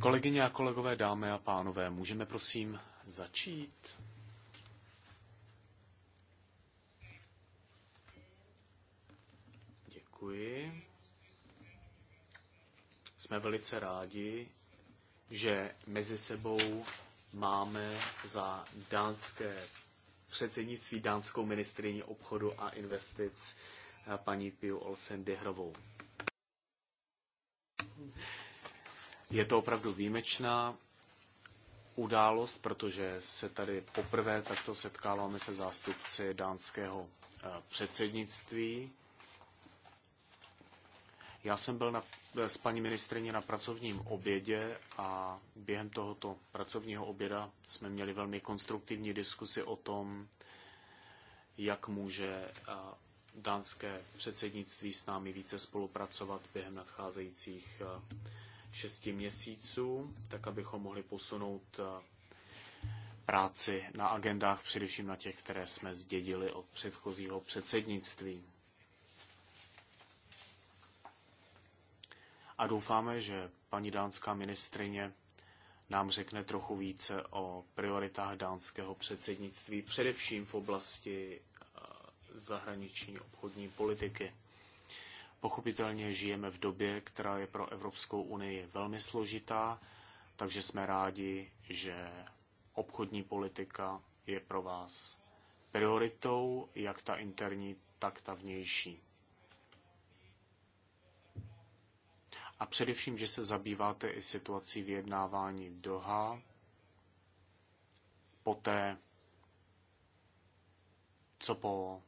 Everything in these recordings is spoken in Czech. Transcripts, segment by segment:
Kolegyně a kolegové, dámy a pánové, můžeme prosím začít? Děkuji. Jsme velice rádi, že mezi sebou máme za dánské předsednictví dánskou ministrině obchodu a investic eh, paní Piu Olsen Dehrovou. Je to opravdu výjimečná událost, protože se tady poprvé takto setkáváme se zástupci dánského eh, předsednictví. Já jsem byl na, eh, s paní ministrině na pracovním obědě a během tohoto pracovního oběda jsme měli velmi konstruktivní diskusi o tom, jak může eh, dánské předsednictví s námi více spolupracovat během nadcházejících eh, šesti měsíců, tak abychom mohli posunout eh, práci na agendách, především na těch, které jsme zdědili od předchozího předsednictví. A doufáme, že paní dánská ministrině nám řekne trochu více o prioritách dánského předsednictví, především v oblasti zahraniční obchodní politiky. Pochopitelně žijeme v době, která je pro Evropskou unii velmi složitá, takže jsme rádi, že obchodní politika je pro vás prioritou, jak ta interní, tak ta vnější. A především, že se zabýváte i situací vyjednávání v Doha, poté, co po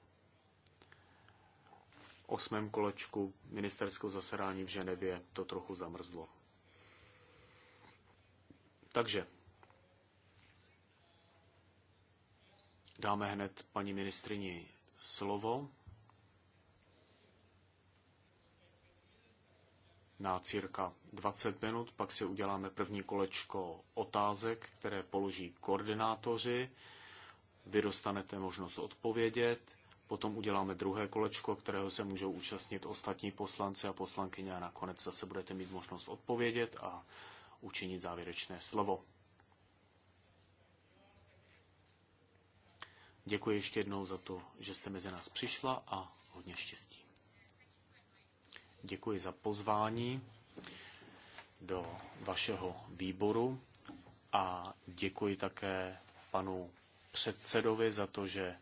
osmém kolečku ministerského zasedání v Ženevě to trochu zamrzlo. Takže dáme hned paní ministrini slovo na cirka 20 minut, pak si uděláme první kolečko otázek, které položí koordinátoři. Vy dostanete možnost odpovědět Potom uděláme druhé kolečko, kterého se můžou účastnit ostatní poslanci a poslankyně a nakonec zase budete mít možnost odpovědět a učinit závěrečné slovo. Děkuji ještě jednou za to, že jste mezi nás přišla a hodně štěstí. Děkuji za pozvání do vašeho výboru a děkuji také panu předsedovi za to, že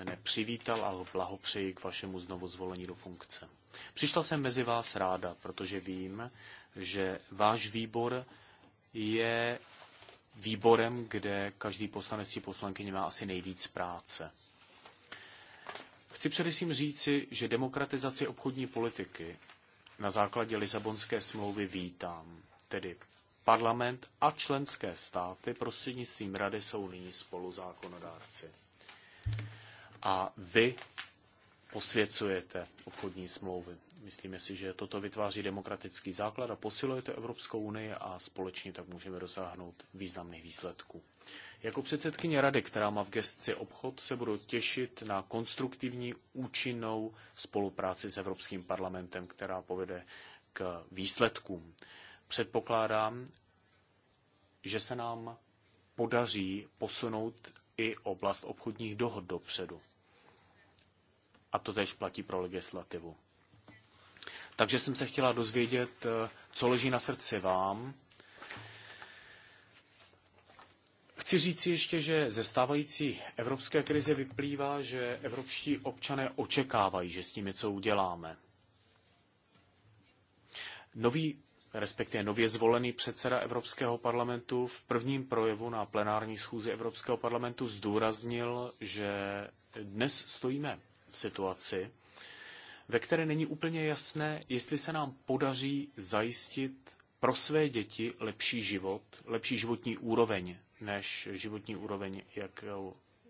ombudsmene, přivítal a blahopřeji k vašemu znovu zvolení do funkce. Přišla jsem mezi vás ráda, protože vím, že váš výbor je výborem, kde každý poslanec či poslankyně má asi nejvíc práce. Chci především říci, že demokratizaci obchodní politiky na základě Lisabonské smlouvy vítám, tedy parlament a členské státy prostřednictvím rady jsou nyní spoluzákonodárci a vy posvěcujete obchodní smlouvy. Myslíme si, že toto vytváří demokratický základ a posiluje to Evropskou unii a společně tak můžeme dosáhnout významných výsledků. Jako předsedkyně rady, která má v gestci obchod, se budu těšit na konstruktivní, účinnou spolupráci s Evropským parlamentem, která povede k výsledkům. Předpokládám, že se nám podaří posunout i oblast obchodních dohod dopředu. A to tež platí pro legislativu. Takže jsem se chtěla dozvědět, eh, co leží na srdci vám. Chci říct ještě, že ze stávající evropské krize vyplývá, že evropští občané očekávají, že s tím něco uděláme. Nový, respektive nově zvolený předseda Evropského parlamentu v prvním projevu na plenární schůzi Evropského parlamentu zdůraznil, že dnes stojíme situaci, ve které není úplně jasné, jestli se nám podaří zajistit pro své děti lepší život, lepší životní úroveň, než životní úroveň, jak,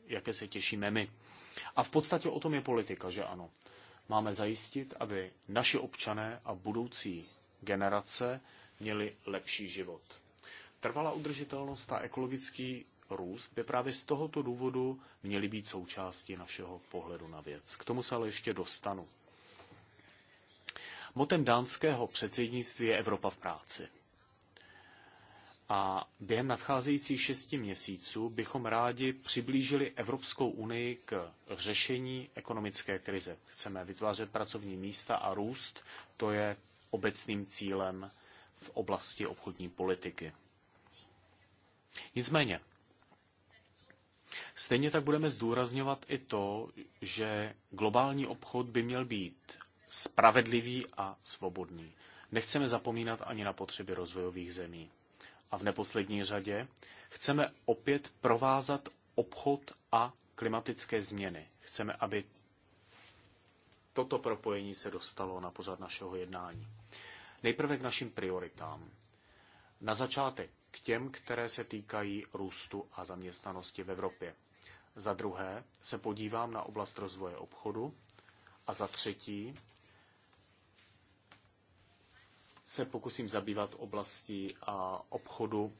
jaké se těšíme my. A v podstatě o tom je politika, že ano. Máme zajistit, aby naši občané a budoucí generace měli lepší život. Trvalá udržitelnost a ekologický růst, by právě z tohoto důvodu měly být součástí našeho pohledu na věc. K tomu se ale ještě dostanu. Motem dánského předsednictví je Evropa v práci. A během nadcházejících šesti měsíců bychom rádi přiblížili Evropskou unii k řešení ekonomické krize. Chceme vytvářet pracovní místa a růst, to je obecným cílem v oblasti obchodní politiky. Nicméně, Stejně tak budeme zdůrazňovat i to, že globální obchod by měl být spravedlivý a svobodný. Nechceme zapomínat ani na potřeby rozvojových zemí. A v neposlední řadě chceme opět provázat obchod a klimatické změny. Chceme, aby toto propojení se dostalo na pořad našeho jednání. Nejprve k našim prioritám. Na začátek k těm, které se týkají růstu a zaměstnanosti v Evropě. Za druhé se podívám na oblast rozvoje obchodu a za třetí se pokusím zabývat oblastí a obchodu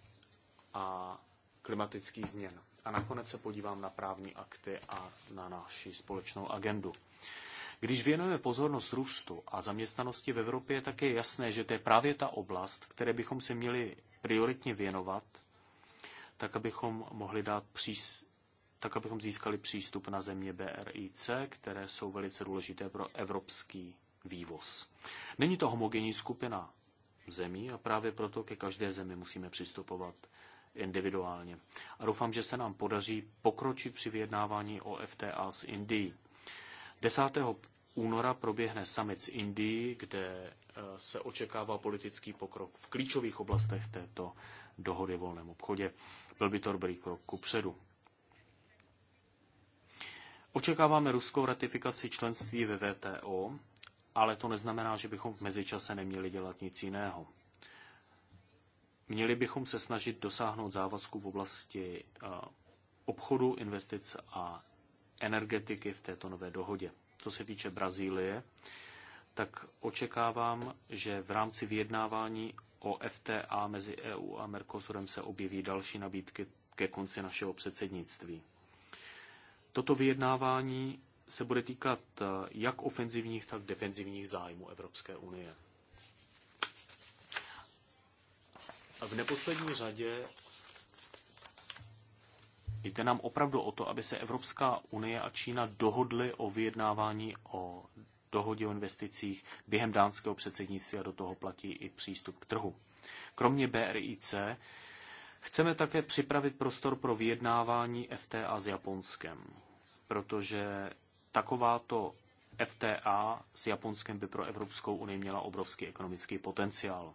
a klimatických změn. A nakonec se podívám na právní akty a na naši společnou agendu. Když věnujeme pozornost růstu a zaměstnanosti v Evropě, tak je jasné, že to je právě ta oblast, které bychom se měli prioritně věnovat, tak abychom mohli dát příst tak abychom získali přístup na země BRIC, které jsou velice důležité pro evropský vývoz. Není to homogenní skupina zemí a právě proto ke každé zemi musíme přistupovat individuálně. A doufám, že se nám podaří pokročit při vyjednávání o FTA s Indií. 10. února proběhne summit s Indií, kde se očekává politický pokrok v klíčových oblastech této dohody o volném obchodě. Byl by to dobrý krok ku předu. Očekáváme ruskou ratifikaci členství ve VTO, ale to neznamená, že bychom v mezičase neměli dělat nic jiného. Měli bychom se snažit dosáhnout závazku v oblasti eh, obchodu, investic a energetiky v této nové dohodě. Co se týče Brazílie, tak očekávám, že v rámci vyjednávání o FTA mezi EU a Mercosurem se objeví další nabídky ke konci našeho předsednictví. Toto vyjednávání se bude týkat eh, jak ofenzivních, tak defenzivních zájmů Evropské unie. A v neposlední řadě jde nám opravdu o to, aby se Evropská unie a Čína dohodly o vyjednávání o dohodě o investicích během dánského předsednictví a do toho platí i přístup k trhu. Kromě BRIC chceme také připravit prostor pro vyjednávání FTA s Japonskem, protože takováto FTA s Japonskem by pro Evropskou unii měla obrovský ekonomický potenciál.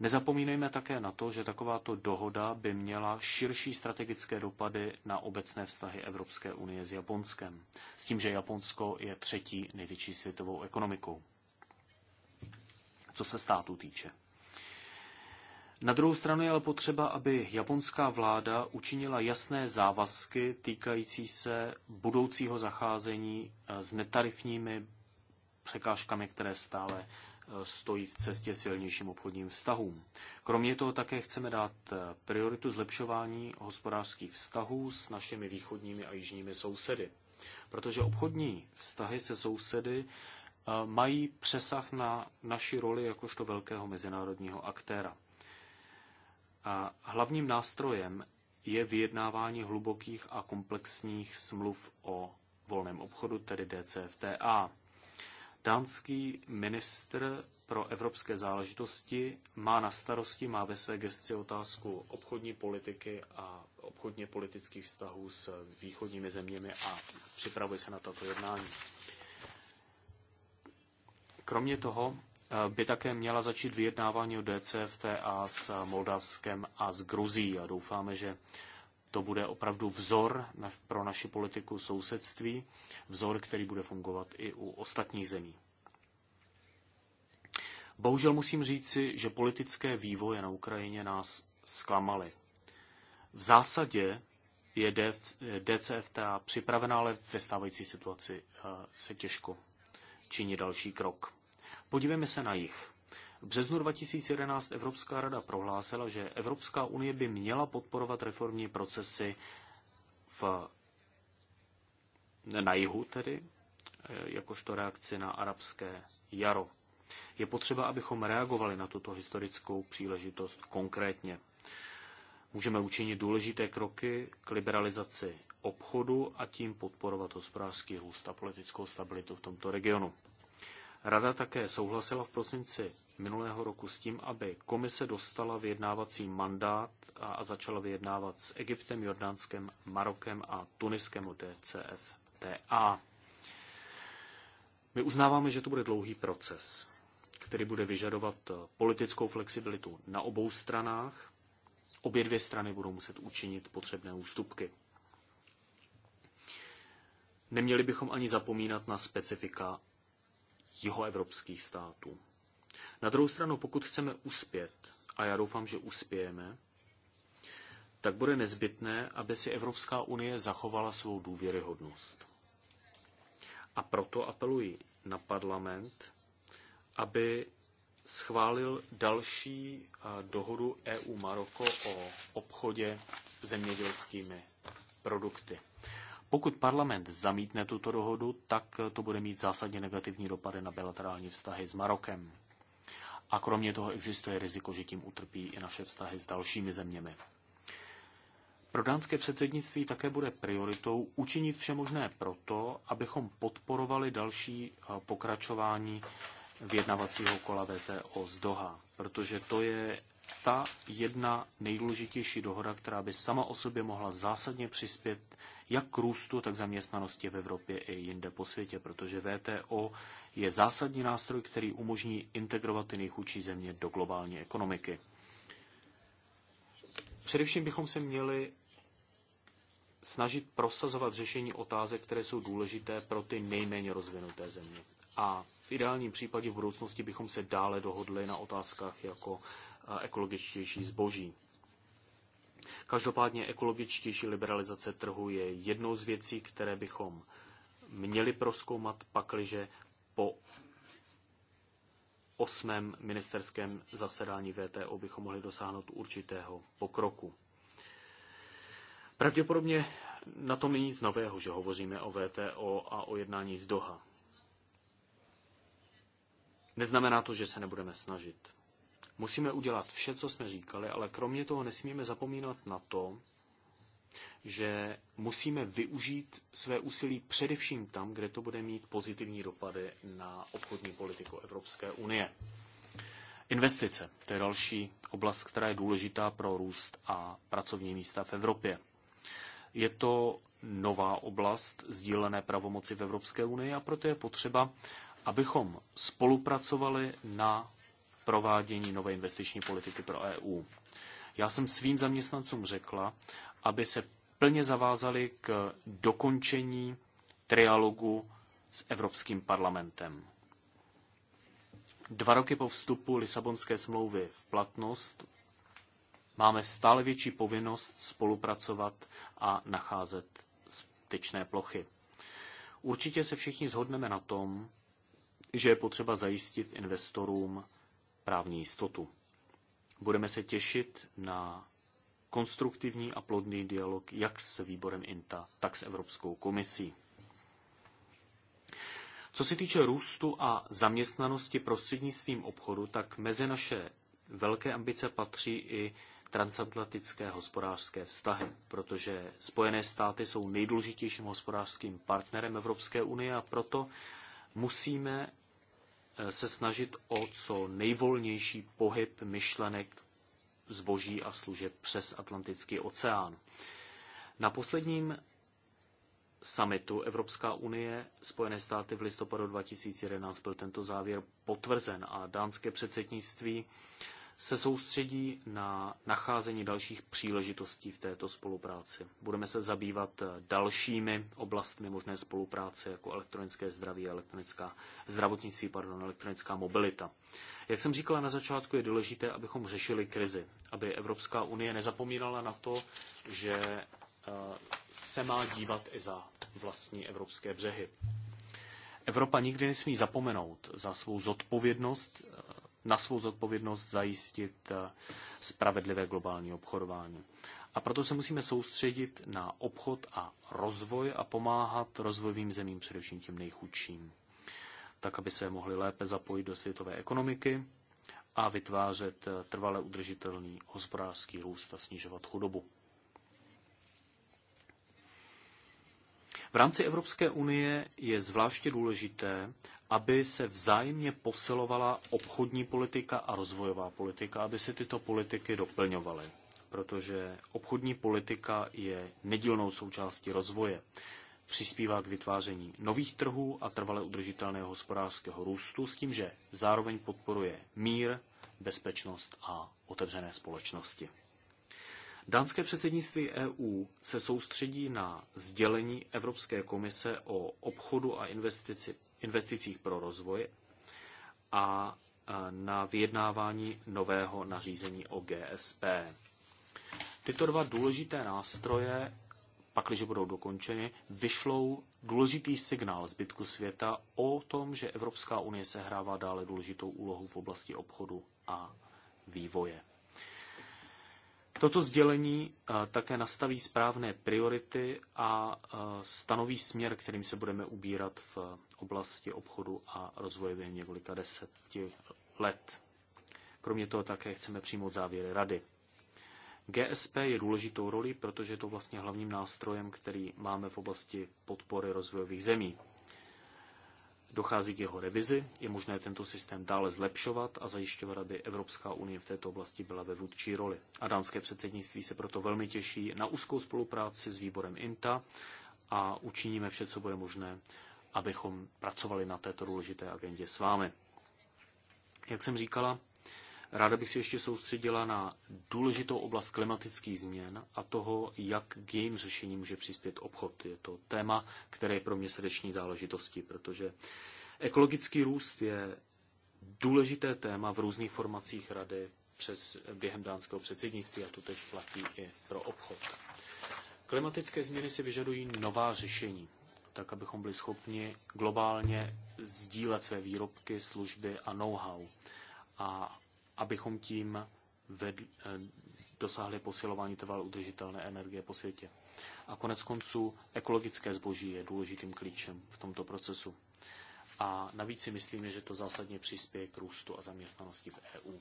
Nezapomínejme také na to, že takováto dohoda by měla širší strategické dopady na obecné vztahy Evropské unie s Japonskem, s tím, že Japonsko je třetí největší světovou ekonomikou, co se státu týče. Na druhou stranu je ale potřeba, aby japonská vláda učinila jasné závazky týkající se budoucího zacházení eh, s netarifními překážkami, které stále stojí v cestě silnějším obchodním vztahům. Kromě toho také chceme dát eh, prioritu zlepšování hospodářských vztahů s našimi východními a jižními sousedy. Protože obchodní vztahy se sousedy eh, mají přesah na naši roli jakožto velkého mezinárodního aktéra. A hlavním nástrojem je vyjednávání hlubokých a komplexních smluv o volném obchodu, tedy DCFTA. Dánský ministr pro evropské záležitosti má na starosti, má ve své gesci otázku obchodní politiky a obchodně politických vztahů s východními zeměmi a připravuje se na tato jednání. Kromě toho eh, by také měla začít vyjednávání o DCFTA s Moldavskem a s Gruzí a doufáme, že to bude opravdu vzor pro naši politiku sousedství, vzor, který bude fungovat i u ostatních zemí. Bohužel musím říci, že politické vývoje na Ukrajině nás zklamaly. V zásadě je DCFTA připravená, ale ve stávající situaci eh, se těžko činí další krok. Podívejme se na jich. V březnu 2011 Evropská rada prohlásila, že Evropská unie by měla podporovat reformní procesy v, na jihu tedy, eh, jakožto reakci na arabské jaro. Je potřeba, abychom reagovali na tuto historickou příležitost konkrétně. Můžeme učinit důležité kroky k liberalizaci obchodu a tím podporovat hospodářský růst a politickou stabilitu v tomto regionu. Rada také souhlasila v prosinci minulého roku s tím, aby komise dostala vyjednávací mandát a začala vyjednávat s Egyptem, Jordánskem, Marokem a Tuniskem o DCFTA. My uznáváme, že to bude dlouhý proces, který bude vyžadovat eh, politickou flexibilitu na obou stranách. Obě dvě strany budou muset učinit potřebné ústupky. Neměli bychom ani zapomínat na specifika jihoevropských států. Na druhou stranu, pokud chceme uspět, a já doufám, že uspějeme, tak bude nezbytné, aby si Evropská unie zachovala svou důvěryhodnost. A proto apeluji na parlament, aby schválil další dohodu EU-Maroko o obchodě zemědělskými produkty. Pokud parlament zamítne tuto dohodu, tak to bude mít zásadně negativní dopady na bilaterální vztahy s Marokem a kromě toho existuje riziko, že tím utrpí i naše vztahy s dalšími zeměmi. Pro dánské předsednictví také bude prioritou učinit vše možné proto, abychom podporovali další eh, pokračování vyjednavacího kola VTO z Doha, protože to je ta jedna nejdůležitější dohoda, která by sama o sobě mohla zásadně přispět jak k růstu, tak zaměstnanosti v Evropě i jinde po světě, protože VTO je zásadní nástroj, který umožní integrovat ty nejchudší země do globální ekonomiky. Především bychom se měli snažit prosazovat řešení otázek, které jsou důležité pro ty nejméně rozvinuté země. A v ideálním případě v budoucnosti bychom se dále dohodli na otázkách jako eh, ekologičtější zboží. Každopádně ekologičtější liberalizace trhu je jednou z věcí, které bychom měli proskoumat, pakliže po osmém ministerském zasedání VTO bychom mohli dosáhnout určitého pokroku. Pravděpodobně na tom není nic nového, že hovoříme o VTO a o jednání z Doha. Neznamená to, že se nebudeme snažit. Musíme udělat vše, co jsme říkali, ale kromě toho nesmíme zapomínat na to, že musíme využít své úsilí především tam, kde to bude mít pozitivní dopady na obchodní politiku Evropské unie. Investice, to je další oblast, která je důležitá pro růst a pracovní místa v Evropě. Je to nová oblast sdílené pravomoci v Evropské unii a proto je potřeba, abychom spolupracovali na provádění nové investiční politiky pro EU. Já jsem svým zaměstnancům řekla, aby se plně zavázali k dokončení trialogu s Evropským parlamentem. Dva roky po vstupu Lisabonské smlouvy v platnost máme stále větší povinnost spolupracovat a nacházet styčné plochy. Určitě se všichni zhodneme na tom, že je potřeba zajistit investorům právní jistotu. Budeme se těšit na konstruktivní a plodný dialog jak s výborem INTA, tak s Evropskou komisí. Co se týče růstu a zaměstnanosti prostřednictvím obchodu, tak mezi naše velké ambice patří i transatlantické hospodářské vztahy, protože Spojené státy jsou nejdůležitějším hospodářským partnerem Evropské unie a proto musíme eh, se snažit o co nejvolnější pohyb myšlenek zboží a služeb přes Atlantický oceán. Na posledním samitu Evropská unie Spojené státy v listopadu 2011 byl tento závěr potvrzen a dánské předsednictví se soustředí na nacházení dalších příležitostí v této spolupráci. Budeme se zabývat eh, dalšími oblastmi možné spolupráce, jako elektronické zdraví, elektronická zdravotnictví, pardon, elektronická mobilita. Jak jsem říkala na začátku, je důležité, abychom řešili krizi, aby Evropská unie nezapomínala na to, že eh, se má dívat i za vlastní evropské břehy. Evropa nikdy nesmí zapomenout za svou zodpovědnost eh, na svou zodpovědnost zajistit eh, spravedlivé globální obchodování. A proto se musíme soustředit na obchod a rozvoj a pomáhat rozvojovým zemím, především těm nejchudším, tak aby se mohli lépe zapojit do světové ekonomiky a vytvářet eh, trvale udržitelný hospodářský růst a snižovat chudobu. V rámci Evropské unie je zvláště důležité, aby se vzájemně posilovala obchodní politika a rozvojová politika, aby se tyto politiky doplňovaly, protože obchodní politika je nedílnou součástí rozvoje. Přispívá k vytváření nových trhů a trvale udržitelného hospodářského růstu s tím, že zároveň podporuje mír, bezpečnost a otevřené společnosti. Dánské předsednictví EU se soustředí na sdělení Evropské komise o obchodu a investici, investicích pro rozvoj a na vyjednávání nového nařízení o GSP. Tyto dva důležité nástroje, pakliže budou dokončeny, vyšlou důležitý signál zbytku světa o tom, že Evropská unie sehrává dále důležitou úlohu v oblasti obchodu a vývoje. Toto sdělení eh, také nastaví správné priority a eh, stanoví směr, kterým se budeme ubírat v oblasti obchodu a rozvoje během několika deseti let. Kromě toho také chceme přijmout závěry rady. GSP je důležitou roli, protože je to vlastně hlavním nástrojem, který máme v oblasti podpory rozvojových zemí. Dochází k jeho revizi, je možné tento systém dále zlepšovat a zajišťovat, aby Evropská unie v této oblasti byla ve vůdčí roli. A dánské předsednictví se proto velmi těší na úzkou spolupráci s výborem INTA a učiníme vše, co bude možné, abychom pracovali na této důležité agendě s vámi. Jak jsem říkala, Ráda bych se ještě soustředila na důležitou oblast klimatických změn a toho, jak k jejím řešení může přispět obchod. Je to téma, které je pro mě srdeční záležitosti, protože ekologický růst je důležité téma v různých formacích rady přes, během dánského předsednictví a to tež platí i pro obchod. Klimatické změny si vyžadují nová řešení, tak abychom byli schopni globálně sdílet své výrobky, služby a know-how. A abychom tím vedli, eh, dosáhli posilování trvalé udržitelné energie po světě. A konec konců ekologické zboží je důležitým klíčem v tomto procesu. A navíc si myslíme, že to zásadně přispěje k růstu a zaměstnanosti v EU.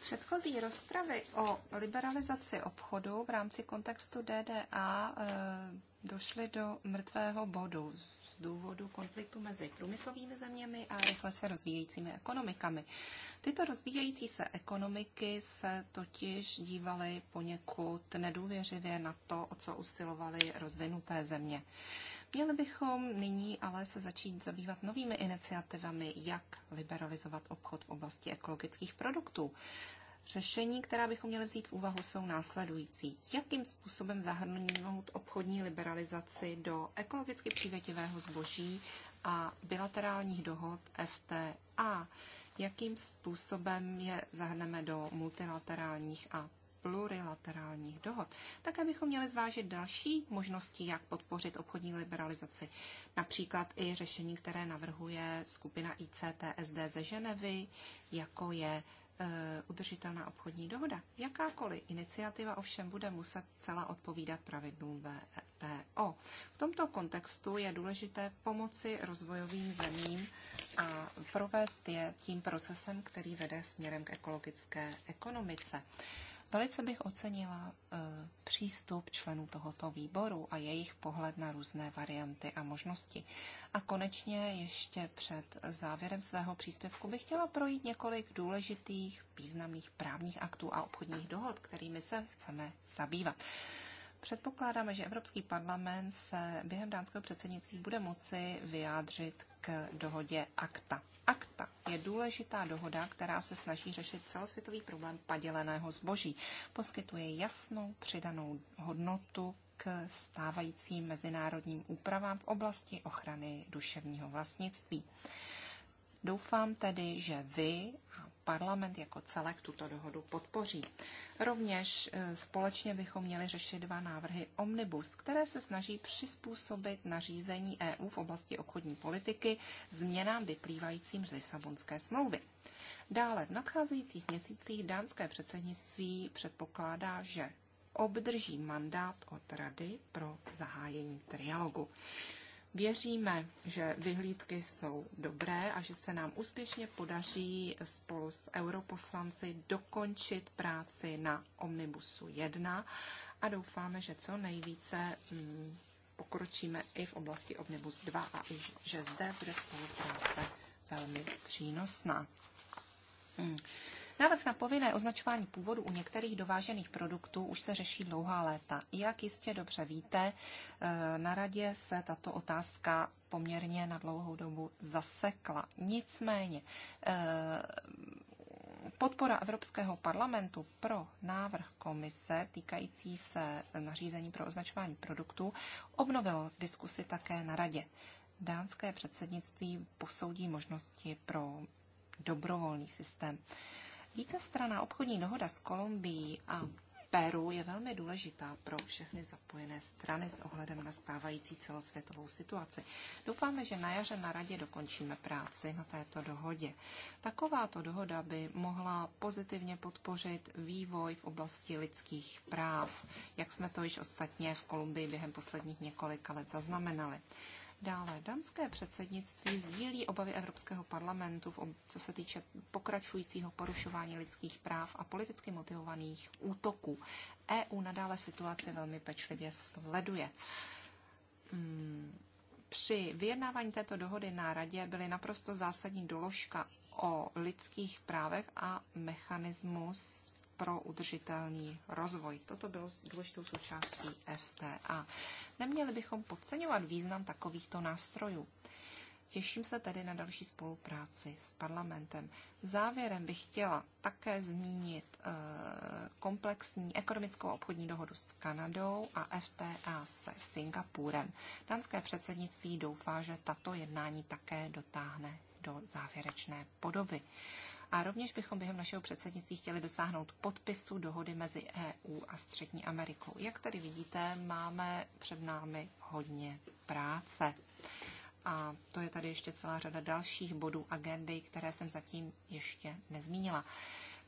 Předchozí rozpravy o liberalizaci obchodu v rámci kontextu DDA e eh, došli do mrtvého bodu z důvodu konfliktu mezi průmyslovými zeměmi a rychle se rozvíjejícími ekonomikami. Tyto rozvíjející se ekonomiky se totiž dívaly poněkud nedůvěřivě na to, o co usilovaly rozvinuté země. Měli bychom nyní ale se začít zabývat novými iniciativami, jak liberalizovat obchod v oblasti ekologických produktů. Řešení, která bychom měli vzít v úvahu, jsou následující. Jakým způsobem zahrnout obchodní liberalizaci do ekologicky přívětivého zboží a bilaterálních dohod FTA? Jakým způsobem je zahrneme do multilaterálních a plurilaterálních dohod. Také bychom měli zvážit další možnosti, jak podpořit obchodní liberalizaci. Například i řešení, které navrhuje skupina ICTSD ze Ženevy, jako je Eh, udržitelná obchodní dohoda. Jakákoliv iniciativa ovšem bude muset zcela odpovídat pravidlům VPO. V tomto kontextu je důležité pomoci rozvojovým zemím a provést je tím procesem, který vede směrem k ekologické ekonomice. Velice bych ocenila e, přístup členů tohoto výboru a jejich pohled na různé varianty a možnosti. A konečně ještě před závěrem svého příspěvku bych chtěla projít několik důležitých, významných právních aktů a obchodních dohod, kterými se chceme zabývat. Předpokládáme, že Evropský parlament se během dánského předsednictví bude moci vyjádřit k dohodě akta akta je důležitá dohoda, která se snaží řešit celosvětový problém paděleného zboží. Poskytuje jasnou přidanou hodnotu k stávajícím mezinárodním úpravám v oblasti ochrany duševního vlastnictví. Doufám tedy, že vy parlament jako celek tuto dohodu podpoří. Rovněž e, společně bychom měli řešit dva návrhy Omnibus, které se snaží přizpůsobit nařízení EU v oblasti obchodní politiky změnám vyplývajícím z Lisabonské smlouvy. Dále v nadcházejících měsících dánské předsednictví předpokládá, že obdrží mandát od Rady pro zahájení trialogu. Věříme, že vyhlídky jsou dobré a že se nám úspěšně podaří spolu s europoslanci dokončit práci na Omnibusu 1 a doufáme, že co nejvíce mm, pokročíme i v oblasti Omnibus 2 a i že zde bude spolupráce velmi přínosná. Hmm. Návrh na povinné označování původu u některých dovážených produktů už se řeší dlouhá léta. Jak jistě dobře víte, eh, na radě se tato otázka poměrně na dlouhou dobu zasekla. Nicméně, eh, podpora Evropského parlamentu pro návrh komise týkající se nařízení pro označování produktů obnovilo diskusi také na radě. Dánské předsednictví posoudí možnosti pro dobrovolný systém. Vícestraná obchodní dohoda s Kolumbií a Peru je velmi důležitá pro všechny zapojené strany s ohledem na stávající celosvětovou situaci. Doufáme, že na jaře na radě dokončíme práci na této dohodě. Takováto dohoda by mohla pozitivně podpořit vývoj v oblasti lidských práv, jak jsme to již ostatně v Kolumbii během posledních několika let zaznamenali. Dále danské předsednictví sdílí obavy Evropského parlamentu, co se týče pokračujícího porušování lidských práv a politicky motivovaných útoků. EU nadále situaci velmi pečlivě sleduje. Hmm. Při vyjednávání této dohody na radě byly naprosto zásadní doložka o lidských právech a mechanismus pro udržitelný rozvoj. Toto bylo důležitou součástí FTA. Neměli bychom podceňovat význam takovýchto nástrojů. Těším se tedy na další spolupráci s parlamentem. Závěrem bych chtěla také zmínit eh, komplexní ekonomickou obchodní dohodu s Kanadou a FTA se Singapurem. Danské předsednictví doufá, že tato jednání také dotáhne do závěrečné podoby a rovněž bychom během našeho předsednictví chtěli dosáhnout podpisu dohody mezi EU a Střední Amerikou. Jak tady vidíte, máme před námi hodně práce. A to je tady ještě celá řada dalších bodů agendy, které jsem zatím ještě nezmínila.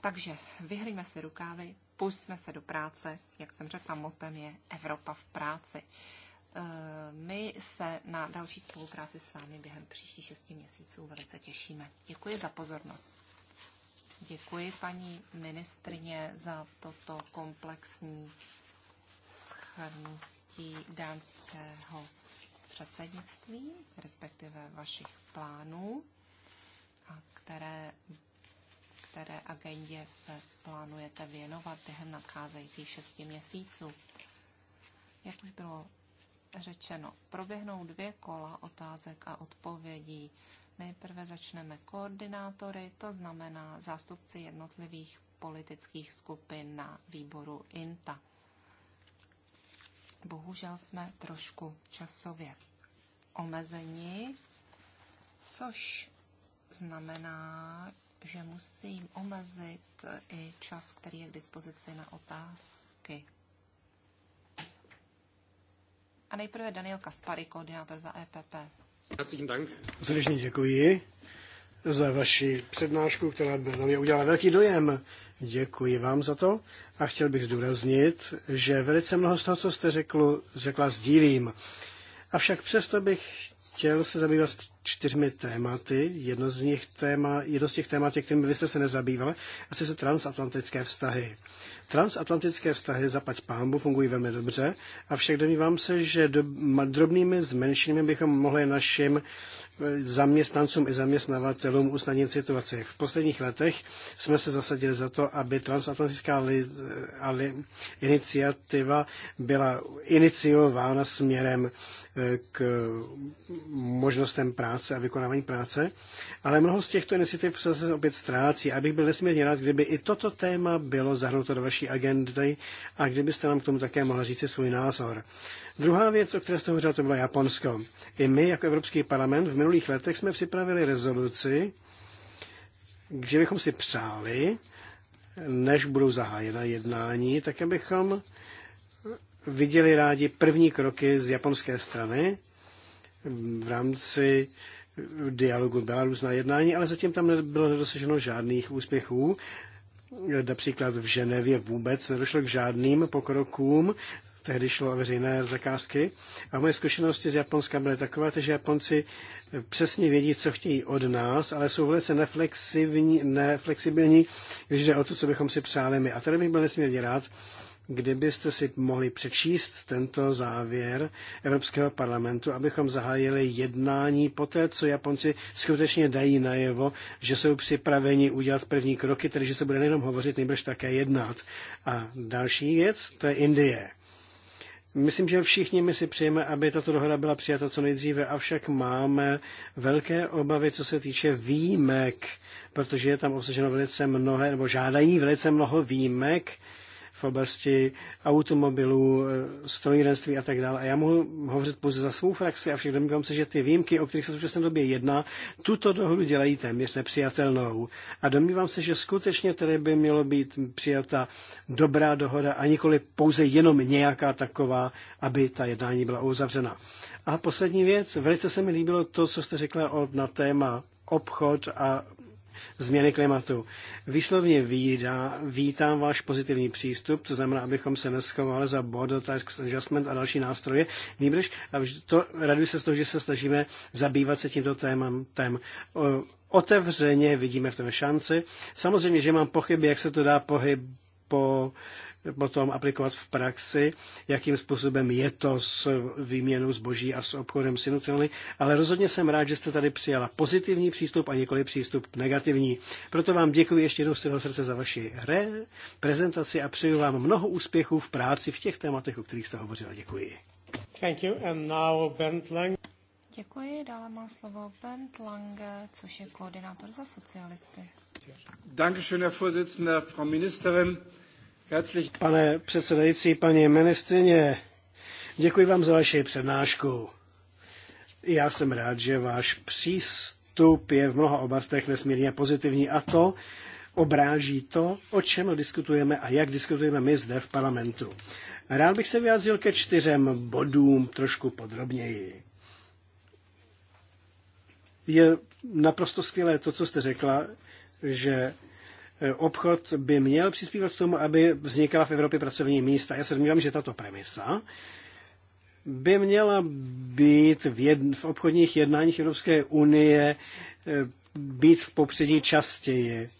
Takže vyhrýme si rukávy, pusme se do práce. Jak jsem řekla, motem je Evropa v práci. E, my se na další spolupráci s vámi během příštích šesti měsíců velice těšíme. Děkuji za pozornost. Děkuji paní ministrině za toto komplexní schrnutí dánského předsednictví, respektive vašich plánů, a které, které agendě se plánujete věnovat během nadcházejících šesti měsíců. Jak už bylo řečeno, proběhnou dvě kola otázek a odpovědí. Nejprve začneme koordinátory, to znamená zástupci jednotlivých politických skupin na výboru INTA. Bohužel jsme trošku časově omezeni, což znamená, že musím omezit i čas, který je k dispozici na otázky. A nejprve Daniel Kaspary, koordinátor za EPP. Srdečně děkuji za vaši přednášku, která na mě udělala velký dojem. Děkuji vám za to a chtěl bych zdůraznit, že velice mnoho z toho, co jste řekl, řekla, sdílím. Avšak přesto bych chtěl se zabývat čtyřmi tématy. Jedno z, nich téma, jedno z těch témat, kterými vy jste se nezabývali, asi jsou transatlantické vztahy. Transatlantické vztahy, pať pámbu, fungují velmi dobře, avšak domnívám se, že do, drobnými zmenšeními bychom mohli našim eh, zaměstnancům i zaměstnavatelům usnadnit situaci. V posledních letech jsme se zasadili za to, aby transatlantická li, eh, ali, iniciativa byla iniciována směrem Eh, k možnostem práce a vykonávání práce, ale mnoho z těchto iniciativ se opět ztrácí. Abych byl nesmírně rád, kdyby i toto téma bylo zahrnuto do vaší agendy a kdybyste nám k tomu také mohla říct svůj názor. Druhá věc, o které jste hovořil, to bylo Japonsko. I my jako Evropský parlament v minulých letech jsme připravili rezoluci, kde bychom si přáli, než budou zahájena jednání, tak abychom viděli rádi první kroky z japonské strany v rámci dialogu byla různá jednání, ale zatím tam nebylo dosaženo žádných úspěchů. Například v Ženevě vůbec nedošlo k žádným pokrokům, tehdy šlo o veřejné zakázky. A moje zkušenosti z Japonska byly takové, že Japonci přesně vědí, co chtějí od nás, ale jsou velice neflexibilní, neflexibilní když jde o to, co bychom si přáli my. A tady bych byl nesmírně rád, kdybyste si mohli přečíst tento závěr Evropského parlamentu, abychom zahájili jednání po té, co Japonci skutečně dají najevo, že jsou připraveni udělat první kroky, tedy že se bude nejenom hovořit, nejbrž také jednat. A další věc, to je Indie. Myslím, že všichni my si přejeme, aby tato dohoda byla přijata co nejdříve, avšak máme velké obavy, co se týče výjimek, protože je tam obsaženo velice mnohé, nebo žádají velice mnoho výjimek, v oblasti automobilů, eh, strojírenství a tak dále. A já mohu hovořit pouze za svou frakci a však domnívám se, že ty výjimky, o kterých se v současné době jedná, tuto dohodu dělají téměř nepřijatelnou. A domnívám se, že skutečně tedy by mělo být přijata dobrá dohoda a nikoli pouze jenom nějaká taková, aby ta jednání byla uzavřena. A poslední věc, velice se mi líbilo to, co jste řekla o, na téma obchod a změny klimatu. Výslovně vídá, vítám váš pozitivní přístup, to znamená, abychom se neschovali za border tax adjustment a další nástroje. Nýbrž, to raduji se z toho, že se snažíme zabývat se tímto tématem otevřeně vidíme v tom šanci. Samozřejmě, že mám pochyby, jak se to dá pohyb po potom aplikovat v praxi, jakým způsobem je to s výměnou zboží a s obchodem s ale rozhodně jsem rád, že jste tady přijala pozitivní přístup a nikoli přístup negativní. Proto vám děkuji ještě jednou z celého srdce za vaši re, prezentaci a přeju vám mnoho úspěchů v práci v těch tématech, o kterých jste hovořila. Děkuji. Thank you. And now Bernd Lang. Děkuji. Dále má slovo Bent Lange, což je koordinátor za socialisty. Dankeschön, Herr Vorsitzender, Frau Ministerin. Pane předsedající, paní ministrině, děkuji vám za vaši přednášku. Já jsem rád, že váš přístup je v mnoha oblastech nesmírně pozitivní a to obráží to, o čem diskutujeme a jak diskutujeme my zde v parlamentu. Rád bych se vyjádřil ke čtyřem bodům trošku podrobněji. Je naprosto skvělé to, co jste řekla, že Eh, obchod by měl přispívat k tomu, aby vznikala v Evropě pracovní místa. Já se domnívám, že tato premisa by měla být v, jed, v obchodních jednáních Evropské unie eh, být v popředí častěji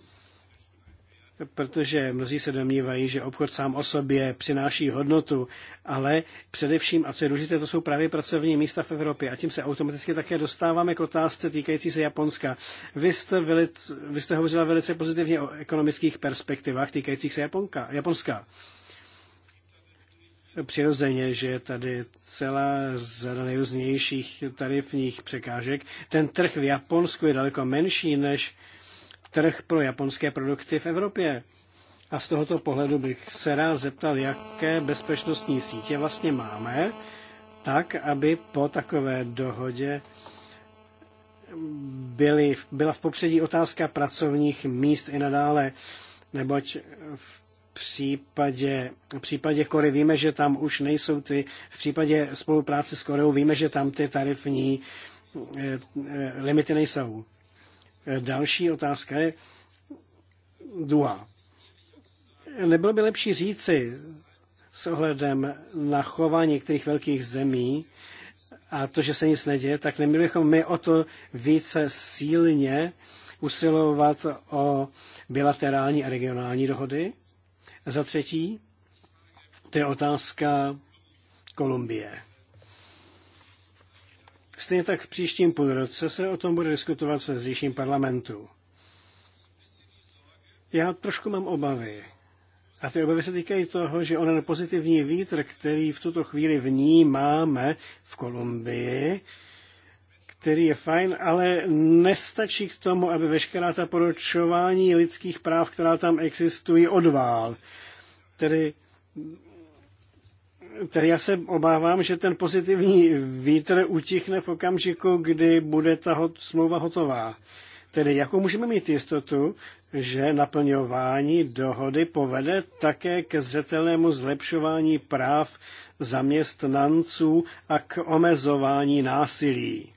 protože mnozí se domnívají, že obchod sám o sobě přináší hodnotu, ale především, a co je důležité, to jsou právě pracovní místa v Evropě. A tím se automaticky také dostáváme k otázce týkající se Japonska. Vy jste, velice, vy jste hovořila velice pozitivně o ekonomických perspektivách týkajících se Japonka, Japonska. Přirozeně, že je tady celá řada nejrůznějších tarifních překážek. Ten trh v Japonsku je daleko menší než trh pro japonské produkty v Evropě. A z tohoto pohledu bych se rád zeptal, jaké bezpečnostní sítě vlastně máme, tak, aby po takové dohodě byly, byla v popředí otázka pracovních míst i nadále, neboť v případě, v případě Kory víme, že tam už nejsou ty, v případě spolupráce s Koreou víme, že tam ty tarifní eh, eh, limity nejsou. Další otázka je druhá. Nebylo by lepší říci s ohledem na chování některých velkých zemí a to, že se nic neděje, tak neměli bychom my o to více silně usilovat o bilaterální a regionální dohody. Za třetí, to je otázka Kolumbie. Stejně tak v příštím půlroce se o tom bude diskutovat se zdejším parlamentu. Já trošku mám obavy. A ty obavy se týkají toho, že onen pozitivní vítr, který v tuto chvíli vnímáme v Kolumbii, který je fajn, ale nestačí k tomu, aby veškerá ta poročování lidských práv, která tam existují, odvál. Tedy tedy já se obávám, že ten pozitivní vítr utichne v okamžiku, kdy bude ta hot, smlouva hotová. Tedy jakou můžeme mít jistotu, že naplňování dohody povede také ke zřetelnému zlepšování práv zaměstnanců a k omezování násilí.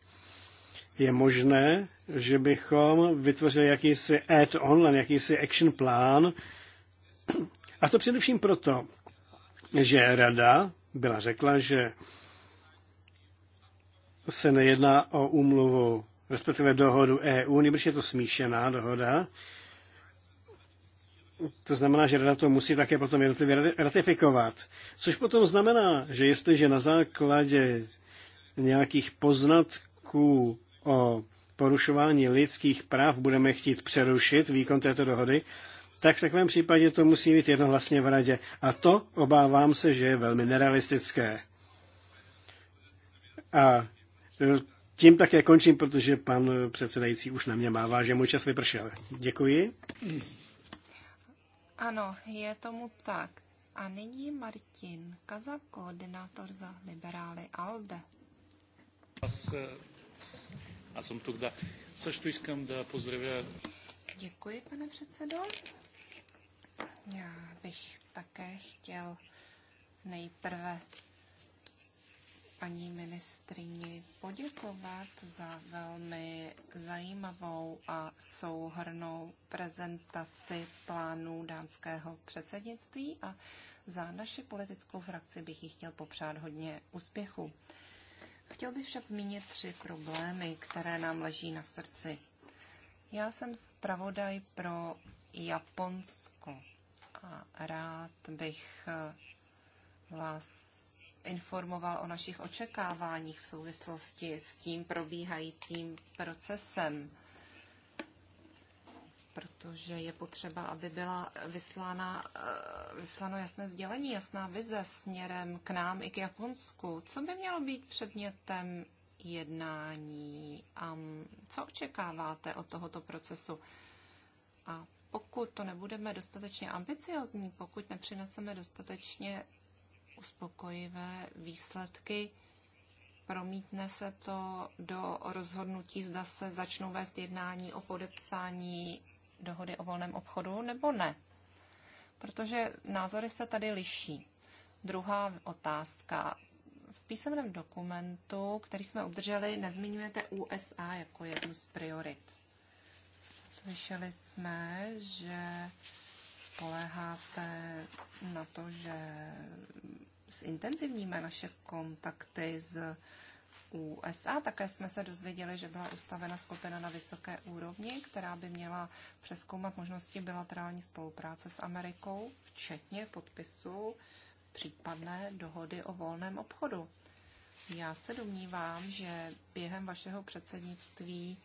Je možné, že bychom vytvořili jakýsi add-on, jakýsi action plán, a to především proto, že rada byla řekla, že se nejedná o úmluvu, respektive dohodu EU, nebož je to smíšená dohoda. To znamená, že rada to musí také potom jednotlivě ratifikovat. Což potom znamená, že jestliže na základě nějakých poznatků o porušování lidských práv budeme chtít přerušit výkon této dohody, tak v takovém případě to musí být jednohlasně v radě. A to obávám se, že je velmi nerealistické. A e, tím také končím, protože pan předsedající už na mě mává, že můj čas vypršel. Děkuji. Ano, je tomu tak. A nyní Martin Kaza, koordinátor za liberály ALDE. E, Děkuji, pane předsedo. Já bych také chtěl nejprve paní ministrině poděkovat za velmi zajímavou a souhrnou prezentaci plánů dánského předsednictví a za naši politickou frakci bych jí chtěl popřát hodně úspěchu. Chtěl bych však zmínit tři problémy, které nám leží na srdci. Já jsem zpravodaj pro Japonsku. A rád bych eh, vás informoval o našich očekáváních v souvislosti s tím probíhajícím procesem, protože je potřeba, aby byla vyslána, eh, vysláno jasné sdělení, jasná vize směrem k nám i k Japonsku. Co by mělo být předmětem jednání a co očekáváte od tohoto procesu? A pokud to nebudeme dostatečně ambiciozní, pokud nepřineseme dostatečně uspokojivé výsledky, promítne se to do rozhodnutí, zda se začnou vést jednání o podepsání dohody o volném obchodu nebo ne. Protože názory se tady liší. Druhá otázka. V písemném dokumentu, který jsme obdrželi, nezmiňujete USA jako jednu z priorit. Slyšeli jsme, že spoléháte na to, že zintenzivníme naše kontakty z USA. Také jsme se dozvěděli, že byla ustavena skupina na vysoké úrovni, která by měla přeskoumat možnosti bilaterální spolupráce s Amerikou, včetně podpisu případné dohody o volném obchodu. Já se domnívám, že během vašeho předsednictví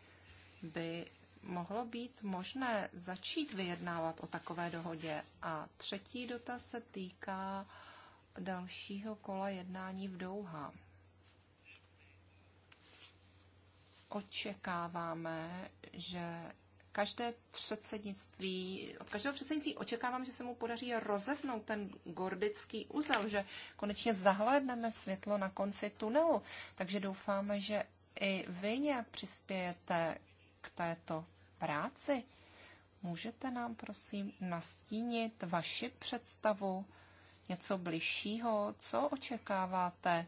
by mohlo být možné začít vyjednávat o takové dohodě? A třetí dotaz se týká dalšího kola jednání v Douha. Očekáváme, že každé předsednictví, od každého předsednictví očekávám, že se mu podaří rozevnout ten gordický úzel, že konečně zahlédneme světlo na konci tunelu. Takže doufáme, že i vy nějak přispějete této práci. Můžete nám prosím nastínit vaši představu, něco bližšího, co očekáváte?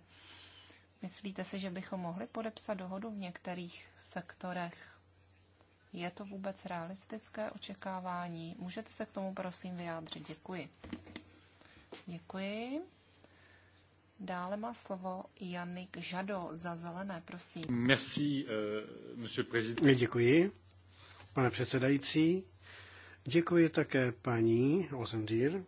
Myslíte si, že bychom mohli podepsat dohodu v některých sektorech? Je to vůbec realistické očekávání? Můžete se k tomu prosím vyjádřit. Děkuji. Děkuji. Dále má slovo Janik Žado za zelené, prosím. Merci, uh, monsieur président. Děkuji, pane předsedající. Děkuji také paní Ozendýr.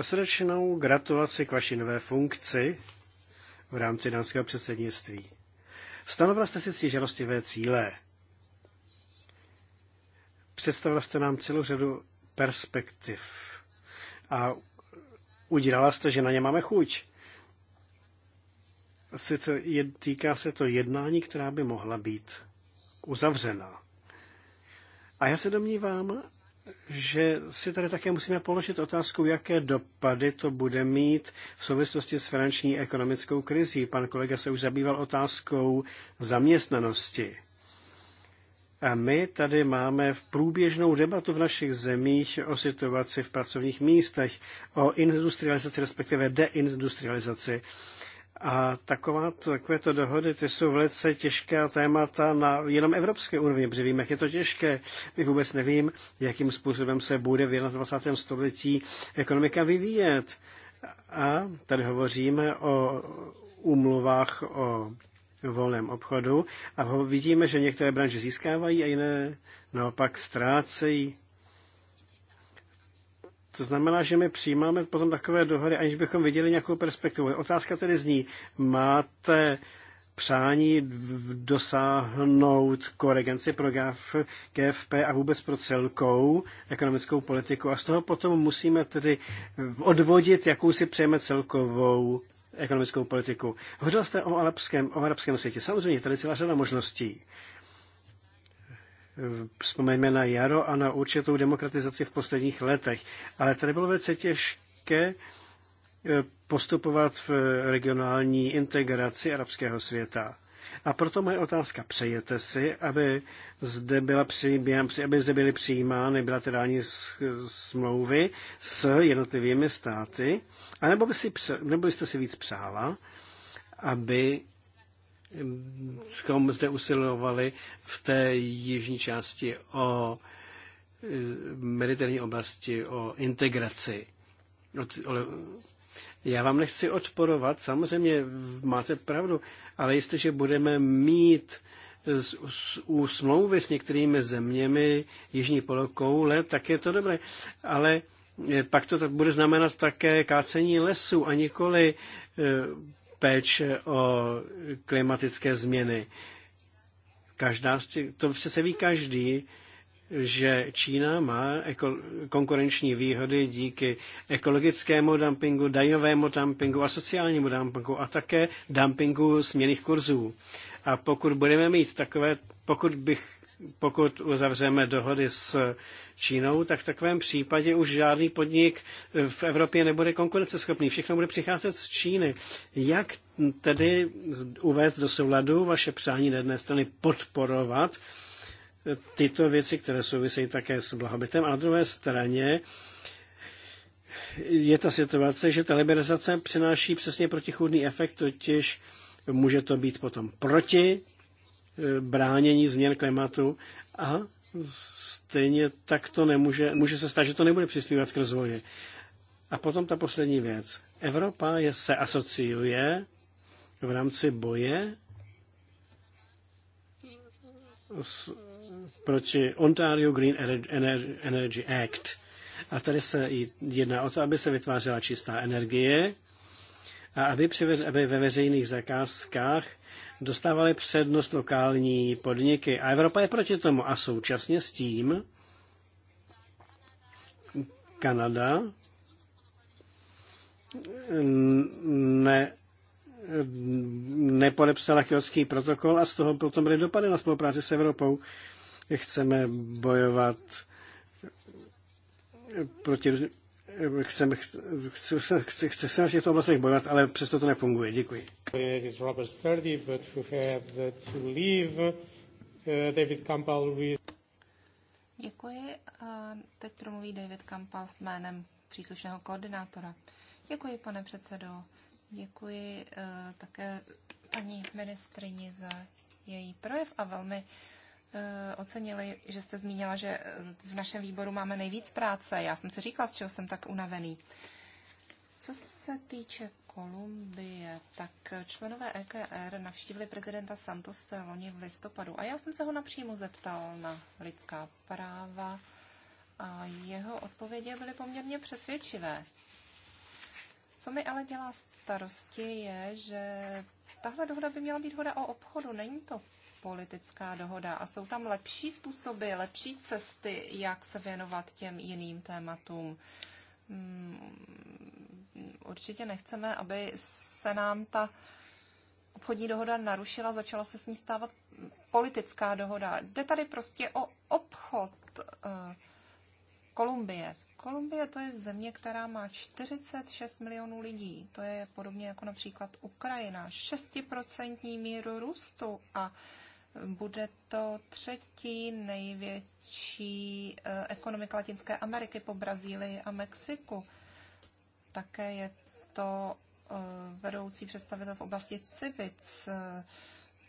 Srdečnou gratulaci k vaší nové funkci v rámci dánského předsednictví. Stanovila jste si stížalostivé cíle. Představila jste nám celou řadu perspektiv a udělala jste, že na ně máme chuť. Sice je, týká se to jednání, která by mohla být uzavřená. A já se domnívám, že si tady také musíme položit otázku, jaké dopady to bude mít v souvislosti s finanční ekonomickou krizí. Pan kolega se už zabýval otázkou zaměstnanosti. A my tady máme v průběžnou debatu v našich zemích o situaci v pracovních místech, o industrializaci, respektive deindustrializaci. A taková, takovéto dohody, ty jsou velice těžká témata na jenom evropské úrovni, protože vím, jak je to těžké. My vůbec nevím, jakým způsobem se bude v 21. století ekonomika vyvíjet. A tady hovoříme o umluvách o volném obchodu a ho vidíme, že některé branže získávají a jiné naopak ztrácejí. To znamená, že my přijímáme potom takové dohody, aniž bychom viděli nějakou perspektivu. Otázka tedy zní, máte přání dosáhnout koregenci pro GFP a vůbec pro celkou ekonomickou politiku. A z toho potom musíme tedy odvodit, jakou si přejeme celkovou ekonomickou politiku. Hovořil jste o arabském, o arabském světě. Samozřejmě, tady celá řada možností. Vzpomeňme na jaro a na určitou demokratizaci v posledních letech. Ale tady bylo velice těžké e, postupovat v regionální integraci arabského světa. A proto moje otázka, přejete si, aby zde, byla při, aby zde byly přijímány bilaterální smlouvy s jednotlivými státy, anebo by si, nebo byste si víc přála, aby kom zde usilovali v té jižní části o e, mediterní oblasti, o integraci, o, o já vám nechci odporovat, samozřejmě máte pravdu, ale jestliže budeme mít u smlouvy s některými zeměmi jižní polokoule, tak je to dobré. Ale eh, pak to bude znamenat také kácení lesů a nikoli eh, péče o klimatické změny. Každá z těch, to přece ví každý, že Čína má konkurenční výhody díky ekologickému dumpingu, daňovému dumpingu a sociálnímu dumpingu a také dumpingu směných kurzů. A pokud budeme mít takové, pokud bych pokud uzavřeme dohody s Čínou, tak v takovém případě už žádný podnik v Evropě nebude konkurenceschopný. Všechno bude přicházet z Číny. Jak tedy uvést do souladu vaše přání na jedné strany podporovat tyto věci, které souvisejí také s blahobytem. A na druhé straně je ta situace, že ta liberalizace přináší přesně protichůdný efekt, totiž může to být potom proti eh, bránění změn klimatu a stejně tak to nemůže, může se stát, že to nebude přispívat k rozvoji. A potom ta poslední věc. Evropa je, se asociuje v rámci boje s, proti Ontario Green Energy Act. A tady se jedná o to, aby se vytvářela čistá energie a aby, přivez, aby ve veřejných zakázkách dostávaly přednost lokální podniky. A Evropa je proti tomu. A současně s tím Kanada ne, nepodepsala kyotský protokol a z toho potom byly dopady na spolupráci s Evropou chceme bojovat proti chceme, chce, chceme chce se v těchto oblastech bojovat, ale přesto to nefunguje. Děkuji. Uh, Děkuji. A teď promluví David Kampal jménem příslušného koordinátora. Děkuji, pane předsedo. Děkuji uh, také paní ministrině za její projev a velmi uh, Eh, ocenili, že jste zmínila, že eh, v našem výboru máme nejvíc práce. Já jsem si říkala, z čeho jsem tak unavený. Co se týče Kolumbie, tak členové EKR navštívili prezidenta Santose loni v listopadu a já jsem se ho napřímo zeptal na lidská práva a jeho odpovědi byly poměrně přesvědčivé. Co mi ale dělá starosti je, že tahle dohoda by měla být hoda o obchodu. Není to politická dohoda. A jsou tam lepší způsoby, lepší cesty, jak se věnovat těm jiným tématům. Mm, určitě nechceme, aby se nám ta obchodní dohoda narušila, začala se s ní stávat politická dohoda. Jde tady prostě o obchod. Eh, Kolumbie. Kolumbie to je země, která má 46 milionů lidí. To je podobně jako například Ukrajina. 6% míru růstu a bude to třetí největší eh, ekonomika Latinské Ameriky po Brazílii a Mexiku. Také je to eh, vedoucí představitel v oblasti CIBIC.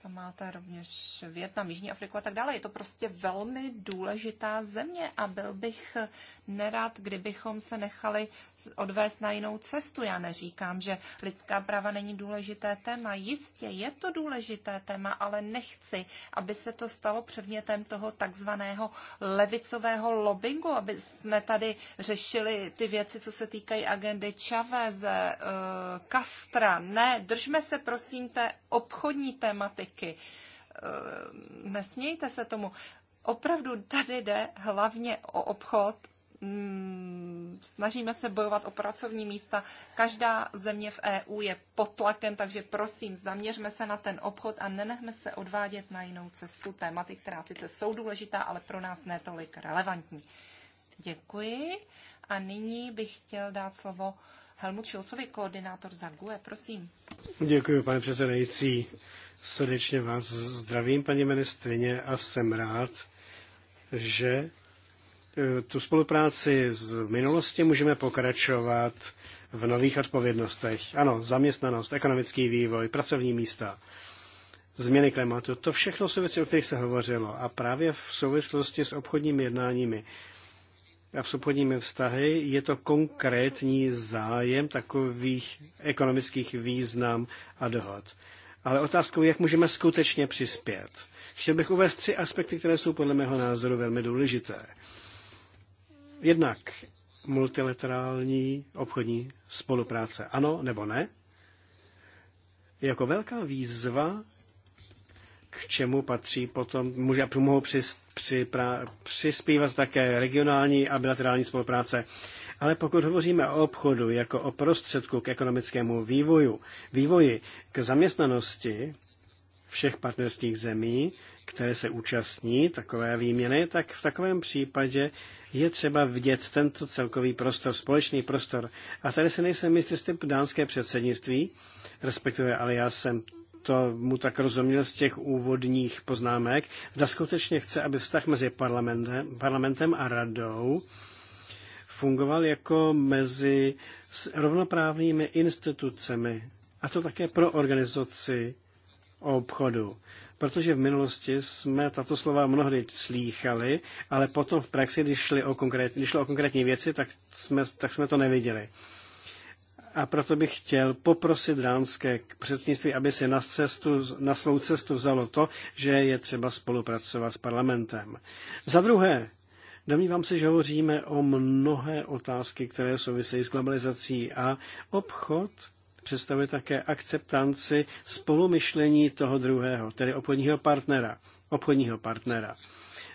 Tam máte rovněž Větnam, Jižní Afriku a tak dále. Je to prostě velmi důležitá země a byl bych nerad, kdybychom se nechali odvést na jinou cestu. Já neříkám, že lidská práva není důležité téma. Jistě je to důležité téma, ale nechci, aby se to stalo předmětem toho takzvaného levicového lobbingu, aby jsme tady řešili ty věci, co se týkají agendy Chavez, eh, Castra. Ne, držme se prosím té obchodní tematiky. Ehm, nesmějte se tomu. Opravdu tady jde hlavně o obchod. Hmm, snažíme se bojovat o pracovní místa. Každá země v EU je pod tlakem, takže prosím, zaměřme se na ten obchod a nenechme se odvádět na jinou cestu tématy, která sice jsou důležitá, ale pro nás netolik relevantní. Děkuji. A nyní bych chtěl dát slovo Helmut Šulcovi, koordinátor za GUE, prosím. Děkuji, pane předsedající. Srdečně vás zdravím, paní ministrině, a jsem rád, že e, tu spolupráci z minulosti můžeme pokračovat v nových odpovědnostech. Ano, zaměstnanost, ekonomický vývoj, pracovní místa, změny klimatu, to všechno jsou věci, o kterých se hovořilo. A právě v souvislosti s obchodními jednáními a s obchodními vztahy, je to konkrétní zájem takových ekonomických význam a dohod. Ale otázkou jak můžeme skutečně přispět. Chtěl bych uvést tři aspekty, které jsou podle mého názoru velmi důležité. Jednak multilaterální obchodní spolupráce. Ano nebo ne? Jako velká výzva k čemu patří potom, může, mohou přis, při, pra, přispívat také regionální a bilaterální spolupráce. Ale pokud hovoříme o obchodu jako o prostředku k ekonomickému vývoju, vývoji, k zaměstnanosti všech partnerských zemí, které se účastní takové výměny, tak v takovém případě je třeba vidět tento celkový prostor, společný prostor. A tady se nejsem jistý, jestli dánské předsednictví, respektive ale já jsem to mu tak rozuměl z těch úvodních poznámek, zda skutečně chce, aby vztah mezi parlamentem, parlamentem a radou fungoval jako mezi rovnoprávnými institucemi, a to také pro organizaci obchodu. Protože v minulosti jsme tato slova mnohdy slýchali, ale potom v praxi, když, šli o konkrét, když šlo o konkrétní věci, tak jsme, tak jsme to neviděli a proto bych chtěl poprosit dánské předsednictví, aby si na, cestu, na svou cestu vzalo to, že je třeba spolupracovat s parlamentem. Za druhé, Domnívám se, že hovoříme o mnohé otázky, které souvisejí s globalizací a obchod představuje také akceptanci spolumyšlení toho druhého, tedy obchodního partnera. Obchodního partnera.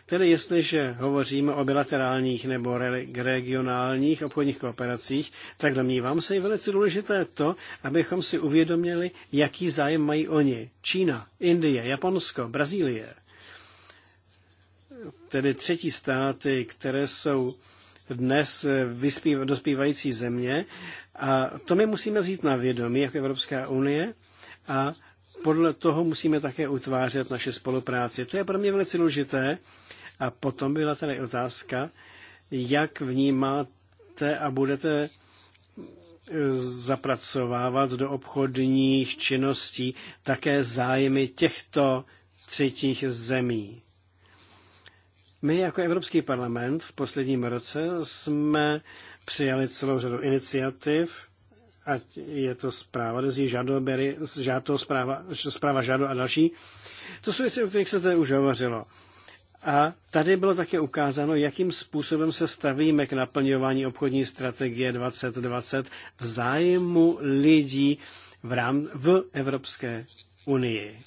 Tedy jestliže hovoříme o bilaterálních nebo regionálních obchodních kooperacích, tak domnívám se je velice důležité to, abychom si uvědomili, jaký zájem mají oni. Čína, Indie, Japonsko, Brazílie. Tedy třetí státy, které jsou dnes eh, vyspív, dospívající země. A to my musíme vzít na vědomí jako Evropská unie a podle toho musíme také utvářet naše spolupráci. To je pro mě velice důležité. A potom byla tady otázka, jak vnímáte a budete eh, zapracovávat do obchodních činností také zájmy těchto třetích zemí. My jako Evropský parlament v posledním roce jsme přijali celou řadu iniciativ, ať je to zpráva Dezí Žadobery, žato, zpráva, zpráva Žado a další. To jsou věci, o kterých se tady už hovořilo. A tady bylo také ukázáno, jakým způsobem se stavíme k naplňování obchodní strategie 2020 v zájmu lidí v, rám, v Evropské unii.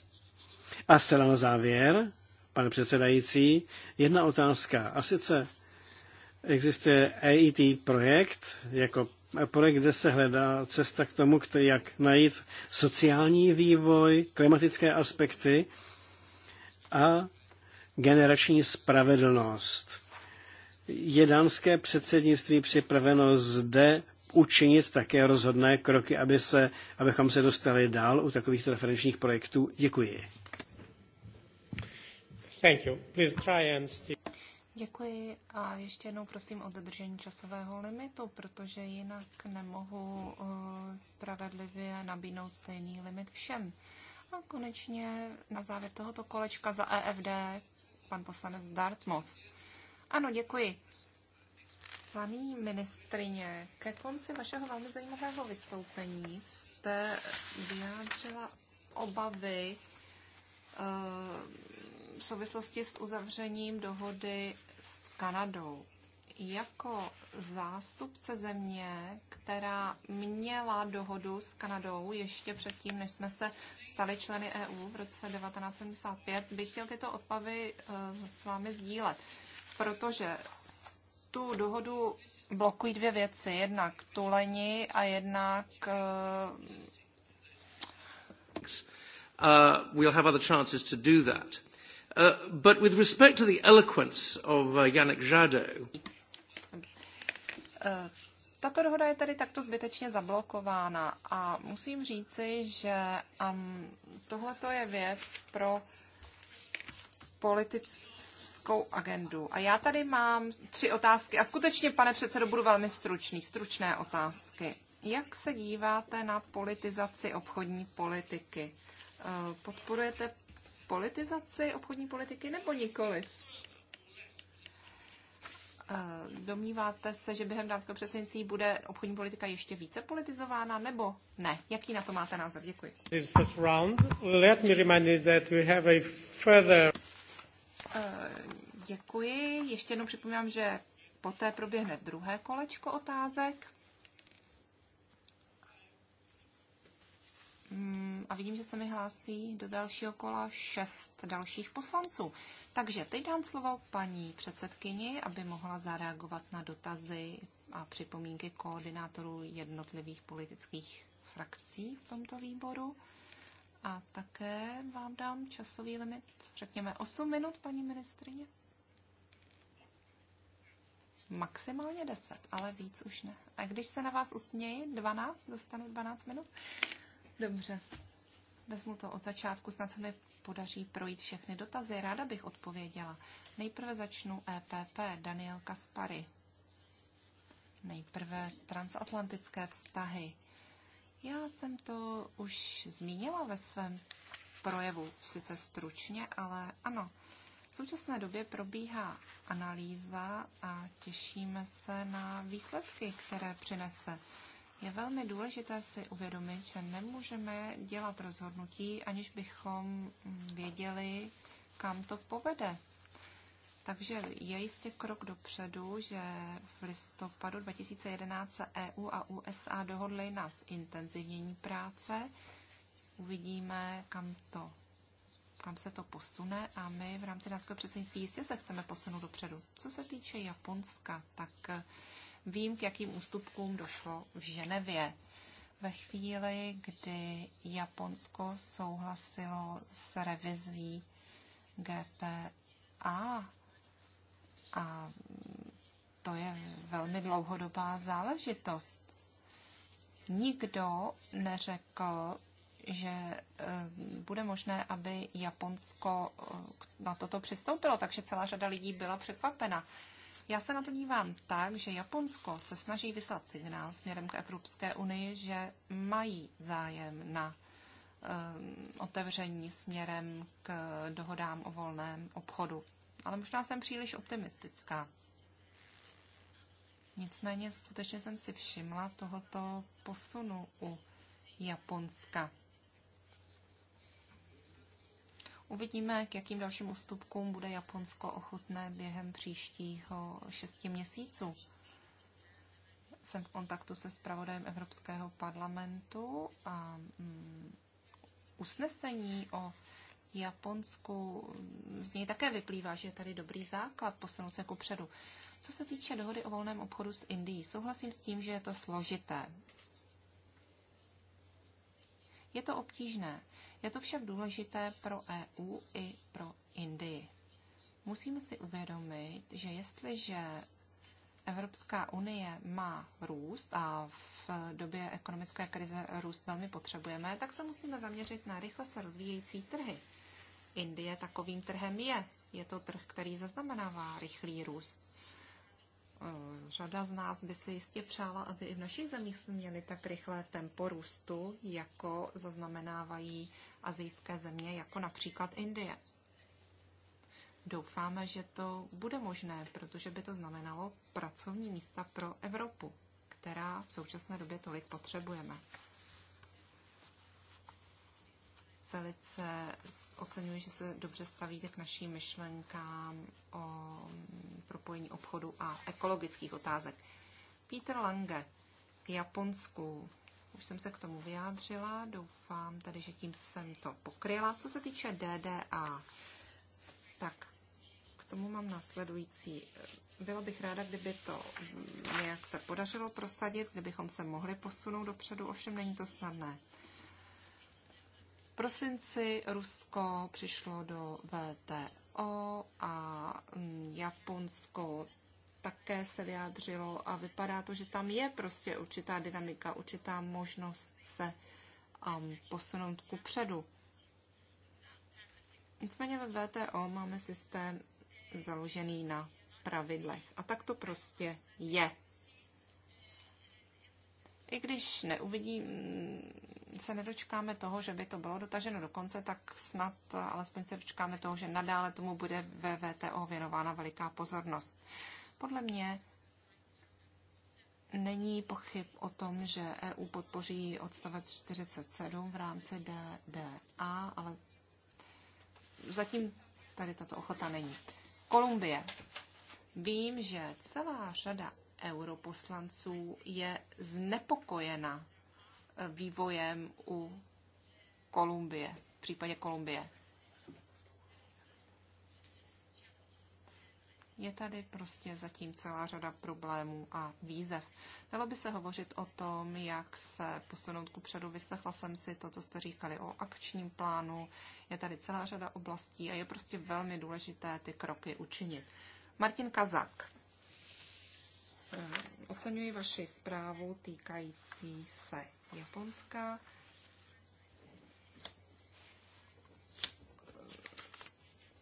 A se na závěr, pane předsedající, jedna otázka. A sice existuje EIT projekt jako projekt, kde se hledá cesta k tomu, který, jak najít sociální vývoj, klimatické aspekty a generační spravedlnost. Je dánské předsednictví připraveno zde učinit také rozhodné kroky, aby se, abychom se dostali dál u takovýchto referenčních projektů? Děkuji. Thank you. Please try and stick. Děkuji a ještě jednou prosím o dodržení časového limitu, protože jinak nemohu eh, spravedlivě nabídnout stejný limit všem. A konečně na závěr tohoto kolečka za EFD pan poslanec Dartmouth. Ano, děkuji. Paní ministrině, ke konci vašeho velmi zajímavého vystoupení jste vyjádřila obavy eh, v souvislosti s uzavřením dohody Kanadou jako zástupce země, která měla dohodu s Kanadou ještě předtím, než jsme se stali členy EU v roce 1975, bych chtěl tyto odpavy e, s vámi sdílet, protože tu dohodu blokují dvě věci. Jednak tuleni a jednak... E, uh, we'll have other chances to do that. Uh, but with respect to the eloquence of uh, Yannick Jadot, uh, tato dohoda je tedy takto zbytečně zablokována a musím říci, že um, tohle je věc pro politickou agendu. A já tady mám tři otázky a skutečně, pane předsedo, budu velmi stručný, stručné otázky. Jak se díváte na politizaci obchodní politiky? Uh, podporujete politizaci obchodní politiky nebo nikoli? Eh, domníváte se, že během dánského předsednictví bude obchodní politika ještě více politizována, nebo ne? Jaký na to máte názor? Děkuji. Eh, děkuji. Ještě jednou připomínám, že poté proběhne druhé kolečko otázek. Hmm a vidím, že se mi hlásí do dalšího kola šest dalších poslanců. Takže teď dám slovo paní předsedkyni, aby mohla zareagovat na dotazy a připomínky koordinátorů jednotlivých politických frakcí v tomto výboru. A také vám dám časový limit, řekněme 8 minut, paní ministrině. Maximálně 10, ale víc už ne. A když se na vás usměji, 12, dostanu 12 minut? Dobře vezmu to od začátku, snad se mi podaří projít všechny dotazy. Ráda bych odpověděla. Nejprve začnu EPP, Daniel Kaspary. Nejprve transatlantické vztahy. Já jsem to už zmínila ve svém projevu, sice stručně, ale ano. V současné době probíhá analýza a těšíme se na výsledky, které přinese. Je velmi důležité si uvědomit, že nemůžeme dělat rozhodnutí, aniž bychom věděli, kam to povede. Takže je jistě krok dopředu, že v listopadu 2011 se EU a USA dohodly na zintenzivnění práce. Uvidíme, kam to kam se to posune a my v rámci dánského předsednictví jistě se chceme posunout dopředu. Co se týče Japonska, tak vím, k jakým ústupkům došlo v Ženevě. Ve chvíli, kdy Japonsko souhlasilo s revizí GPA, a to je velmi dlouhodobá záležitost. Nikdo neřekl, že eh, bude možné, aby Japonsko eh, na toto přistoupilo, takže celá řada lidí byla překvapena. Já se na to dívám tak, že Japonsko se snaží vyslat signál směrem k Evropské unii, že mají zájem na um, otevření směrem k dohodám o volném obchodu. Ale možná jsem příliš optimistická. Nicméně skutečně jsem si všimla tohoto posunu u Japonska. Uvidíme, k jakým dalším ústupkům bude Japonsko ochotné během příštího šesti měsíců. Jsem v kontaktu se zpravodajem Evropského parlamentu a mm, usnesení o Japonsku, z něj také vyplývá, že je tady dobrý základ posunout se ku předu. Co se týče dohody o volném obchodu s Indií, souhlasím s tím, že je to složité. Je to obtížné. Je to však důležité pro EU i pro Indii. Musíme si uvědomit, že jestliže Evropská unie má růst a v době ekonomické krize růst velmi potřebujeme, tak se musíme zaměřit na rychle se rozvíjející trhy. Indie takovým trhem je. Je to trh, který zaznamenává rychlý růst. Eh, řada z nás by se jistě přála, aby i v našich zemích jsme měli tak rychlé tempo růstu, jako zaznamenávají azijské země, jako například Indie. Doufáme, že to bude možné, protože by to znamenalo pracovní místa pro Evropu, která v současné době tolik potřebujeme. velice oceňuji, že se dobře stavíte k našim myšlenkám o mm, propojení obchodu a ekologických otázek. Peter Lange v Japonsku. Už jsem se k tomu vyjádřila, doufám tady, že tím jsem to pokryla. Co se týče DDA, tak k tomu mám následující. Byla bych ráda, kdyby to mm, nějak se podařilo prosadit, kdybychom se mohli posunout dopředu, ovšem není to snadné prosinci Rusko přišlo do VTO a mm, Japonsko také se vyjádřilo a vypadá to, že tam je prostě určitá dynamika, určitá možnost se um, posunout ku předu. Nicméně ve VTO máme systém založený na pravidlech a tak to prostě je. I když neuvidí, se nedočkáme toho, že by to bylo dotaženo do konce, tak snad alespoň se dočkáme toho, že nadále tomu bude ve VTO věnována veliká pozornost. Podle mě není pochyb o tom, že EU podpoří odstavec 47 v rámci DDA, ale zatím tady tato ochota není. Kolumbie. Vím, že celá řada europoslanců je znepokojena vývojem u Kolumbie, v případě Kolumbie. Je tady prostě zatím celá řada problémů a výzev. Dalo by se hovořit o tom, jak se posunout ku předu. Vyslechla jsem si to, co jste říkali o akčním plánu. Je tady celá řada oblastí a je prostě velmi důležité ty kroky učinit. Martin Kazak. Eh, oceňuji vaši zprávu týkající se Japonska.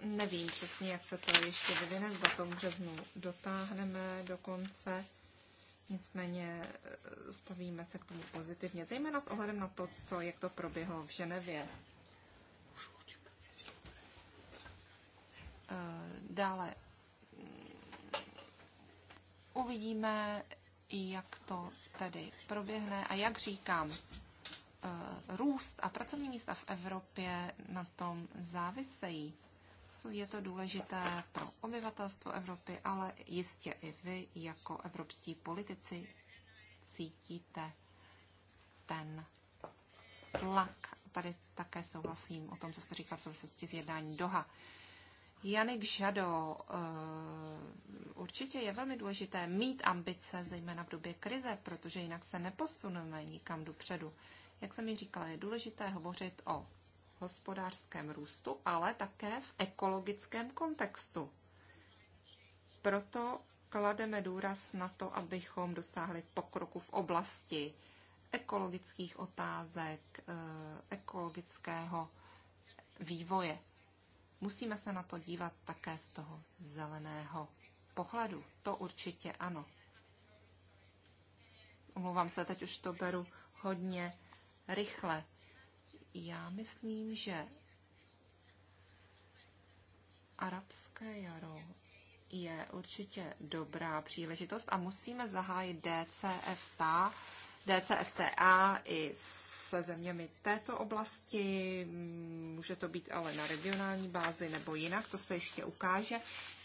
Nevím přesně, jak se to ještě vyvine, zda to březnu dotáhneme do konce. Nicméně eh, stavíme se k tomu pozitivně, zejména s ohledem na to, co, jak to proběhlo v Ženevě. Eh, dále Uvidíme, jak to tedy proběhne a jak říkám, eh, růst a pracovní místa v Evropě na tom závisejí. Je to důležité pro obyvatelstvo Evropy, ale jistě i vy jako evropští politici cítíte ten tlak. Tady také souhlasím o tom, co jste říkal v souvislosti s jednání Doha. Janik Žado, eh, určitě je velmi důležité mít ambice, zejména v době krize, protože jinak se neposuneme nikam dopředu. Jak jsem mi říkala, je důležité hovořit o hospodářském růstu, ale také v ekologickém kontextu. Proto klademe důraz na to, abychom dosáhli pokroku v oblasti ekologických otázek, eh, ekologického vývoje. Musíme se na to dívat také z toho zeleného pohledu. To určitě ano. Omlouvám se, teď už to beru hodně rychle. Já myslím, že arabské jaro je určitě dobrá příležitost a musíme zahájit DCFTA, DCFTA i s se zeměmi této oblasti, může to být ale na regionální bázi nebo jinak, to se ještě ukáže.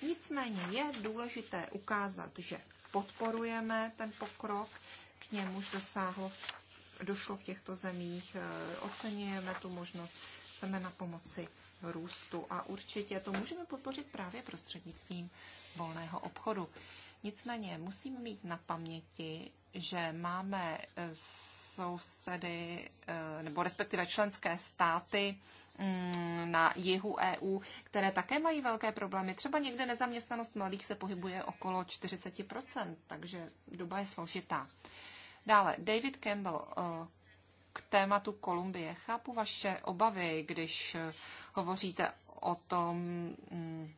Nicméně je důležité ukázat, že podporujeme ten pokrok, k němuž dosáhlo, došlo v těchto zemích, eh, oceňujeme tu možnost, chceme na pomoci růstu a určitě to můžeme podpořit právě prostřednictvím volného obchodu. Nicméně musíme mít na paměti, že máme eh, sousedy, eh, nebo respektive členské státy mm, na jihu EU, které také mají velké problémy. Třeba někde nezaměstnanost mladých se pohybuje okolo 40%, takže doba je složitá. Dále, David Campbell eh, k tématu Kolumbie. Chápu vaše obavy, když hovoříte o tom, mm,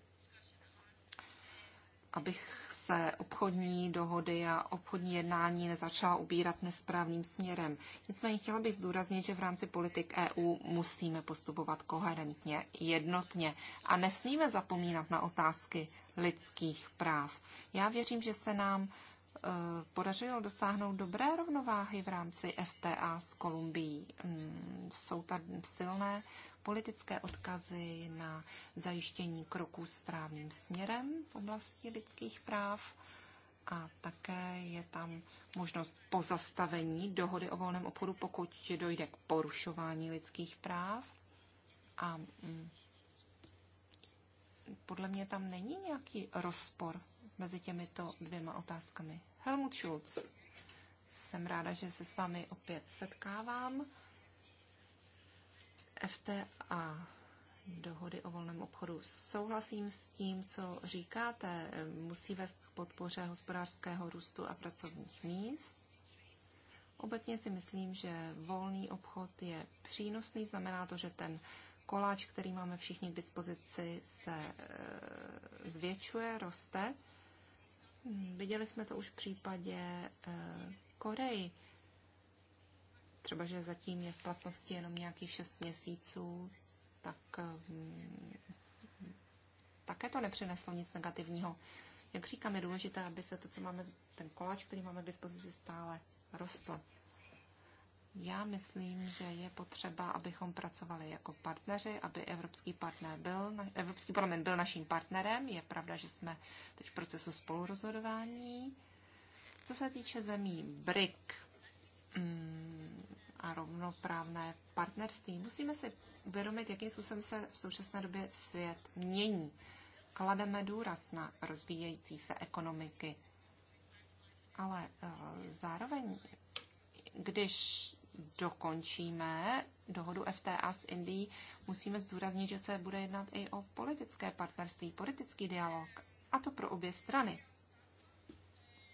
abych se obchodní dohody a obchodní jednání nezačala ubírat nesprávným směrem. Nicméně chtěla bych zdůraznit, že v rámci politik EU musíme postupovat koherentně, jednotně a nesmíme zapomínat na otázky lidských práv. Já věřím, že se nám e, podařilo dosáhnout dobré rovnováhy v rámci FTA s Kolumbií. Mm, jsou tam silné politické odkazy na zajištění kroků správným směrem v oblasti lidských práv a také je tam možnost pozastavení dohody o volném obchodu, pokud dojde k porušování lidských práv. A mm, podle mě tam není nějaký rozpor mezi těmito dvěma otázkami. Helmut Schulz. Jsem ráda, že se s vámi opět setkávám. FTA dohody o volném obchodu. Souhlasím s tím, co říkáte. Musí vést k podpoře hospodářského růstu a pracovních míst. Obecně si myslím, že volný obchod je přínosný. Znamená to, že ten koláč, který máme všichni k dispozici, se e, zvětšuje, roste. Viděli jsme to už v případě e, Koreji třeba, že zatím je v platnosti jenom nějakých 6 měsíců, tak mm, také to nepřineslo nic negativního. Jak říkám, je důležité, aby se to, co máme, ten koláč, který máme k dispozici, stále rostl. Já myslím, že je potřeba, abychom pracovali jako partneři, aby Evropský, partner byl, Evropský parlament byl naším partnerem. Je pravda, že jsme teď v procesu spolurozhodování. Co se týče zemí BRIC, mm, a rovnoprávné partnerství. Musíme si uvědomit, jakým způsobem se v současné době svět mění. Klademe důraz na rozvíjející se ekonomiky. Ale eh, zároveň, když dokončíme dohodu FTA s Indií, musíme zdůraznit, že se bude jednat i o politické partnerství, politický dialog, a to pro obě strany.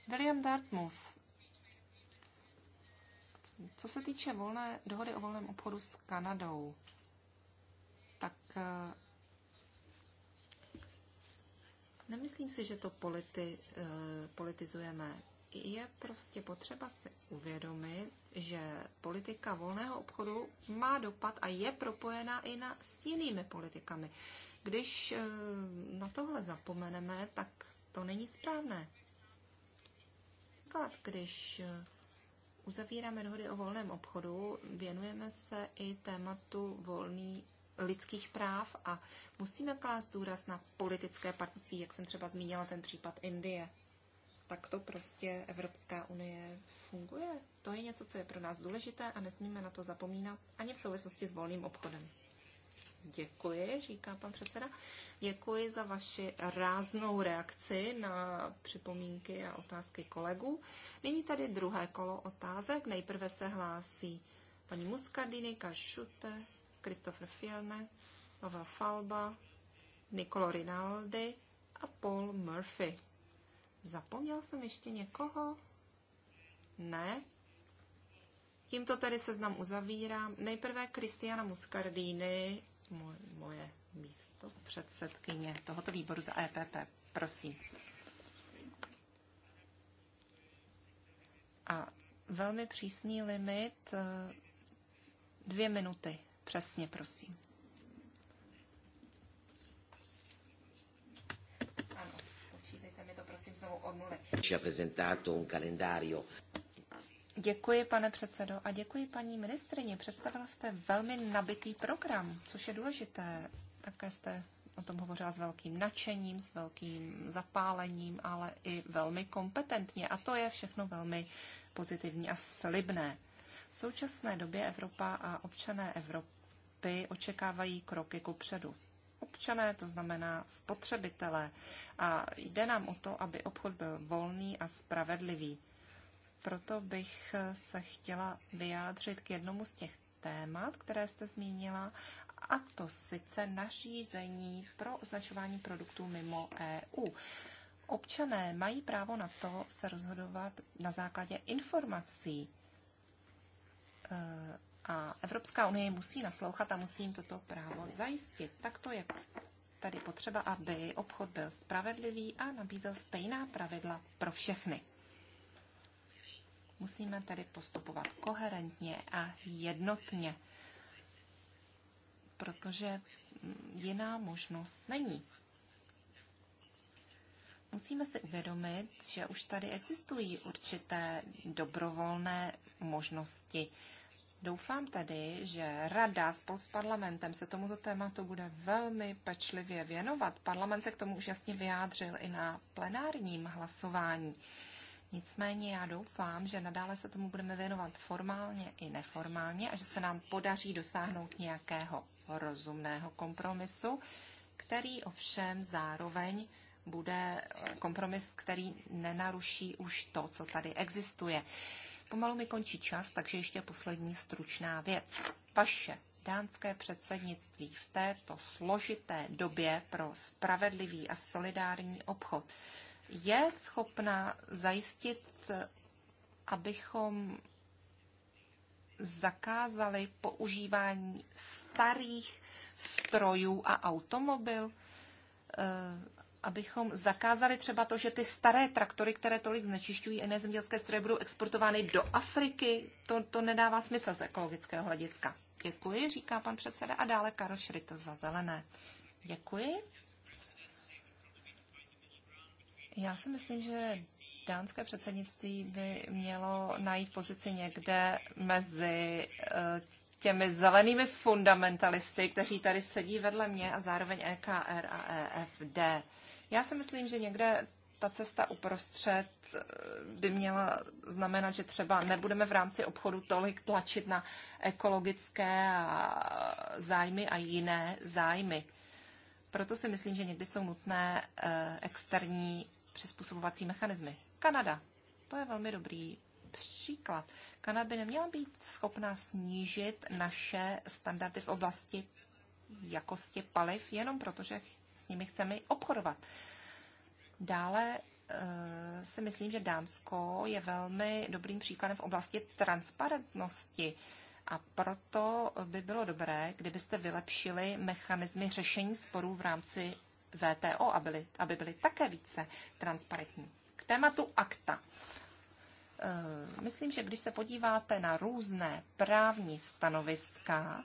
William Dartmouth co se týče volné, dohody o volném obchodu s Kanadou, tak eh, nemyslím si, že to politi, eh, politizujeme. Je prostě potřeba si uvědomit, že politika volného obchodu má dopad a je propojená i na, s jinými politikami. Když eh, na tohle zapomeneme, tak to není správné. Když uzavíráme dohody o volném obchodu, věnujeme se i tématu volný lidských práv a musíme klást důraz na politické partnerství, jak jsem třeba zmínila ten případ Indie. Tak to prostě Evropská unie funguje. To je něco, co je pro nás důležité a nesmíme na to zapomínat ani v souvislosti s volným obchodem. Děkuji, říká pan předseda. Děkuji za vaši ráznou reakci na připomínky a otázky kolegů. Nyní tady druhé kolo otázek. Nejprve se hlásí paní Muscardini, Kašute, Christopher Fielne, Pavel Falba, Nicolo Rinaldi a Paul Murphy. Zapomněl jsem ještě někoho? Ne? Tímto tedy seznam uzavírám. Nejprve Kristiana Muscardini moje, místo předsedkyně tohoto výboru za EPP. Prosím. A velmi přísný limit eh, dvě minuty. Přesně, prosím. Ano, počítejte mi to prosím znovu od nuly. Ci ha presentato un calendario Děkuji, pane předsedo, a děkuji paní ministrině. Představila jste velmi nabitý program, což je důležité. Také jste o tom hovořila s velkým nadšením, s velkým zapálením, ale i velmi kompetentně. A to je všechno velmi pozitivní a slibné. V současné době Evropa a občané Evropy očekávají kroky ku předu. Občané, to znamená spotřebitelé. A jde nám o to, aby obchod byl volný a spravedlivý proto bych eh, se chtěla vyjádřit k jednomu z těch témat, které jste zmínila, a to sice nařízení pro označování produktů mimo EU. Občané mají právo na to se rozhodovat na základě informací. Eh, a Evropská unie musí naslouchat a musí jim toto právo zajistit. Tak to je tady potřeba, aby obchod byl spravedlivý a nabízel stejná pravidla pro všechny. Musíme tedy postupovat koherentně a jednotně, protože jiná možnost není. Musíme si uvědomit, že už tady existují určité dobrovolné možnosti. Doufám tedy, že Rada spolu s parlamentem se tomuto tématu bude velmi pečlivě věnovat. Parlament se k tomu už jasně vyjádřil i na plenárním hlasování. Nicméně já doufám, že nadále se tomu budeme věnovat formálně i neformálně a že se nám podaří dosáhnout nějakého rozumného kompromisu, který ovšem zároveň bude kompromis, který nenaruší už to, co tady existuje. Pomalu mi končí čas, takže ještě poslední stručná věc. Vaše dánské předsednictví v této složité době pro spravedlivý a solidární obchod je schopna zajistit, abychom zakázali používání starých strojů a automobil, eh, abychom zakázali třeba to, že ty staré traktory, které tolik znečišťují a zemědělské stroje, budou exportovány do Afriky. To, to nedává smysl z ekologického hlediska. Děkuji, říká pan předseda a dále Karl Šrytl za zelené. Děkuji. Já si myslím, že dánské předsednictví by mělo najít pozici někde mezi eh, těmi zelenými fundamentalisty, kteří tady sedí vedle mě a zároveň EKR a EFD. Já si myslím, že někde ta cesta uprostřed eh, by měla znamenat, že třeba nebudeme v rámci obchodu tolik tlačit na ekologické a zájmy a jiné zájmy. Proto si myslím, že někdy jsou nutné eh, externí přizpůsobovací mechanismy. Kanada. To je velmi dobrý příklad. Kanada by neměla být schopná snížit naše standardy v oblasti jakosti paliv jenom protože s nimi chceme obchodovat. Dále e, si myslím, že Dánsko je velmi dobrým příkladem v oblasti transparentnosti. A proto by bylo dobré, kdybyste vylepšili mechanismy řešení sporů v rámci VTO, aby byly, aby byly také více transparentní. K tématu akta. E, myslím, že když se podíváte na různé právní stanoviska,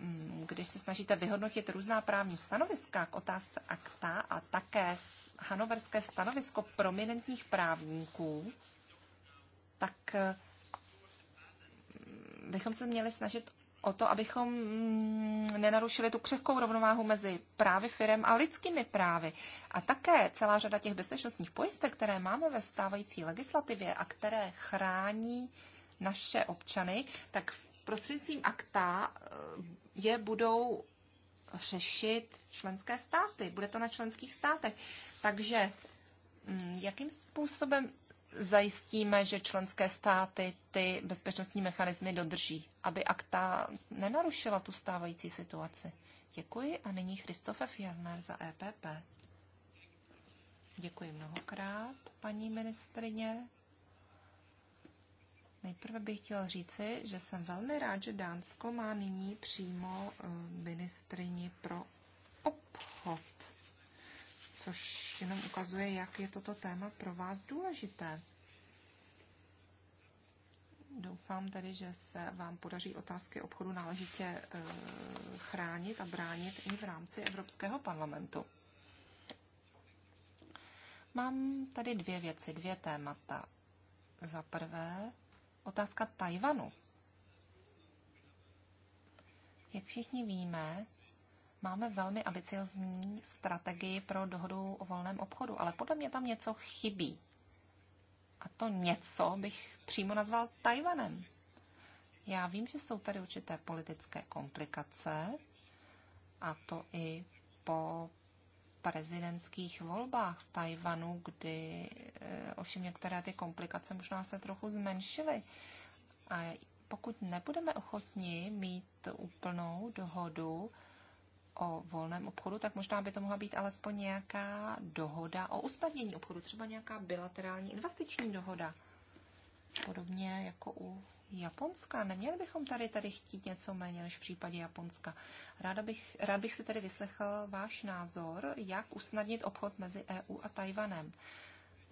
mm, když se snažíte vyhodnotit různá právní stanoviska k otázce akta a také hanoverské stanovisko prominentních právníků, tak mm, bychom se měli snažit o to, abychom mm, nenarušili tu křehkou rovnováhu mezi právy firem a lidskými právy. A také celá řada těch bezpečnostních pojistek, které máme ve stávající legislativě a které chrání naše občany, tak prostřednictvím akta eh, je budou řešit členské státy. Bude to na členských státech. Takže mm, jakým způsobem zajistíme, že členské státy ty bezpečnostní mechanismy dodrží, aby akta nenarušila tu stávající situaci. Děkuji a nyní Christofe Fjellner za EPP. Děkuji mnohokrát, paní ministrině. Nejprve bych chtěl říci, že jsem velmi rád, že Dánsko má nyní přímo eh, ministrině pro obchod což jenom ukazuje, jak je toto téma pro vás důležité. Doufám tedy, že se vám podaří otázky obchodu náležitě eh, chránit a bránit i v rámci Evropského parlamentu. Mám tady dvě věci, dvě témata. Za prvé, otázka Tajvanu. Jak všichni víme, Máme velmi ambiciozní strategii pro dohodu o volném obchodu, ale podle mě tam něco chybí. A to něco bych přímo nazval Tajvanem. Já vím, že jsou tady určité politické komplikace, a to i po prezidentských volbách v Tajvanu, kdy eh, ovšem některé ty komplikace možná se trochu zmenšily. A pokud nebudeme ochotni mít úplnou dohodu, o volném obchodu, tak možná by to mohla být alespoň nějaká dohoda o usnadnění obchodu, třeba nějaká bilaterální investiční dohoda. Podobně jako u Japonska. Neměli bychom tady tady chtít něco méně než v případě Japonska. Ráda bych, rád bych si tady vyslechl váš názor, jak usnadnit obchod mezi EU a Tajvanem.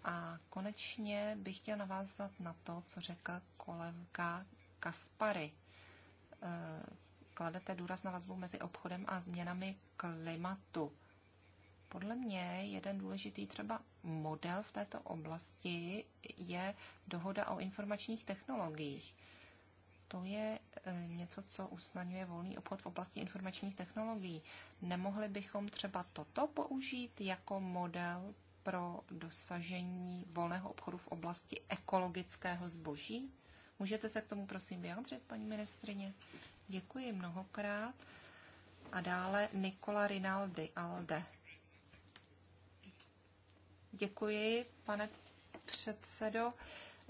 A konečně bych chtěl navázat na to, co řekl kolega Kaspary kladete důraz na vazbu mezi obchodem a změnami klimatu. Podle mě jeden důležitý třeba model v této oblasti je dohoda o informačních technologiích. To je e, něco, co usnadňuje volný obchod v oblasti informačních technologií. Nemohli bychom třeba toto použít jako model pro dosažení volného obchodu v oblasti ekologického zboží? Můžete se k tomu prosím vyjádřit, paní ministrině? Děkuji mnohokrát. A dále Nikola Rinaldi Alde. Děkuji, pane předsedo.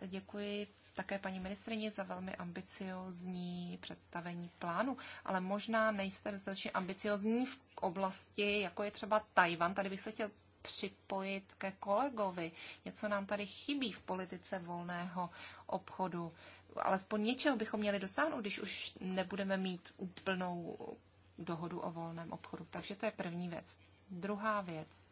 Děkuji také paní ministrině za velmi ambiciozní představení plánu, ale možná nejste dostatečně ambiciozní v oblasti, jako je třeba Tajvan. Tady bych se chtěl připojit ke kolegovi. Něco nám tady chybí v politice volného obchodu. Alespoň něčeho bychom měli dosáhnout, když už nebudeme mít úplnou dohodu o volném obchodu. Takže to je první věc. Druhá věc.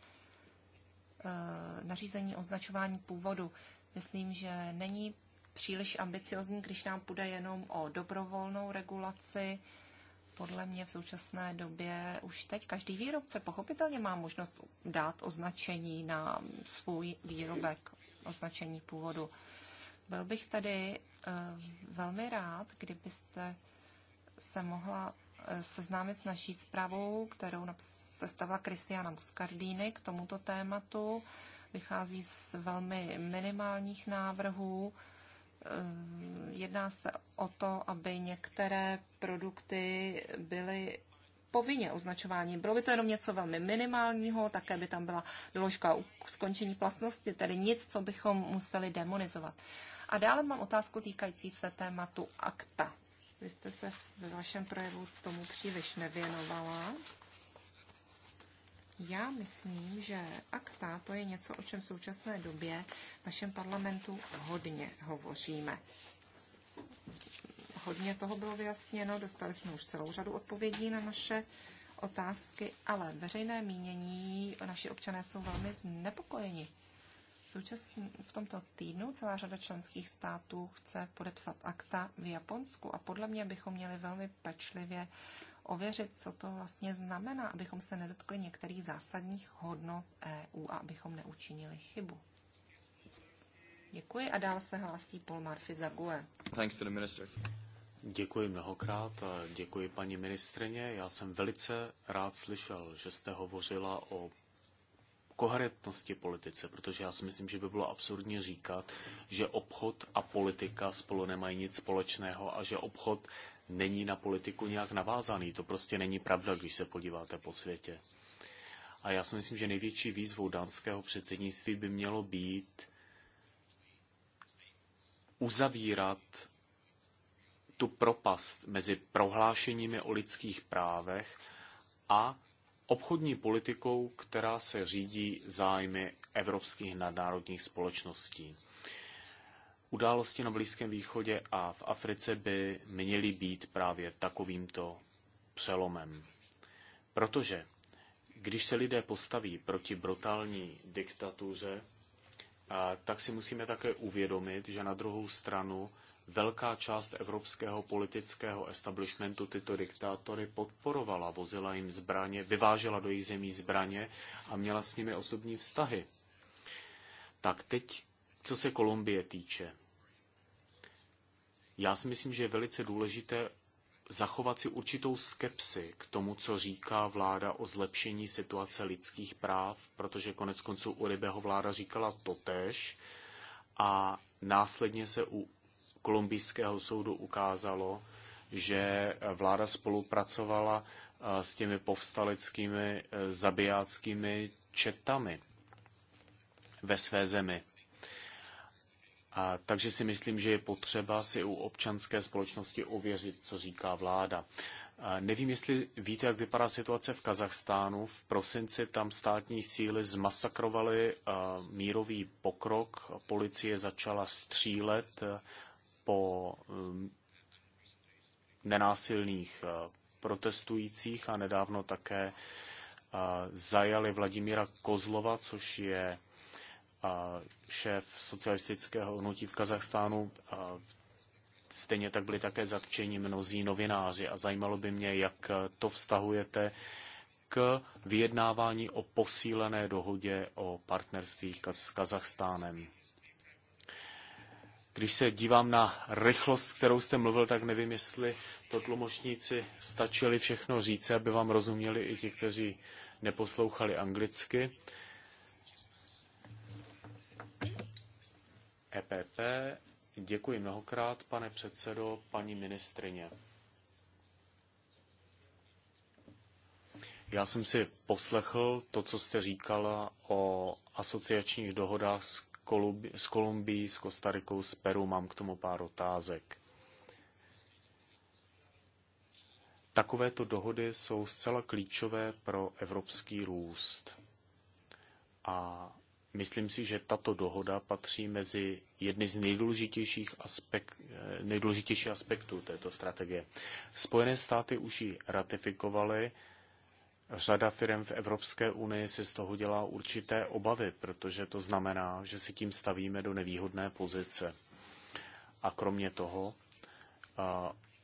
E, nařízení označování původu. Myslím, že není příliš ambiciozní, když nám půjde jenom o dobrovolnou regulaci podle mě v současné době už teď každý výrobce pochopitelně má možnost dát označení na svůj výrobek, označení původu. Byl bych tedy eh, velmi rád, kdybyste se mohla eh, seznámit s naší zprávou, kterou sestavila Kristiana Muscardini k tomuto tématu. Vychází z velmi minimálních návrhů. Eh, jedná se o to, aby některé produkty byly povinně označování. Bylo by to jenom něco velmi minimálního, také by tam byla doložka u skončení platnosti, tedy nic, co bychom museli demonizovat. A dále mám otázku týkající se tématu akta. Vy jste se ve vašem projevu tomu příliš nevěnovala. Já myslím, že akta to je něco, o čem v současné době v našem parlamentu hodně hovoříme. Hodně toho bylo vyjasněno, dostali jsme už celou řadu odpovědí na naše otázky, ale veřejné mínění naši občané jsou velmi znepokojeni. Současně v tomto týdnu celá řada členských států chce podepsat akta v Japonsku a podle mě bychom měli velmi pečlivě ověřit, co to vlastně znamená, abychom se nedotkli některých zásadních hodnot EU a abychom neučinili chybu. Děkuji a dál se hlásí Paul Murphy za GUE. Thanks to the minister. Děkuji mnohokrát a děkuji paní ministrině. Já jsem velice rád slyšel, že jste hovořila o koherentnosti politice, protože já si myslím, že by bylo absurdně říkat, že obchod a politika spolu nemají nic společného a že obchod není na politiku nějak navázaný. To prostě není pravda, když se podíváte po světě. A já si myslím, že největší výzvou dánského předsednictví by mělo být uzavírat tu propast mezi prohlášeními o lidských právech a obchodní politikou, která se řídí zájmy evropských nadnárodních společností. Události na Blízkém východě a v Africe by měly být právě takovýmto přelomem. Protože když se lidé postaví proti brutální diktatuře, tak si musíme také uvědomit, že na druhou stranu velká část evropského politického establishmentu tyto diktátory podporovala, vozila jim zbraně, vyvážela do jejich zemí zbraně a měla s nimi osobní vztahy. Tak teď co se Kolumbie týče, já si myslím, že je velice důležité zachovat si určitou skepsi k tomu, co říká vláda o zlepšení situace lidských práv, protože konec konců u Uribeho vláda říkala totéž a následně se u kolumbijského soudu ukázalo, že vláda spolupracovala eh, s těmi povstaleckými eh, zabijáckými četami ve své zemi. A, takže si myslím, že je potřeba si u občanské společnosti ověřit, co říká vláda. A nevím, jestli víte, jak vypadá situace v Kazachstánu. V prosinci tam státní síly zmasakrovaly mírový pokrok. Policie začala střílet po um, nenásilných protestujících a nedávno také zajali Vladimíra Kozlova, což je šéf socialistického hnutí v Kazachstánu. Stejně tak byli také zatčeni mnozí novináři a zajímalo by mě, jak to vztahujete k vyjednávání o posílené dohodě o partnerství s Kazachstánem. Když se dívám na rychlost, kterou jste mluvil, tak nevím, jestli to tlumočníci stačili všechno říct, aby vám rozuměli i ti, kteří neposlouchali anglicky. EPP. Děkuji mnohokrát, pane předsedo, paní ministrině. Já jsem si poslechl to, co jste říkala o asociačních dohodách s, Kolumbi- s Kolumbií, s Kostarikou, s Peru. Mám k tomu pár otázek. Takovéto dohody jsou zcela klíčové pro evropský růst. A Myslím si, že tato dohoda patří mezi jedny z nejdůležitějších, aspektů této strategie. Spojené státy už ji ratifikovaly. Řada firm v Evropské unii si z toho dělá určité obavy, protože to znamená, že se tím stavíme do nevýhodné pozice. A kromě toho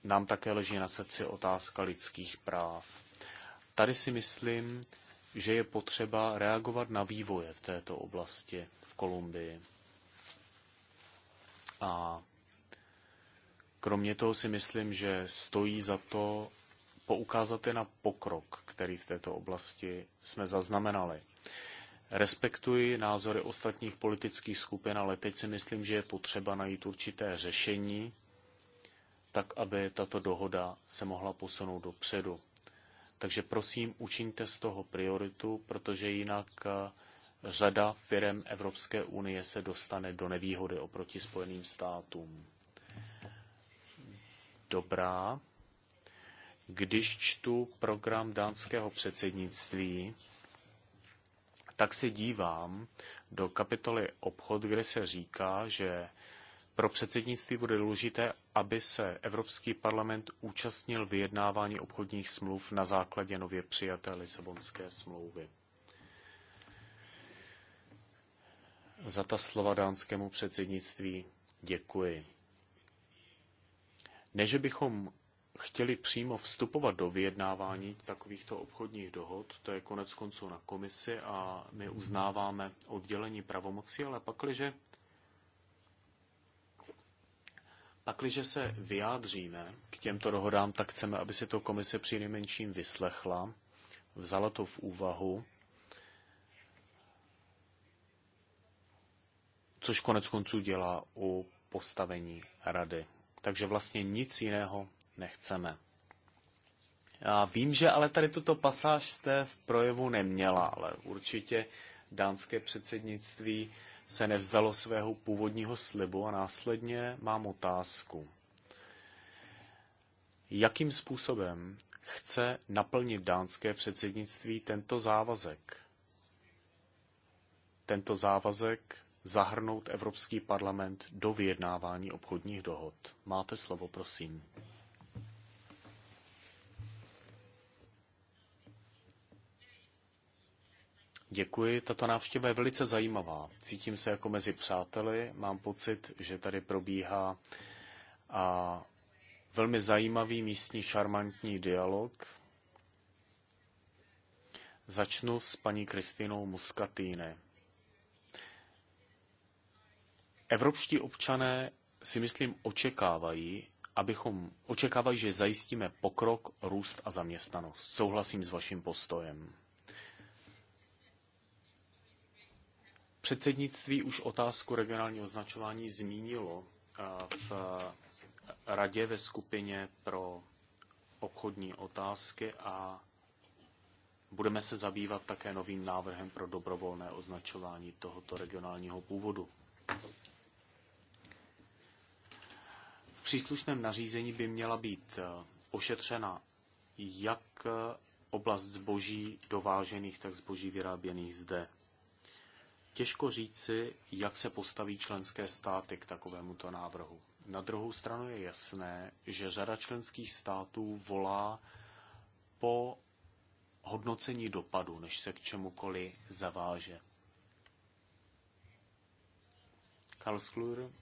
nám také leží na srdci otázka lidských práv. Tady si myslím, že je potřeba reagovat na vývoje v této oblasti v Kolumbii. A kromě toho si myslím, že stojí za to poukázat je na pokrok, který v této oblasti jsme zaznamenali. Respektuji názory ostatních politických skupin, ale teď si myslím, že je potřeba najít určité řešení, tak aby tato dohoda se mohla posunout dopředu. Takže prosím, učiňte z toho prioritu, protože jinak eh, řada firm Evropské unie se dostane do nevýhody oproti Spojeným státům. Dobrá. Když čtu program dánského předsednictví, tak se dívám do kapitoly obchod, kde se říká, že pro předsednictví bude důležité, aby se Evropský parlament účastnil vyjednávání obchodních smluv na základě nově přijaté Lisabonské smlouvy. Za ta slova dánskému předsednictví děkuji. Ne, že bychom chtěli přímo vstupovat do vyjednávání takovýchto obchodních dohod, to je konec konců na komisi a my uznáváme oddělení pravomoci, ale pakliže Pakliže se vyjádříme k těmto dohodám, tak chceme, aby si to komise při nejmenším vyslechla, vzala to v úvahu, což konec konců dělá u postavení rady. Takže vlastně nic jiného nechceme. Já vím, že ale tady tuto pasáž jste v projevu neměla, ale určitě dánské předsednictví se nevzdalo svého původního slibu a následně mám otázku. Jakým způsobem chce naplnit dánské předsednictví tento závazek? Tento závazek zahrnout Evropský parlament do vyjednávání obchodních dohod. Máte slovo, prosím. Děkuji, tato návštěva je velice zajímavá. Cítím se jako mezi přáteli, mám pocit, že tady probíhá a velmi zajímavý místní šarmantní dialog. Začnu s paní Kristinou Muscatýny. Evropští občané si myslím očekávají, abychom očekávají, že zajistíme pokrok, růst a zaměstnanost. Souhlasím s vaším postojem. Předsednictví už otázku regionálního označování zmínilo eh, v radě ve skupině pro obchodní otázky a budeme se zabývat také novým návrhem pro dobrovolné označování tohoto regionálního původu. V příslušném nařízení by měla být eh, ošetřena jak eh, oblast zboží dovážených, tak zboží vyráběných zde Těžko říci, jak se postaví členské státy k takovémuto návrhu. Na druhou stranu je jasné, že řada členských států volá po hodnocení dopadu, než se k čemukoliv zaváže. Karlsklur,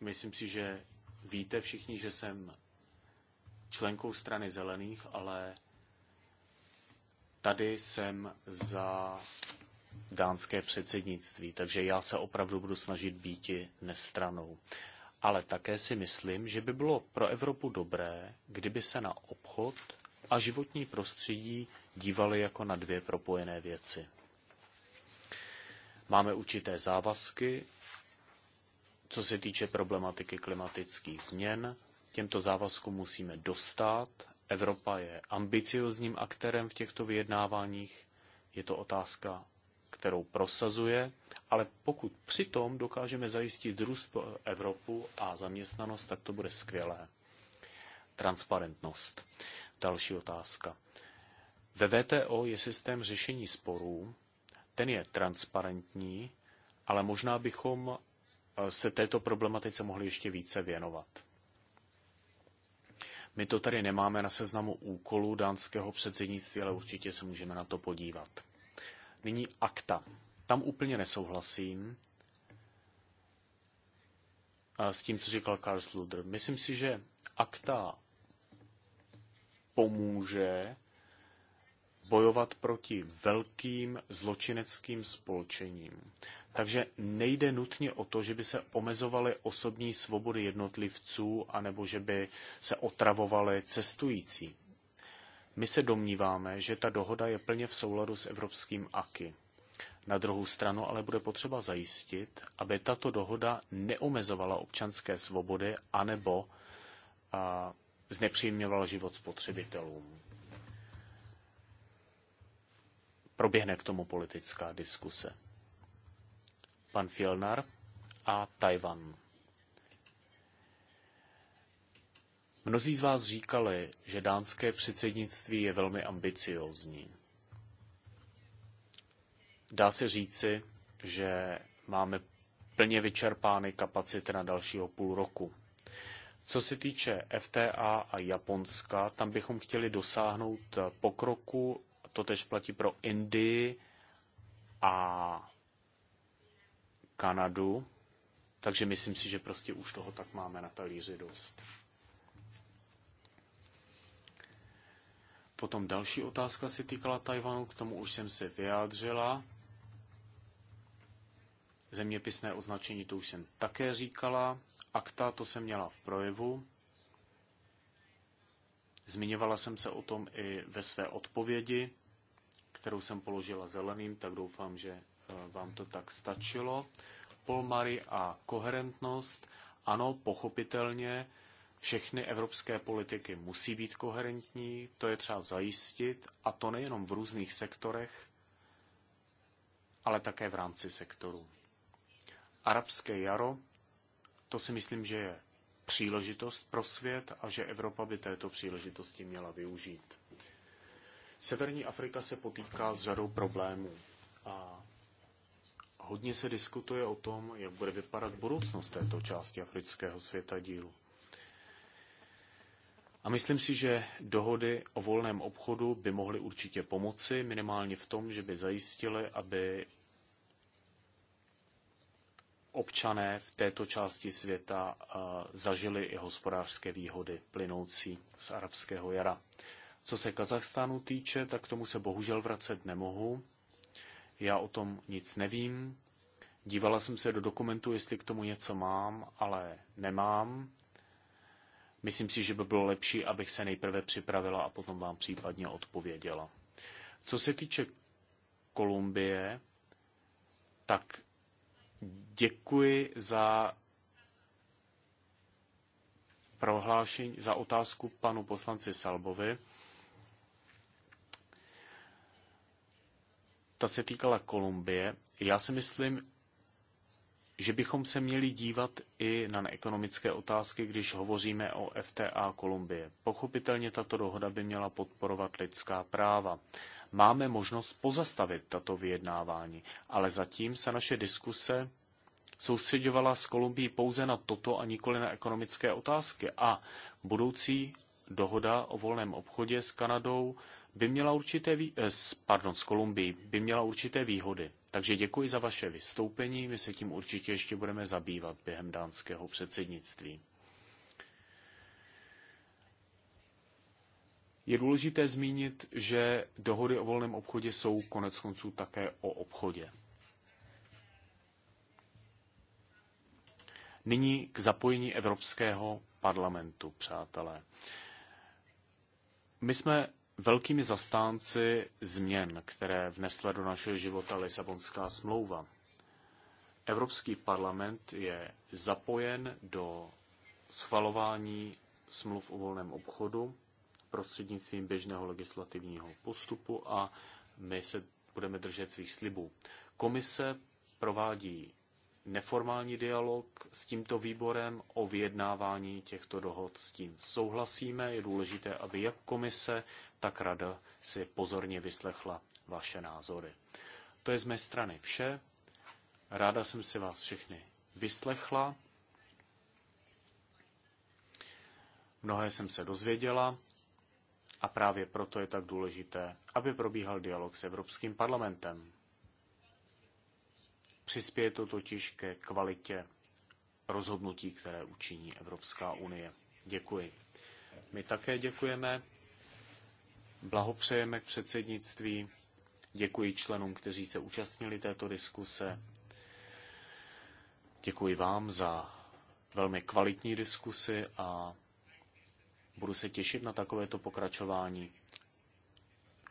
myslím si, že víte všichni, že jsem členkou strany zelených, ale Tady jsem za dánské předsednictví, takže já se opravdu budu snažit býti nestranou. Ale také si myslím, že by bylo pro Evropu dobré, kdyby se na obchod a životní prostředí dívali jako na dvě propojené věci. Máme určité závazky, co se týče problematiky klimatických změn. Těmto závazkům musíme dostat Evropa je ambiciozním aktérem v těchto vyjednáváních, je to otázka, kterou prosazuje, ale pokud přitom dokážeme zajistit růst pro Evropu a zaměstnanost, tak to bude skvělé. Transparentnost. Další otázka. Ve VTO je systém řešení sporů, ten je transparentní, ale možná bychom eh, se této problematice mohli ještě více věnovat. My to tady nemáme na seznamu úkolů dánského předsednictví, ale určitě se můžeme na to podívat. Nyní akta. Tam úplně nesouhlasím eh, s tím, co říkal Karl Sluder. Myslím si, že akta pomůže bojovat proti velkým zločineckým spolčením. Takže nejde nutně o to, že by se omezovaly osobní svobody jednotlivců, anebo že by se otravovaly cestující. My se domníváme, že ta dohoda je plně v souladu s evropským AKY. Na druhou stranu ale bude potřeba zajistit, aby tato dohoda neomezovala občanské svobody anebo a, znepříjemňovala život spotřebitelům. proběhne k tomu politická diskuse. Pan Filnar a Tajvan. Mnozí z vás říkali, že dánské předsednictví je velmi ambiciózní. Dá se říci, že máme plně vyčerpány kapacity na dalšího půl roku. Co se týče FTA a Japonska, tam bychom chtěli dosáhnout pokroku to tež platí pro Indii a Kanadu. Takže myslím si, že prostě už toho tak máme na talíři dost. Potom další otázka se týkala Tajvanu, k tomu už jsem se vyjádřila. Zeměpisné označení, to už jsem také říkala. Akta, to jsem měla v projevu. Zmiňovala jsem se o tom i ve své odpovědi kterou jsem položila zeleným, tak doufám, že eh, vám to tak stačilo. Polmary a koherentnost. Ano, pochopitelně, všechny evropské politiky musí být koherentní, to je třeba zajistit, a to nejenom v různých sektorech, ale také v rámci sektorů. Arabské jaro, to si myslím, že je příležitost pro svět a že Evropa by této příležitosti měla využít. Severní Afrika se potýká s řadou problémů a hodně se diskutuje o tom, jak bude vypadat budoucnost této části afrického světa dílu. A myslím si, že dohody o volném obchodu by mohly určitě pomoci, minimálně v tom, že by zajistily, aby občané v této části světa zažili i hospodářské výhody plynoucí z arabského jara. Co se Kazachstánu týče, tak k tomu se bohužel vracet nemohu. Já o tom nic nevím. Dívala jsem se do dokumentu, jestli k tomu něco mám, ale nemám. Myslím si, že by bylo lepší, abych se nejprve připravila a potom vám případně odpověděla. Co se týče Kolumbie, tak děkuji za prohlášení, za otázku panu poslanci Salbovi. ta se týkala Kolumbie. Já si myslím, že bychom se měli dívat i na neekonomické otázky, když hovoříme o FTA Kolumbie. Pochopitelně tato dohoda by měla podporovat lidská práva. Máme možnost pozastavit tato vyjednávání, ale zatím se naše diskuse soustředovala s Kolumbií pouze na toto a nikoli na ekonomické otázky. A budoucí dohoda o volném obchodě s Kanadou by měla určité, vý... Eh, pardon, z Kolumbii by měla určité výhody. Takže děkuji za vaše vystoupení, my se tím určitě ještě budeme zabývat během dánského předsednictví. Je důležité zmínit, že dohody o volném obchodě jsou konec konců také o obchodě. Nyní k zapojení Evropského parlamentu, přátelé. My jsme velkými zastánci změn, které vnesla do našeho života Lisabonská smlouva. Evropský parlament je zapojen do schvalování smluv o volném obchodu prostřednictvím běžného legislativního postupu a my se budeme držet svých slibů. Komise provádí neformální dialog s tímto výborem o vyjednávání těchto dohod. S tím souhlasíme. Je důležité, aby jak komise, tak rada si pozorně vyslechla vaše názory. To je z mé strany vše. Ráda jsem si vás všechny vyslechla. Mnohé jsem se dozvěděla a právě proto je tak důležité, aby probíhal dialog s Evropským parlamentem. Přispěje to totiž ke kvalitě rozhodnutí, které učiní Evropská unie. Děkuji. My také děkujeme, blahopřejeme k předsednictví, děkuji členům, kteří se účastnili této diskuse, děkuji vám za velmi kvalitní diskusy a budu se těšit na takovéto pokračování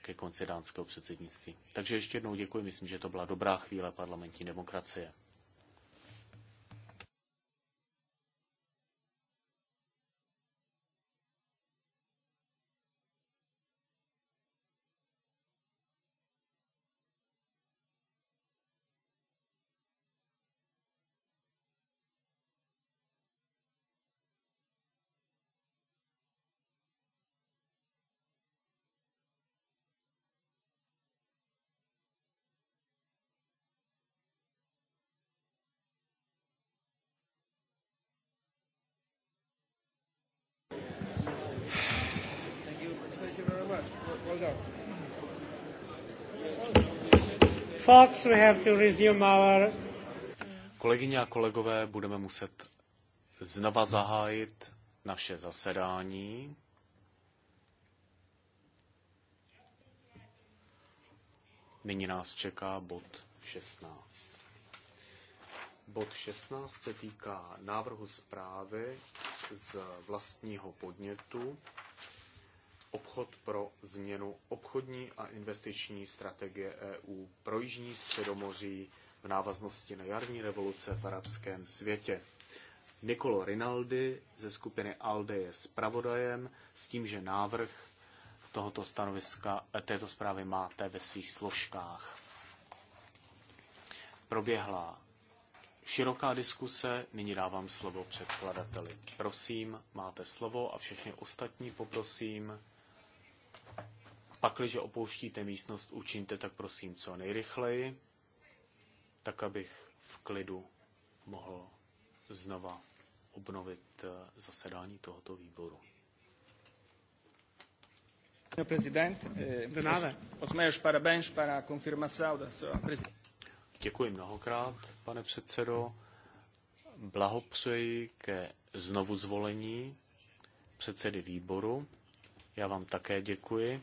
ke konci dánského předsednictví. Takže ještě jednou děkuji, myslím, že to byla dobrá chvíle parlamentní demokracie. Folks, we have to resume our... Kolegyně a kolegové, budeme muset znova zahájit naše zasedání. Nyní nás čeká bod 16. Bod 16 se týká návrhu zprávy z vlastního podnětu obchod pro změnu obchodní a investiční strategie EU pro Jižní středomoří v návaznosti na jarní revoluce v arabském světě. Nikolo Rinaldi ze skupiny ALDE je zpravodajem s tím, že návrh tohoto stanoviska, eh, této zprávy máte ve svých složkách. Proběhla široká diskuse, nyní dávám slovo předkladateli. Prosím, máte slovo a všechny ostatní poprosím, Pakliže opouštíte místnost, učiňte tak prosím co nejrychleji, tak abych v klidu mohl znova obnovit eh, zasedání tohoto výboru. Eh, děkuji mnohokrát, pane předsedo. Blahopřeji ke znovu zvolení předsedy výboru. Já vám také děkuji.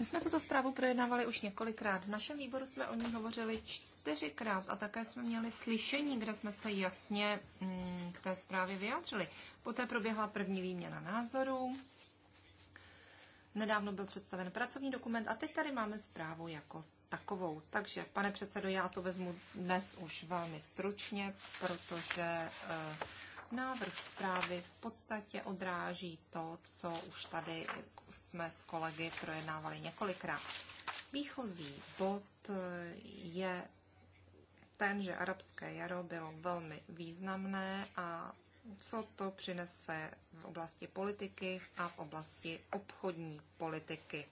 My jsme tuto zprávu projednávali už několikrát. V našem výboru jsme o ní hovořili čtyřikrát a také jsme měli slyšení, kde jsme se jasně mm, k té zprávě vyjádřili. Poté proběhla první výměna názorů. Nedávno byl představen pracovní dokument a teď tady máme zprávu jako takovou. Takže, pane předsedo, já to vezmu dnes už velmi stručně, protože eh, Návrh zprávy v podstatě odráží to, co už tady jsme s kolegy projednávali několikrát. Výchozí bod eh, je ten, že arabské jaro bylo velmi významné a co to přinese v oblasti politiky a v oblasti obchodní politiky.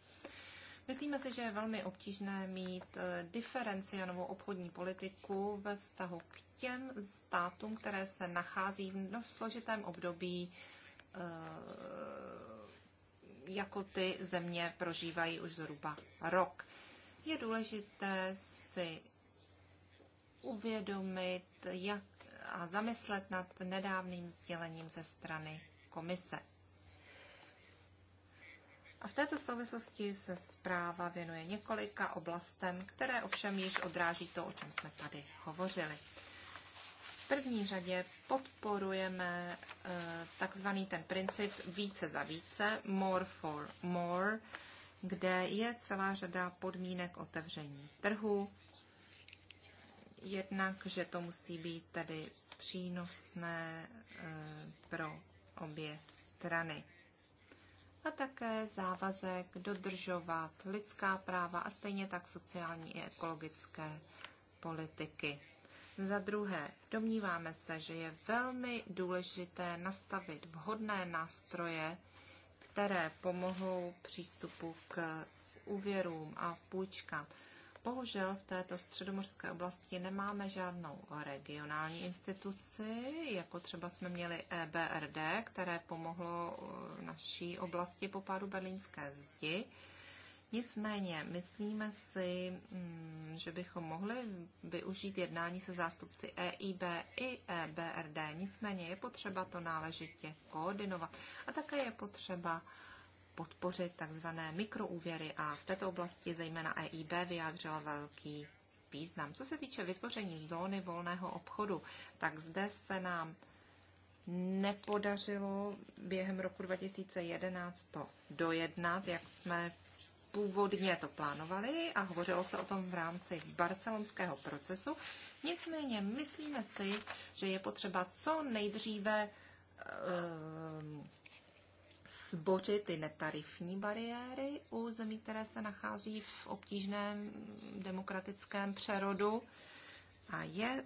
Myslíme si, že je velmi obtížné mít eh, diferenciovanou obchodní politiku ve vztahu k těm státům, které se nachází v no, složitém období eh, jako ty země prožívají už zhruba rok. Je důležité si uvědomit jak, a zamyslet nad nedávným sdělením ze strany komise. A v této souvislosti se zpráva věnuje několika oblastem, které ovšem již odráží to, o čem jsme tady hovořili. V první řadě podporujeme eh, takzvaný ten princip více za více, more for more, kde je celá řada podmínek otevření trhu. Jednak, že to musí být tedy přínosné eh, pro obě strany a také závazek dodržovat lidská práva a stejně tak sociální i ekologické politiky. Za druhé, domníváme se, že je velmi důležité nastavit vhodné nástroje, které pomohou přístupu k úvěrům a půjčkám. Bohužel v této středomorské oblasti nemáme žádnou regionální instituci, jako třeba jsme měli EBRD, které pomohlo uh, naší oblasti po pádu berlínské zdi. Nicméně, myslíme si, mm, že bychom mohli využít jednání se zástupci EIB i EBRD. Nicméně je potřeba to náležitě koordinovat a také je potřeba uh, podpořit tzv. mikroúvěry a v této oblasti zejména EIB vyjádřila velký význam. Co se týče vytvoření zóny volného obchodu, tak zde se nám nepodařilo během roku 2011 to dojednat, jak jsme původně to plánovali a hovořilo se o tom v rámci barcelonského procesu. Nicméně myslíme si, že je potřeba co nejdříve zbořit ty netarifní bariéry u zemí, které se nachází v obtížném demokratickém přerodu. A je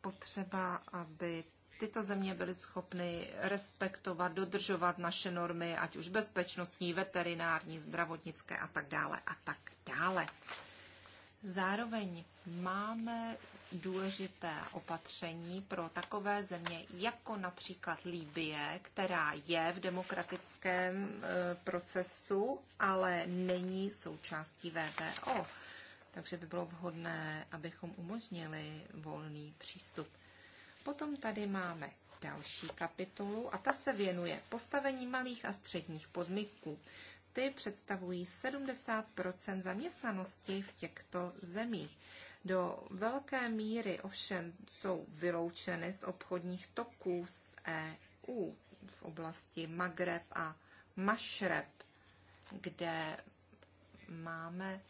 potřeba, aby tyto země byly schopny respektovat, dodržovat naše normy, ať už bezpečnostní, veterinární, zdravotnické a tak dále a tak dále. Zároveň máme důležité opatření pro takové země, jako například Líbie, která je v demokratickém e, procesu, ale není součástí VTO. Takže by bylo vhodné, abychom umožnili volný přístup. Potom tady máme další kapitolu a ta se věnuje postavení malých a středních podniků. Ty představují 70 zaměstnanosti v těchto zemích. Do velké míry ovšem jsou vyloučeny z obchodních toků z EU v oblasti Magreb a Mašreb, kde máme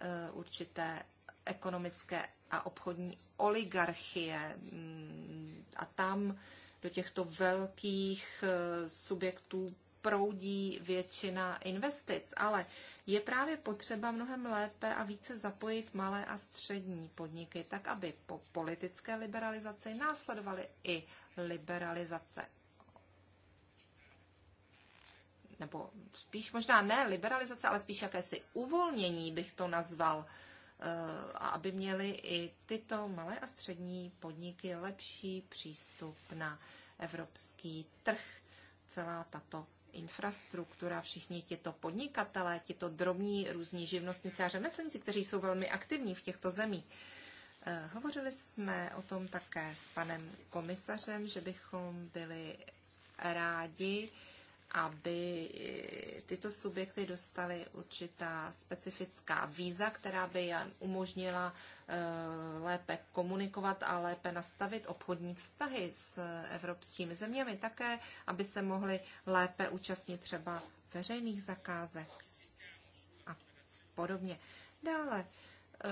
eh, určité ekonomické a obchodní oligarchie mm, a tam do těchto velkých eh, subjektů proudí většina investic, ale je právě potřeba mnohem lépe a více zapojit malé a střední podniky, tak aby po politické liberalizaci následovaly i liberalizace. Nebo spíš možná ne liberalizace, ale spíš jakési uvolnění bych to nazval, eh, aby měly i tyto malé a střední podniky lepší přístup na evropský trh celá tato infrastruktura, všichni tito podnikatelé, tito drobní různí živnostníci a řemeslníci, kteří jsou velmi aktivní v těchto zemích. Eh, hovořili jsme o tom také s panem komisařem, že bychom byli rádi, aby tyto subjekty dostaly určitá specifická víza, která by jim umožnila eh, lépe komunikovat a lépe nastavit obchodní vztahy s evropskými zeměmi, také aby se mohli lépe účastnit třeba veřejných zakázek a podobně. Dále eh,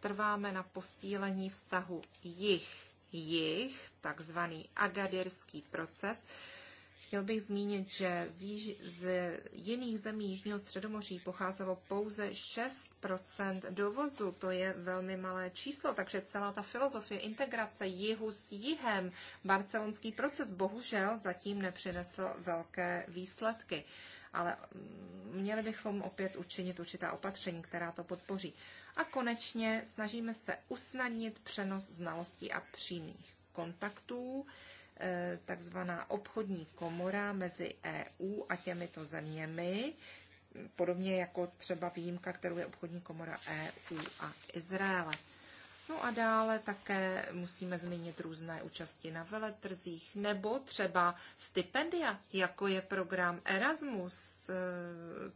trváme na posílení vztahu jich, jich, takzvaný agadirský proces, Chtěl bych zmínit, že z, již, z jiných zemí Jižního středomoří pocházelo pouze 6 dovozu. To je velmi malé číslo, takže celá ta filozofie integrace jihu s jihem, barcelonský proces bohužel zatím nepřinesl velké výsledky. Ale mm, měli bychom opět učinit určitá opatření, která to podpoří. A konečně snažíme se usnadnit přenos znalostí a přímých kontaktů. Eh, takzvaná obchodní komora mezi EU a těmito zeměmi, podobně jako třeba výjimka, kterou je obchodní komora EU a Izraele. No a dále také musíme zmínit různé účasti na veletrzích nebo třeba stipendia, jako je program Erasmus, eh,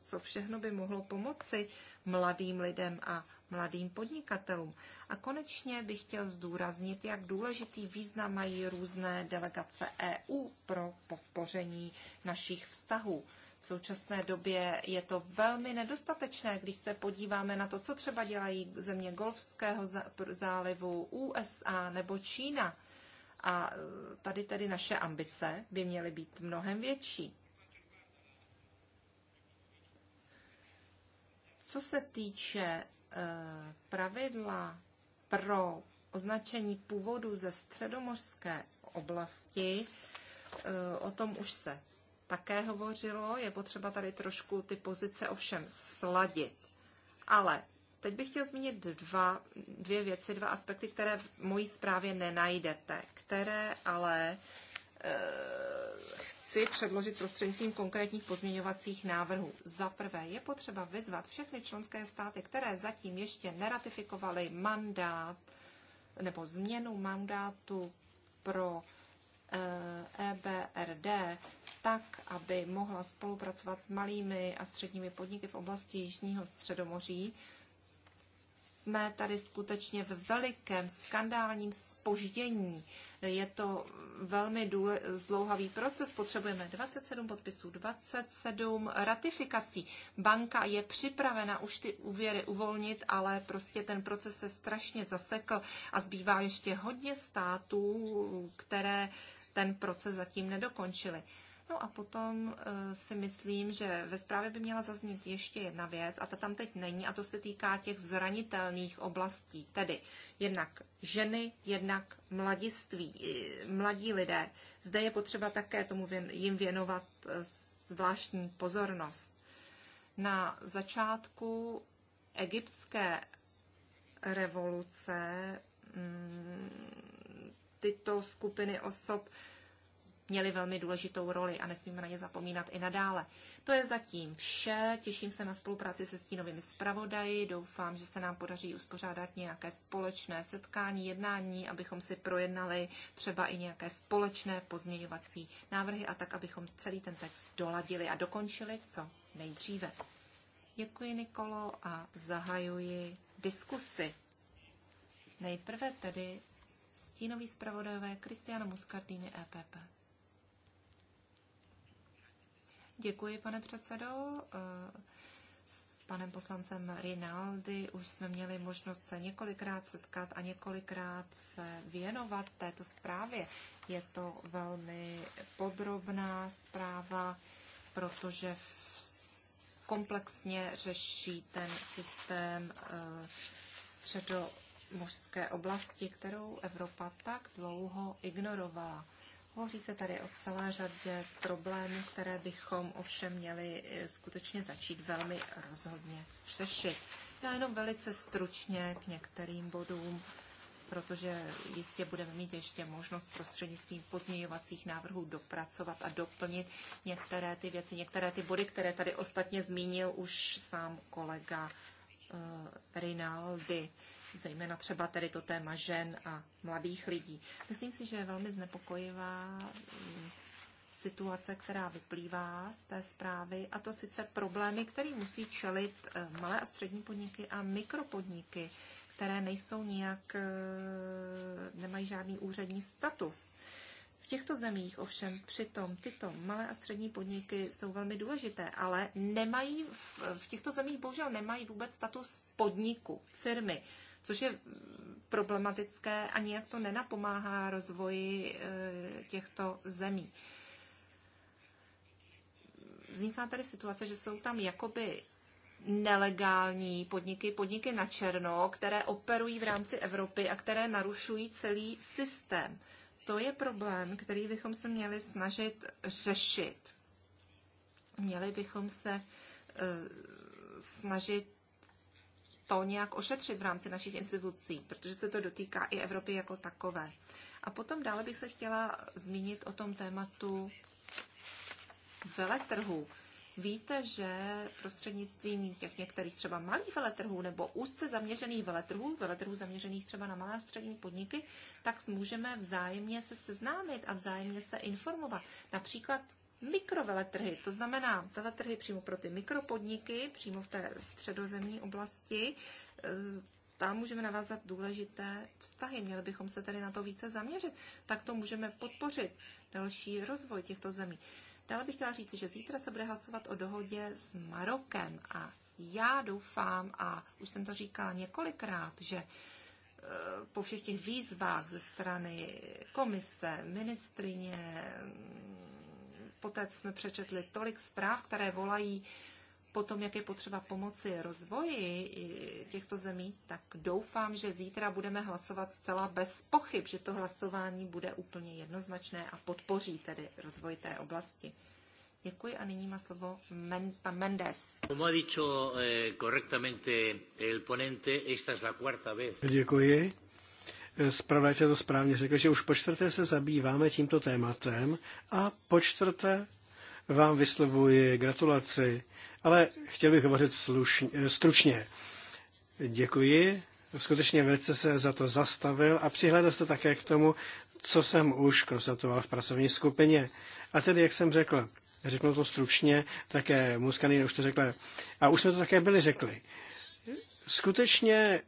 co všechno by mohlo pomoci mladým lidem a mladým podnikatelům. A konečně bych chtěl zdůraznit, jak důležitý význam mají různé delegace EU pro podpoření našich vztahů. V současné době je to velmi nedostatečné, když se podíváme na to, co třeba dělají země Golfského zálivu, USA nebo Čína. A e, tady tedy naše ambice by měly být mnohem větší. Co se týče Eh, pravidla pro označení původu ze středomořské oblasti, eh, o tom už se také hovořilo, je potřeba tady trošku ty pozice ovšem sladit. Ale teď bych chtěl zmínit dva, dvě věci, dva aspekty, které v mojí zprávě nenajdete, které ale Eh, chci předložit prostřednictvím konkrétních pozměňovacích návrhů. Za prvé je potřeba vyzvat všechny členské státy, které zatím ještě neratifikovaly mandát nebo změnu mandátu pro EBRD, eh, e tak, aby mohla spolupracovat s malými a středními podniky v oblasti Jižního středomoří jsme tady skutečně v velikém skandálním spoždění. Je to velmi důle, zdlouhavý proces, potřebujeme 27 podpisů, 27 ratifikací. Banka je připravena už ty úvěry uvolnit, ale prostě ten proces se strašně zasekl a zbývá ještě hodně států, které ten proces zatím nedokončily. No a potom eh, si myslím, že ve zprávě by měla zaznít ještě jedna věc, a ta tam teď není, a to se týká těch zranitelných oblastí, tedy jednak ženy, jednak mladiství, eh, mladí lidé. Zde je potřeba také tomu věn, jim věnovat eh, zvláštní pozornost. Na začátku egyptské revoluce mm, tyto skupiny osob měli velmi důležitou roli a nesmíme na ně zapomínat i nadále. To je zatím vše. Těším se na spolupráci se stínovými zpravodaji. Doufám, že se nám podaří uspořádat nějaké společné setkání, jednání, abychom si projednali třeba i nějaké společné pozměňovací návrhy a tak, abychom celý ten text doladili a dokončili co nejdříve. Děkuji, Nikolo, a zahajuji diskusy. Nejprve tedy stínový zpravodajové Kristiano Muscardini EPP. Děkuji, pane předsedo. Eh, s panem poslancem Rinaldi už jsme měli možnost se několikrát setkat a několikrát se věnovat této zprávě. Je to velmi podrobná zpráva, protože komplexně řeší ten systém eh, středomořské oblasti, kterou Evropa tak dlouho ignorovala. Hovoří se tady o celé řadě problémů, které bychom ovšem měli eh, skutečně začít velmi rozhodně řešit. Já jenom velice stručně k některým bodům, protože jistě budeme mít ještě možnost prostřednictvím pozměňovacích návrhů dopracovat a doplnit některé ty věci, některé ty body, které tady ostatně zmínil už sám kolega uh, Rinaldi. Uh, zejména třeba tedy to téma žen a mladých lidí. Myslím si, že je velmi znepokojivá mm, situace, která vyplývá z té zprávy, a to sice problémy, které musí čelit eh, malé a střední podniky a mikropodniky, které nejsou nijak, eh, nemají žádný úřední status. V těchto zemích ovšem přitom tyto malé a střední podniky jsou velmi důležité, ale nemají v těchto zemích bohužel nemají vůbec status podniku, firmy což je problematické a nijak to nenapomáhá rozvoji eh, těchto zemí. Vzniká tady situace, že jsou tam jakoby nelegální podniky, podniky na černo, které operují v rámci Evropy a které narušují celý systém. To je problém, který bychom se měli snažit řešit. Měli bychom se eh, snažit to nějak ošetřit v rámci našich institucí, protože se to dotýká i Evropy jako takové. A potom dále bych se chtěla zmínit o tom tématu veletrhu. Víte, že prostřednictvím těch některých třeba malých veletrhů nebo úzce zaměřených veletrhů, veletrhů zaměřených třeba na malé a střední podniky, tak můžeme vzájemně se seznámit a vzájemně se informovat. Například mikroveletrhy, to znamená veletrhy přímo pro ty mikropodniky, přímo v té středozemní oblasti. E, tam můžeme navázat důležité vztahy, měli bychom se tedy na to více zaměřit. Tak to můžeme podpořit další rozvoj těchto zemí. Dále bych chtěla říct, že zítra se bude hlasovat o dohodě s Marokem a já doufám, a už jsem to říkala několikrát, že e, po všech těch výzvách ze strany komise, ministrině, poté, co jsme přečetli tolik zpráv, které volají po tom, jak je potřeba pomoci rozvoji těchto zemí, tak doufám, že zítra budeme hlasovat zcela bez pochyb, že to hlasování bude úplně jednoznačné a podpoří tedy rozvoj té oblasti. Děkuji a nyní má slovo Men, pan Mendes. Eh, Děkuji zpravodajce to správně řekl, že už po čtvrté se zabýváme tímto tématem a po čtvrté vám vyslovuji gratulaci, ale chtěl bych hovořit slušně, stručně. Děkuji, skutečně velice se za to zastavil a přihlédl jste také k tomu, co jsem už konstatoval v pracovní skupině. A tedy, jak jsem řekl, řeknu to stručně, také Muskanin už to řekla, a už jsme to také byli řekli. Skutečně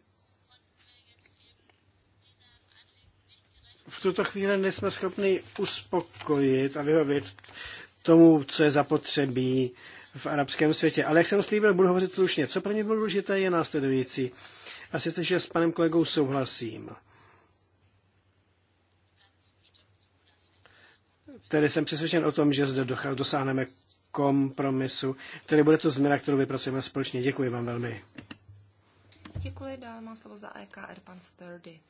v tuto chvíli nejsme schopni uspokojit a vyhovět tomu, co je zapotřebí v arabském světě. Ale jak jsem slíbil, budu hovořit slušně. Co pro mě bylo důležité, je následující. A sice, že s panem kolegou souhlasím. Tedy jsem přesvědčen o tom, že zde dosáhneme kompromisu. Tedy bude to změna, kterou vypracujeme společně. Děkuji vám velmi. Děkuji, dál má slovo za EKR pan Sturdy.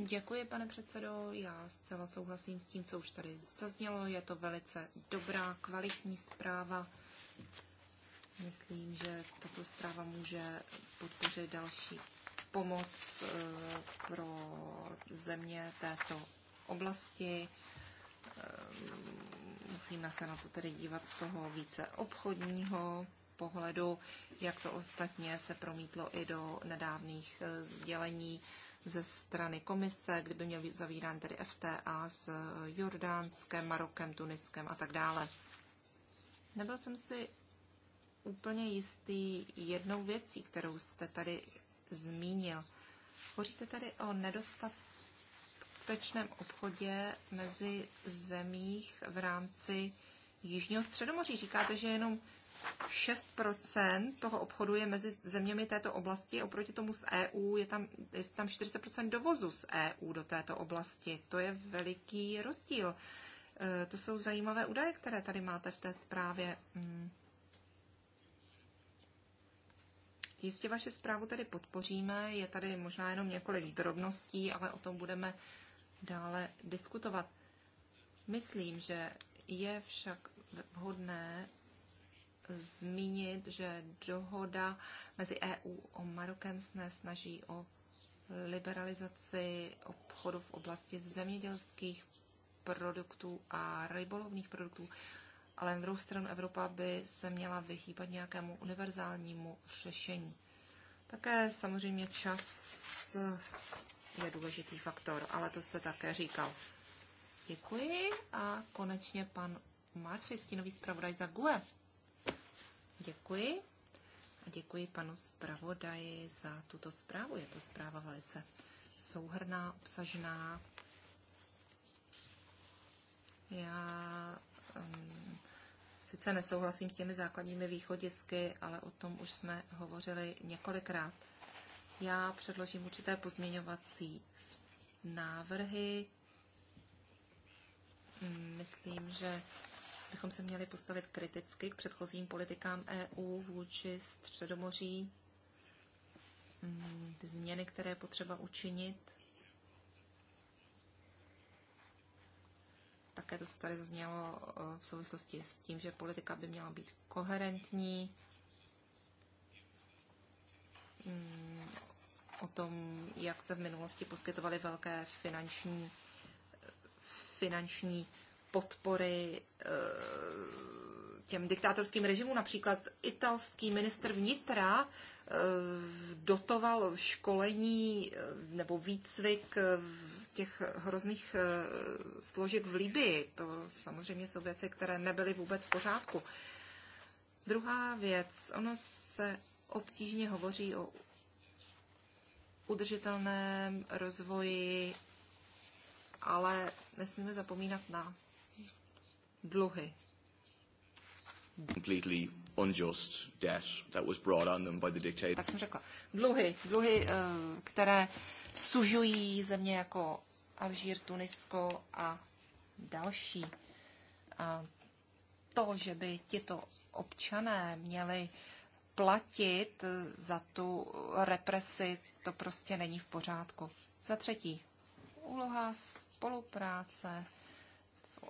Děkuji, pane předsedo. Já zcela souhlasím s tím, co už tady zaznělo. Je to velice dobrá, kvalitní zpráva. Myslím, že tato zpráva může podpořit další pomoc eh, pro země této oblasti. Eh, musíme se na to tedy dívat z toho více obchodního pohledu, jak to ostatně se promítlo i do nedávných eh, sdělení ze strany komise, kdyby měl být zavírán tedy FTA s eh, Jordánskem, Marokem, Tuniskem a tak dále. Nebyl jsem si úplně jistý jednou věcí, kterou jste tady zmínil. Hovoříte tady o nedostatečném obchodě mezi zemích v rámci Jižního středomoří. Říkáte, že jenom 6 toho obchodu je mezi zeměmi této oblasti, oproti tomu z EU je tam, je tam 40 dovozu z EU do této oblasti. To je veliký rozdíl. E, to jsou zajímavé údaje, které tady máte v té zprávě. Hmm. Jistě vaši zprávu tedy podpoříme, je tady možná jenom několik drobností, ale o tom budeme dále diskutovat. Myslím, že je však vhodné zmínit, že dohoda mezi EU a Marokem se snaží o liberalizaci obchodu v oblasti zemědělských produktů a rybolovných produktů. Ale na druhou stranu Evropa by se měla vyhýbat nějakému univerzálnímu řešení. Také samozřejmě čas je důležitý faktor, ale to jste také říkal. Děkuji a konečně pan Marfis, stínový zpravodaj za GUE. Děkuji. A děkuji panu zpravodaji za tuto zprávu. Je to zpráva velice souhrná, obsažná. Já um, sice nesouhlasím s těmi základními východisky, ale o tom už jsme hovořili několikrát. Já předložím určité pozměňovací návrhy. Myslím, že bychom se měli postavit kriticky k předchozím politikám EU vůči Středomoří, mm, ty změny, které je potřeba učinit. Také to se tady zaznělo e, v souvislosti s tím, že politika by měla být koherentní. Mm, o tom, jak se v minulosti poskytovaly velké finanční, finanční podpory eh, těm diktátorským režimům. Například italský ministr vnitra eh, dotoval školení eh, nebo výcvik těch hrozných složek v Libii. To samozřejmě jsou věci, které nebyly vůbec v pořádku. Druhá věc, ono se obtížně hovoří o udržitelném rozvoji, ale nesmíme zapomínat na dluhy. Completely unjust debt that was brought on them by the dictator. Tak jsem řekla. Dluhy, dluhy, eh, které sužují země jako Alžír, Tunisko a další. A to, že by tito občané měli platit eh, za tu represi, to prostě není v pořádku. Za třetí, úloha spolupráce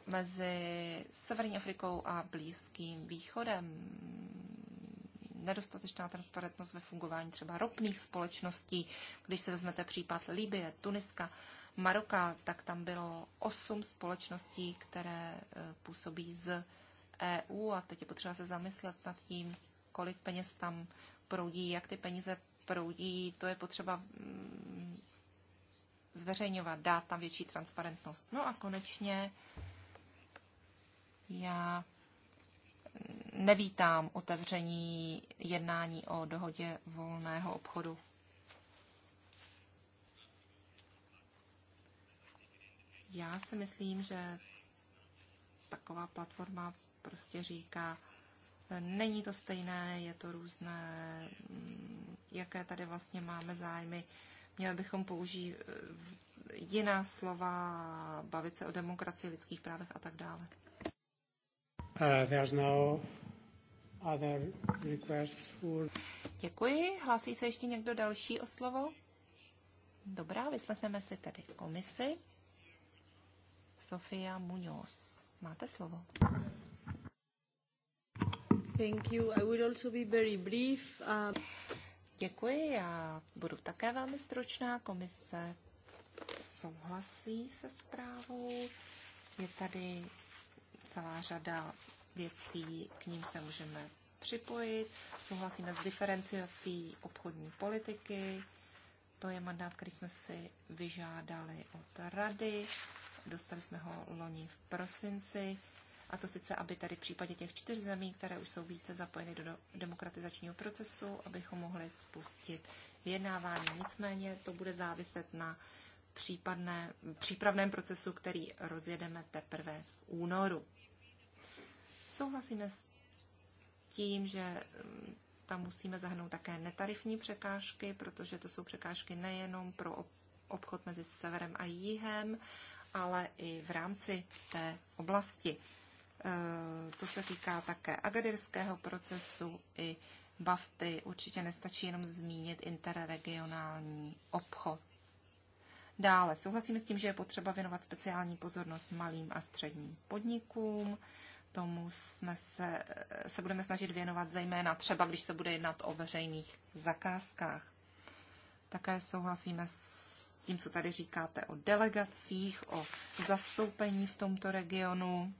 mezi Severní Afrikou a Blízkým východem. Nedostatečná transparentnost ve fungování třeba ropných společností. Když se vezmete případ Libie, Tuniska, Maroka, tak tam bylo osm společností, které e, působí z EU a teď je potřeba se zamyslet nad tím, kolik peněz tam proudí, jak ty peníze proudí, to je potřeba mm, zveřejňovat, dát tam větší transparentnost. No a konečně já nevítám otevření jednání o dohodě volného obchodu. Já si myslím, že taková platforma prostě říká, není to stejné, je to různé, jaké tady vlastně máme zájmy. Měli bychom použít eh, jiná slova, bavit se o demokracii, lidských právech a tak dále. Uh, there's no other requests for... Děkuji. Hlásí se ještě někdo další o slovo? Dobrá, vyslechneme si tady komisi. Sofia Muñoz, máte slovo. Thank you. I will also be very brief. Uh, Děkuji, já budu také velmi stručná. Komise souhlasí se zprávou. Je tady celá řada věcí, k ním se můžeme připojit. Souhlasíme s diferenciací obchodní politiky. To je mandát, který jsme si vyžádali od rady. Dostali jsme ho loni v prosinci. A to sice, aby tady v případě těch čtyř zemí, které už jsou více zapojeny do demokratizačního procesu, abychom mohli spustit vyjednávání. Nicméně to bude záviset na případné, přípravném procesu, který rozjedeme teprve v únoru. Souhlasíme s tím, že mm, tam musíme zahrnout také netarifní překážky, protože to jsou překážky nejenom pro obchod mezi severem a jihem, ale i v rámci té oblasti. E, to se týká také agadirského procesu i BAFTY. Určitě nestačí jenom zmínit interregionální obchod. Dále souhlasíme s tím, že je potřeba věnovat speciální pozornost malým a středním podnikům tomu jsme se, se budeme snažit věnovat zejména třeba, když se bude jednat o veřejných zakázkách. Také souhlasíme s tím, co tady říkáte o delegacích, o zastoupení v tomto regionu.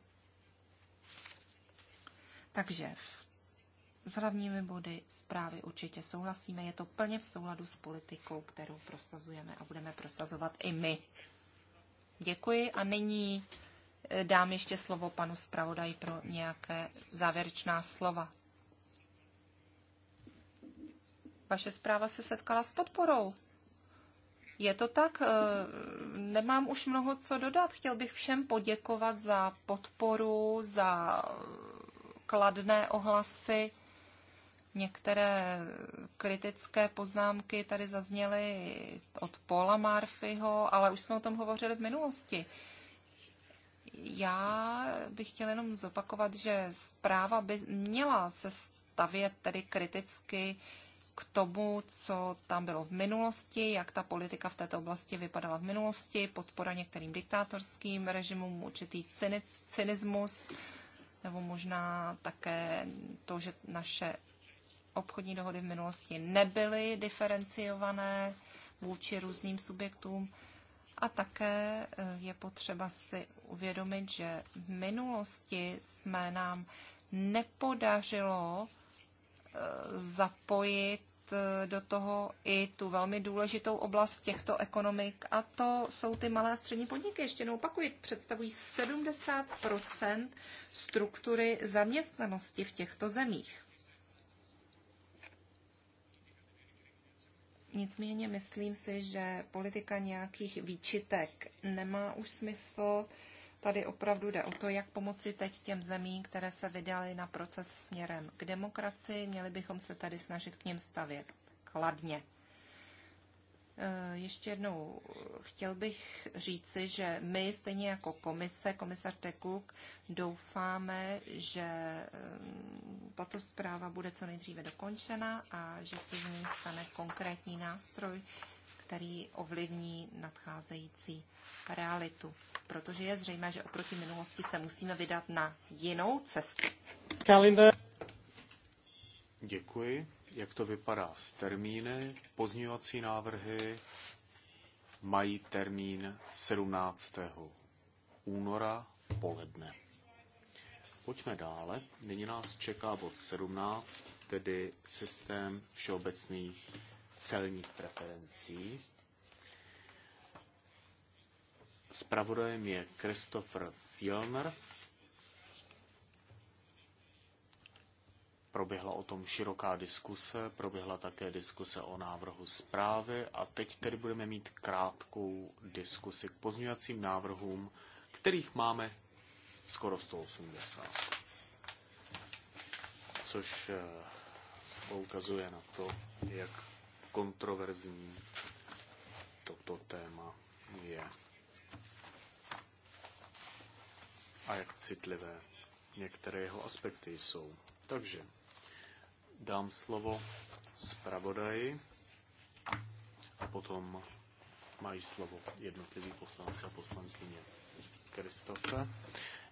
Takže s hlavními body zprávy určitě souhlasíme. Je to plně v souladu s politikou, kterou prosazujeme a budeme prosazovat i my. Děkuji a nyní dám ještě slovo panu zpravodaji pro nějaké závěrečná slova. Vaše zpráva se setkala s podporou. Je to tak? Eh, nemám už mnoho co dodat. Chtěl bych všem poděkovat za podporu, za kladné ohlasy. Některé kritické poznámky tady zazněly od Paula Murphyho, ale už jsme o tom hovořili v minulosti já bych chtěl jenom zopakovat, že zpráva by měla se stavět tedy kriticky k tomu, co tam bylo v minulosti, jak ta politika v této oblasti vypadala v minulosti, podpora některým diktátorským režimům, určitý cynismus, nebo možná také to, že naše obchodní dohody v minulosti nebyly diferenciované vůči různým subjektům. A také eh, je potřeba si uvědomit, že v minulosti jsme nám nepodařilo eh, zapojit eh, do toho i tu velmi důležitou oblast těchto ekonomik a to jsou ty malé a střední podniky. Ještě jednou opakuji, představují 70 struktury zaměstnanosti v těchto zemích. Nicméně myslím si, že politika nějakých výčitek nemá už smysl. Tady opravdu jde o to, jak pomoci teď těm zemím, které se vydaly na proces směrem k demokracii. Měli bychom se tady snažit k něm stavět kladně. Eh, ještě jednou chtěl bych říci, že my, stejně jako komise, komisar Tekuk, doufáme, že eh, tato zpráva bude co nejdříve dokončena a že se z ní stane konkrétní nástroj, který ovlivní nadcházející realitu. Protože je zřejmé, že oproti minulosti se musíme vydat na jinou cestu. Kalinda, Děkuji jak to vypadá s termíny. Pozňovací návrhy mají termín 17. února poledne. Pojďme dále. Nyní nás čeká bod 17, tedy systém všeobecných celních preferencí. Spravodajem je Christopher Fielner. proběhla o tom široká diskuse, proběhla také diskuse o návrhu zprávy a teď tedy budeme mít krátkou diskusi k pozměňovacím návrhům, kterých máme skoro 180. Což eh, poukazuje na to, jak kontroverzní toto téma je a jak citlivé některé jeho aspekty jsou. Takže dám slovo zpravodaji a potom mají slovo jednotliví poslanci a poslankyně. Kristofe,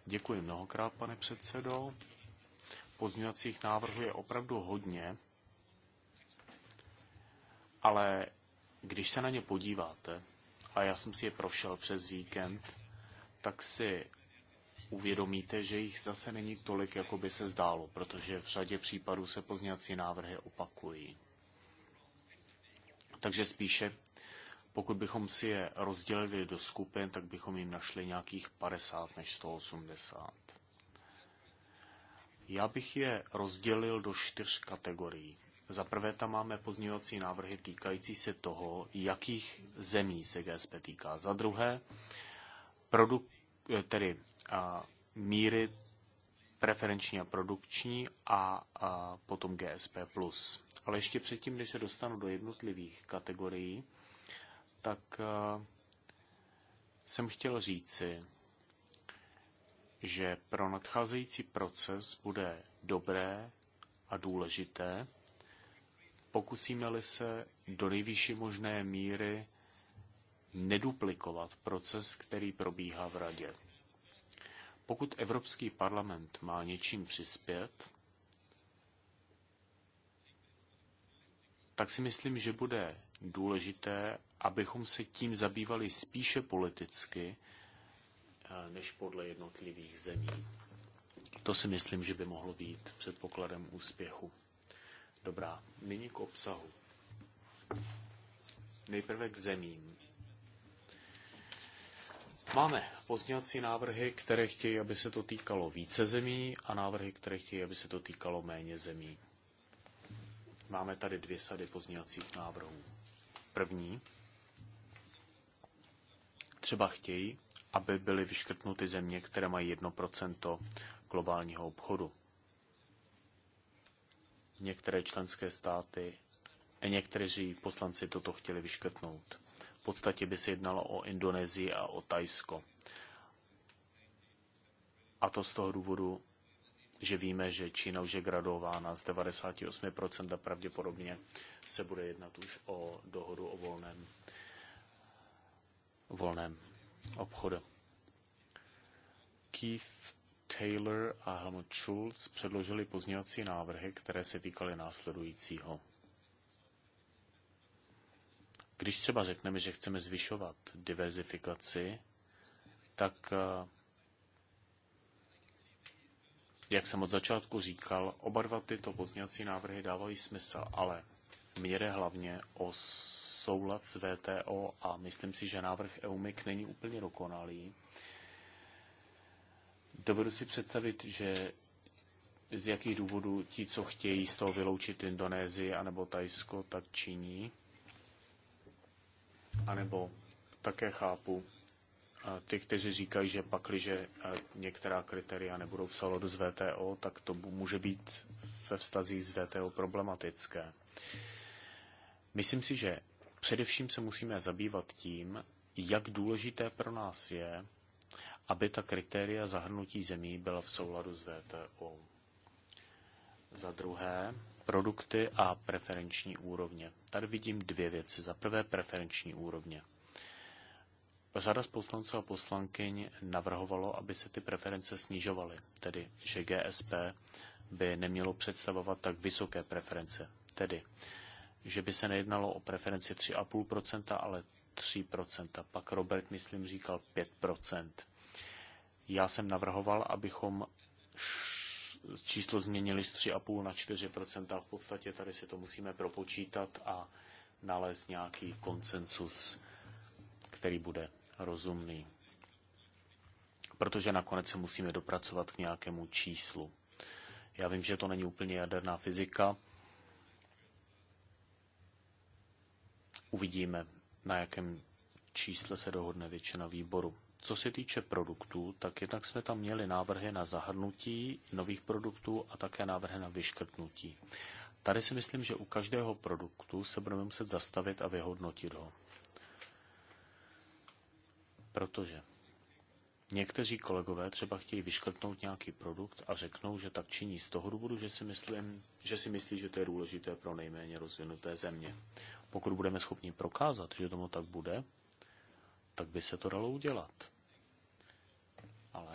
děkuji mnohokrát, pane předsedo. Pozměňovacích návrhů je opravdu hodně, ale když se na ně podíváte, a já jsem si je prošel přes víkend, tak si uvědomíte, že jich zase není tolik, jako by se zdálo, protože v řadě případů se pozněcí návrhy opakují. Takže spíše, pokud bychom si je rozdělili do skupin, tak bychom jim našli nějakých 50 než 180. Já bych je rozdělil do čtyř kategorií. Za prvé tam máme pozměňovací návrhy týkající se toho, jakých zemí se GSP týká. Za druhé, produkt Eh, tedy míry preferenční a produkční a, potom GSP+. Ale ještě předtím, než se dostanu do jednotlivých kategorií, tak eh, jsem chtěl říci, že pro nadcházející proces bude dobré a důležité, pokusíme-li se do nejvyšší možné míry neduplikovat proces, který probíhá v Radě. Pokud Evropský parlament má něčím přispět, tak si myslím, že bude důležité, abychom se tím zabývali spíše politicky, eh, než podle jednotlivých zemí. To si myslím, že by mohlo být předpokladem úspěchu. Dobrá, nyní k obsahu. Nejprve k zemím. Máme pozdělací návrhy, které chtějí, aby se to týkalo více zemí a návrhy, které chtějí, aby se to týkalo méně zemí. Máme tady dvě sady pozdělacích návrhů. První, třeba chtějí, aby byly vyškrtnuty země, které mají 1% globálního obchodu. Některé členské státy, eh, někteří poslanci toto chtěli vyškrtnout podstatě by se jednalo o Indonésii a o Tajsko. A to z toho důvodu, že víme, že Čína už je gradována z 98% a pravděpodobně se bude jednat už o dohodu o volném, volném obchodu. Keith Taylor a Helmut Schulz předložili pozněvací návrhy, které se týkaly následujícího. Když třeba řekneme, že chceme zvyšovat diverzifikaci, tak eh, jak jsem od začátku říkal, oba dva tyto pozněcí návrhy dávají smysl, ale měre hlavně o soulad s VTO a myslím si, že návrh EUMIC není úplně dokonalý. Dovedu si představit, že z jakých důvodů ti, co chtějí z toho vyloučit Indonésii anebo Tajsko, tak činí anebo také chápu eh, ty, kteří říkají, že že eh, některá kritéria nebudou v souladu s VTO, tak to může být ve vztazích s VTO problematické. Myslím si, že především se musíme zabývat tím, jak důležité pro nás je, aby ta kritéria zahrnutí zemí byla v souladu s VTO. Za druhé, produkty a preferenční úrovně. Tady vidím dvě věci. Za prvé preferenční úrovně. Řada z poslanců a poslankyň navrhovalo, aby se ty preference snižovaly, tedy že GSP by nemělo představovat tak vysoké preference, tedy že by se nejednalo o preferenci 3,5%, ale 3%. Pak Robert, myslím, říkal 5%. Já jsem navrhoval, abychom číslo změnili z 3,5 na 4 V podstatě tady si to musíme propočítat a nalézt nějaký konsensus, který bude rozumný. Protože nakonec se musíme dopracovat k nějakému číslu. Já vím, že to není úplně jaderná fyzika. Uvidíme, na jakém čísle se dohodne většina výboru. Co se týče produktů, tak jednak jsme tam měli návrhy na zahrnutí nových produktů a také návrhy na vyškrtnutí. Tady si myslím, že u každého produktu se budeme muset zastavit a vyhodnotit ho. Protože někteří kolegové třeba chtějí vyškrtnout nějaký produkt a řeknou, že tak činí z toho důvodu, že si, myslím, že si myslí, že to je důležité pro nejméně rozvinuté země. Pokud budeme schopni prokázat, že tomu tak bude, tak by se to dalo udělat ale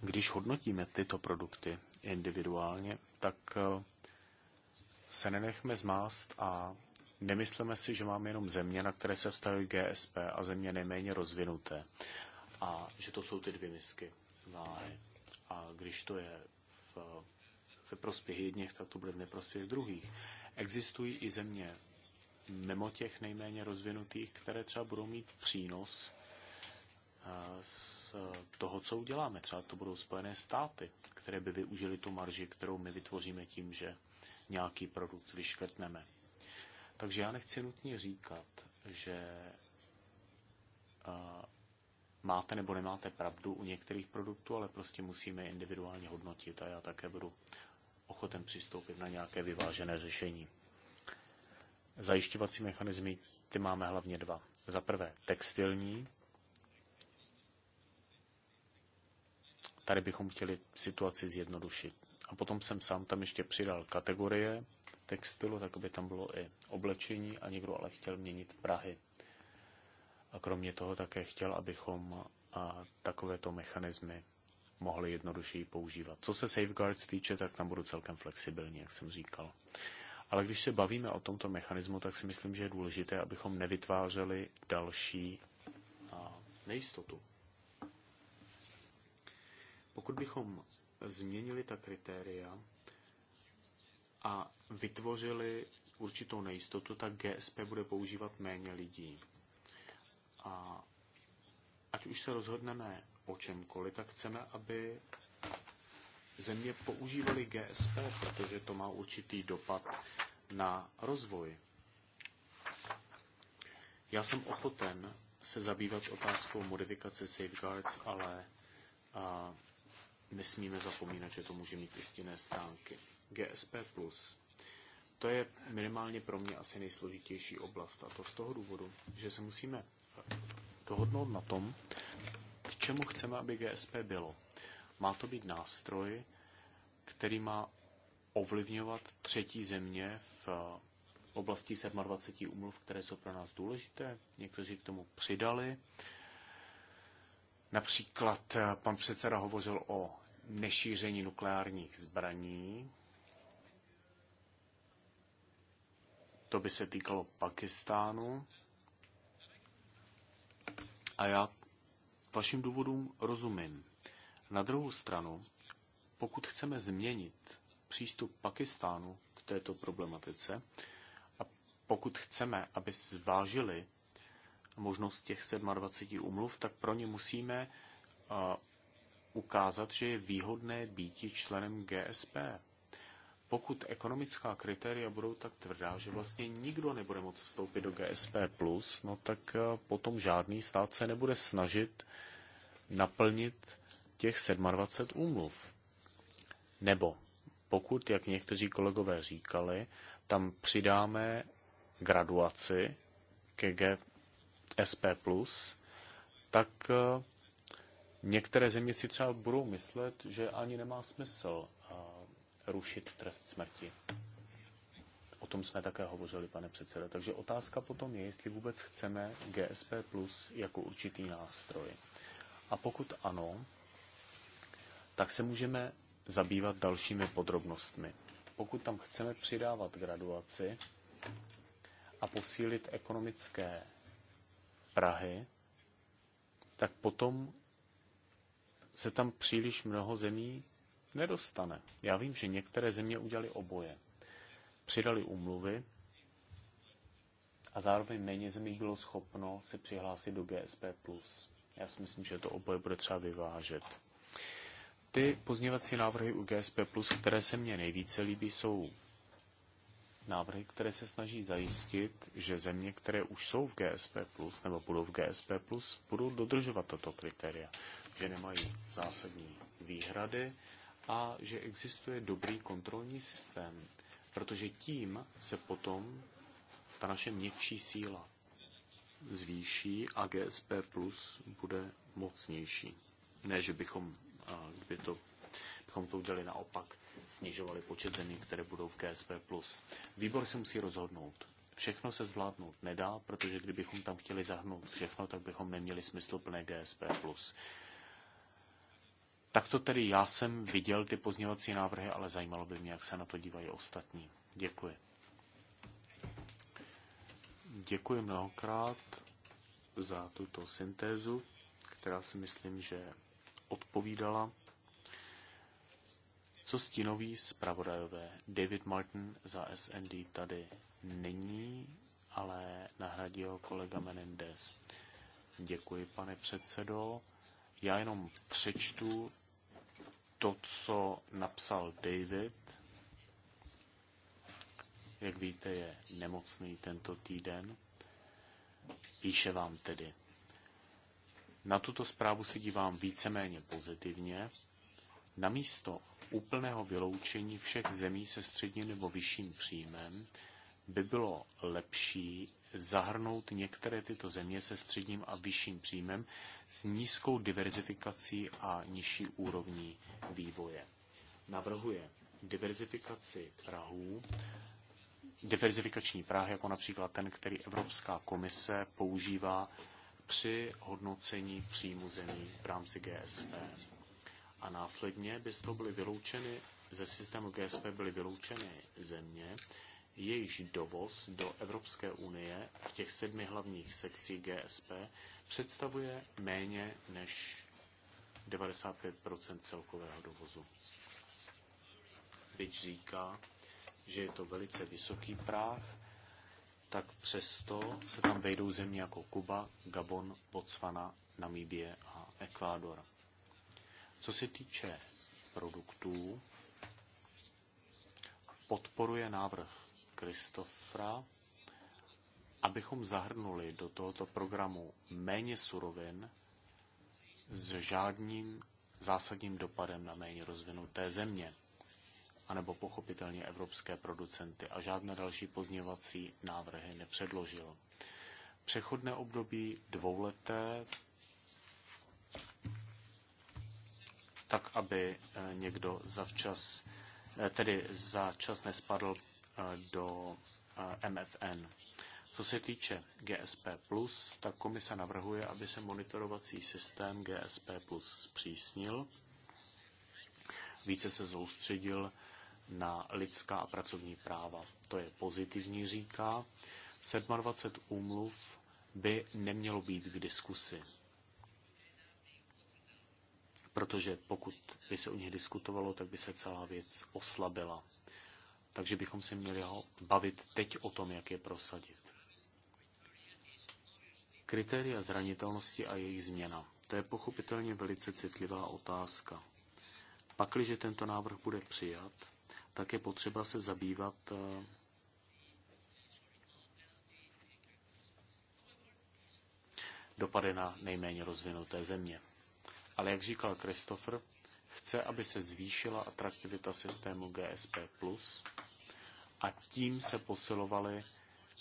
když hodnotíme tyto produkty individuálně, tak eh, se nenechme zmást a nemyslíme si, že máme jenom země, na které se vztahují GSP a země nejméně rozvinuté. A že to jsou ty dvě misky váhy. A když to je v, ve prospěch jedněch, tak to bude v neprospěch druhých. Existují i země mimo těch nejméně rozvinutých, které třeba budou mít přínos Eh, z toho, co uděláme. Třeba to budou Spojené státy, které by využili tu marži, kterou my vytvoříme tím, že nějaký produkt vyškrtneme. Takže já nechci nutně říkat, že eh, máte nebo nemáte pravdu u některých produktů, ale prostě musíme individuálně hodnotit a já také budu ochoten přistoupit na nějaké vyvážené řešení. Zajišťovací mechanismy, ty máme hlavně dva. Za prvé textilní, Tady bychom chtěli situaci zjednodušit. A potom jsem sám tam ještě přidal kategorie textilu, tak aby tam bylo i oblečení a někdo ale chtěl měnit Prahy. A kromě toho také chtěl, abychom a takovéto mechanismy mohli jednodušeji používat. Co se safeguards týče, tak tam budu celkem flexibilní, jak jsem říkal. Ale když se bavíme o tomto mechanismu, tak si myslím, že je důležité, abychom nevytvářeli další nejistotu. Pokud bychom změnili ta kritéria a vytvořili určitou nejistotu, tak GSP bude používat méně lidí. A ať už se rozhodneme o čemkoliv, tak chceme, aby země používaly GSP, protože to má určitý dopad na rozvoj. Já jsem ochoten se zabývat otázkou modifikace safeguards, ale nesmíme zapomínat, že to může mít i stinné stránky. GSP+. To je minimálně pro mě asi nejsložitější oblast. A to z toho důvodu, že se musíme dohodnout na tom, k čemu chceme, aby GSP bylo. Má to být nástroj, který má ovlivňovat třetí země v oblasti 27 umluv, které jsou pro nás důležité. Někteří k tomu přidali Například eh, pan předseda hovořil o nešíření nukleárních zbraní. To by se týkalo Pakistánu. A já vašim důvodům rozumím. Na druhou stranu, pokud chceme změnit přístup Pakistánu k této problematice a pokud chceme, aby zvážili možnost těch 27 umluv, tak pro ně musíme ukázat, že je výhodné být členem GSP. Pokud ekonomická kritéria budou tak tvrdá, že vlastně nikdo nebude moct vstoupit do GSP+, no tak potom žádný stát se nebude snažit naplnit těch 27 úmluv. Nebo pokud, jak někteří kolegové říkali, tam přidáme graduaci ke SP+, tak eh, některé země si třeba budou myslet, že ani nemá smysl eh, rušit trest smrti. O tom jsme také hovořili, pane předsedo. Takže otázka potom je, jestli vůbec chceme GSP Plus jako určitý nástroj. A pokud ano, tak se můžeme zabývat dalšími podrobnostmi. Pokud tam chceme přidávat graduaci a posílit ekonomické Prahy, tak potom se tam příliš mnoho zemí nedostane. Já vím, že některé země udělali oboje. Přidali umluvy a zároveň méně zemí bylo schopno se přihlásit do GSP+. Já si myslím, že to oboje bude třeba vyvážet. Ty pozněvací návrhy u GSP+, které se mně nejvíce líbí, jsou návrhy, které se snaží zajistit, že země, které už jsou v GSP+, nebo budou v GSP+, budou dodržovat tato kritéria, že nemají zásadní výhrady a že existuje dobrý kontrolní systém, protože tím se potom ta naše měkčí síla zvýší a GSP bude mocnější. Ne, že bychom, kdyby to, bychom to udělali naopak snižovali počet zemí, které budou v GSP+. Výbor se musí rozhodnout. Všechno se zvládnout nedá, protože kdybychom tam chtěli zahrnout všechno, tak bychom neměli smysluplné GSP+. Tak to tedy já jsem viděl ty pozněvací návrhy, ale zajímalo by mě, jak se na to dívají ostatní. Děkuji. Děkuji mnohokrát za tuto syntézu, která si myslím, že odpovídala co stínoví zpravodajové? David Martin za SND tady není, ale nahradí ho kolega Menendez. Děkuji, pane předsedo. Já jenom přečtu to, co napsal David. Jak víte, je nemocný tento týden. Píše vám tedy. Na tuto zprávu se dívám víceméně pozitivně. Namísto úplného vyloučení všech zemí se středním nebo vyšším příjmem by bylo lepší zahrnout některé tyto země se středním a vyšším příjmem s nízkou diverzifikací a nižší úrovní vývoje. Navrhuje diverzifikaci Prahů, diverzifikační práh, jako například ten, který Evropská komise používá při hodnocení příjmu zemí v rámci GSP a následně by z toho byly vyloučeny, ze systému GSP byly vyloučeny země, jejíž dovoz do Evropské unie v těch sedmi hlavních sekcích GSP představuje méně než 95 celkového dovozu. Byť říká, že je to velice vysoký práh, tak přesto se tam vejdou země jako Kuba, Gabon, Botswana, Namíbie a Ekvádor. Co se týče produktů, podporuje návrh Kristofra, abychom zahrnuli do tohoto programu méně surovin s žádným zásadním dopadem na méně rozvinuté země, anebo pochopitelně evropské producenty a žádné další pozněvací návrhy nepředložil. Přechodné období dvouleté tak aby eh, někdo zavčas, eh, tedy za čas nespadl eh, do MFN. Co se týče GSP+, tak komise navrhuje, aby se monitorovací systém GSP+, zpřísnil, více se soustředil na lidská a pracovní práva. To je pozitivní, říká. 27 úmluv by nemělo být k diskusi protože pokud by se o nich diskutovalo, tak by se celá věc oslabila. Takže bychom se měli ho bavit teď o tom, jak je prosadit. Kritéria zranitelnosti a jejich změna. To je pochopitelně velice citlivá otázka. Pakliže tento návrh bude přijat, tak je potřeba se zabývat eh, dopady na nejméně rozvinuté země. Ale jak říkal Christopher, chce, aby se zvýšila atraktivita systému GSP+, a tím se posilovaly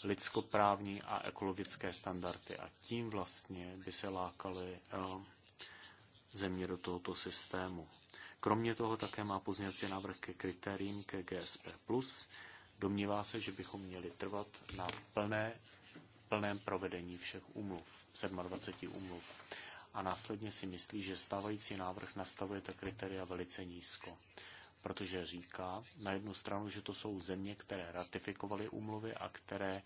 lidskoprávní a ekologické standardy a tím vlastně by se lákaly eh, země do tohoto systému. Kromě toho také má pozněcí návrh ke kritériím ke GSP+. Domnívá se, že bychom měli trvat na plné, plném provedení všech umluv, 27 umluv a následně si myslí, že stávající návrh nastavuje ta kritéria velice nízko. Protože říká na jednu stranu, že to jsou země, které ratifikovaly úmluvy a které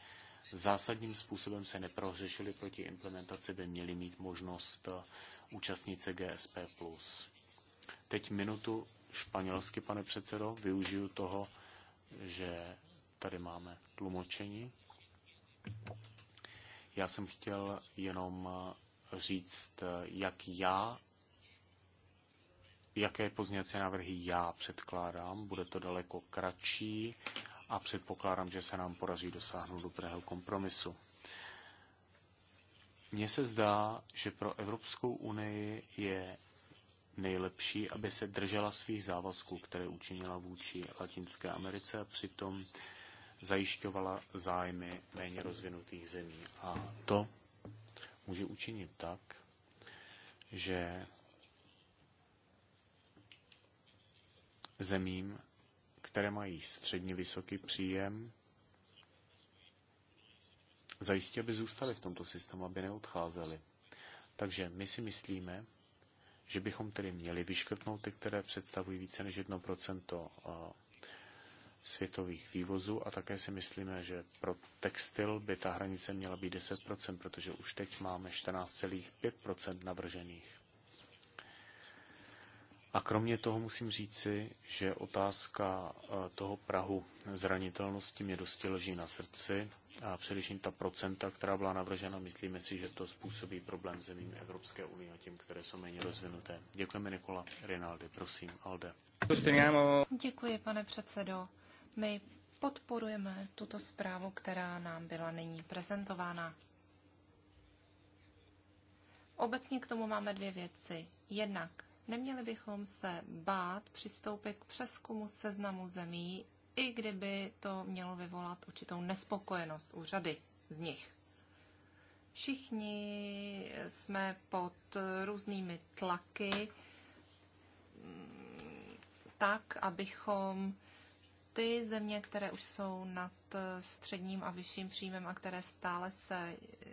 zásadním způsobem se neprohřešily proti implementaci, by měly mít možnost eh, účastnit se GSP+. Teď minutu španělsky, pane předsedo, využiju toho, že tady máme tlumočení. Já jsem chtěl jenom eh, říct, jak já, jaké pozměňovací návrhy já předkládám. Bude to daleko kratší a předpokládám, že se nám podaří dosáhnout dobrého kompromisu. Mně se zdá, že pro Evropskou unii je nejlepší, aby se držela svých závazků, které učinila vůči Latinské Americe a přitom zajišťovala zájmy méně rozvinutých zemí. A to může učinit tak, že zemím, které mají středně vysoký příjem, zajistí, aby zůstali v tomto systému, aby neodcházeli. Takže my si myslíme, že bychom tedy měli vyškrtnout ty, které představují více než 1% světových vývozů a také si myslíme, že pro textil by ta hranice měla být 10%, protože už teď máme 14,5% navržených. A kromě toho musím říci, že otázka eh, toho Prahu zranitelnosti mě dosti leží na srdci a především ta procenta, která byla navržena, myslíme si, že to způsobí problém zemím Evropské unie a tím, které jsou méně rozvinuté. Děkujeme Nikola Rinaldi, prosím, Alde. Děkuji, pane předsedo. My podporujeme tuto zprávu, která nám byla nyní prezentována. Obecně k tomu máme dvě věci. Jednak neměli bychom se bát přistoupit k přeskumu seznamu zemí, i kdyby to mělo vyvolat určitou nespokojenost u řady z nich. Všichni jsme pod různými tlaky, mm, tak, abychom ty země, které už jsou nad eh, středním a vyšším příjmem a které stále se eh,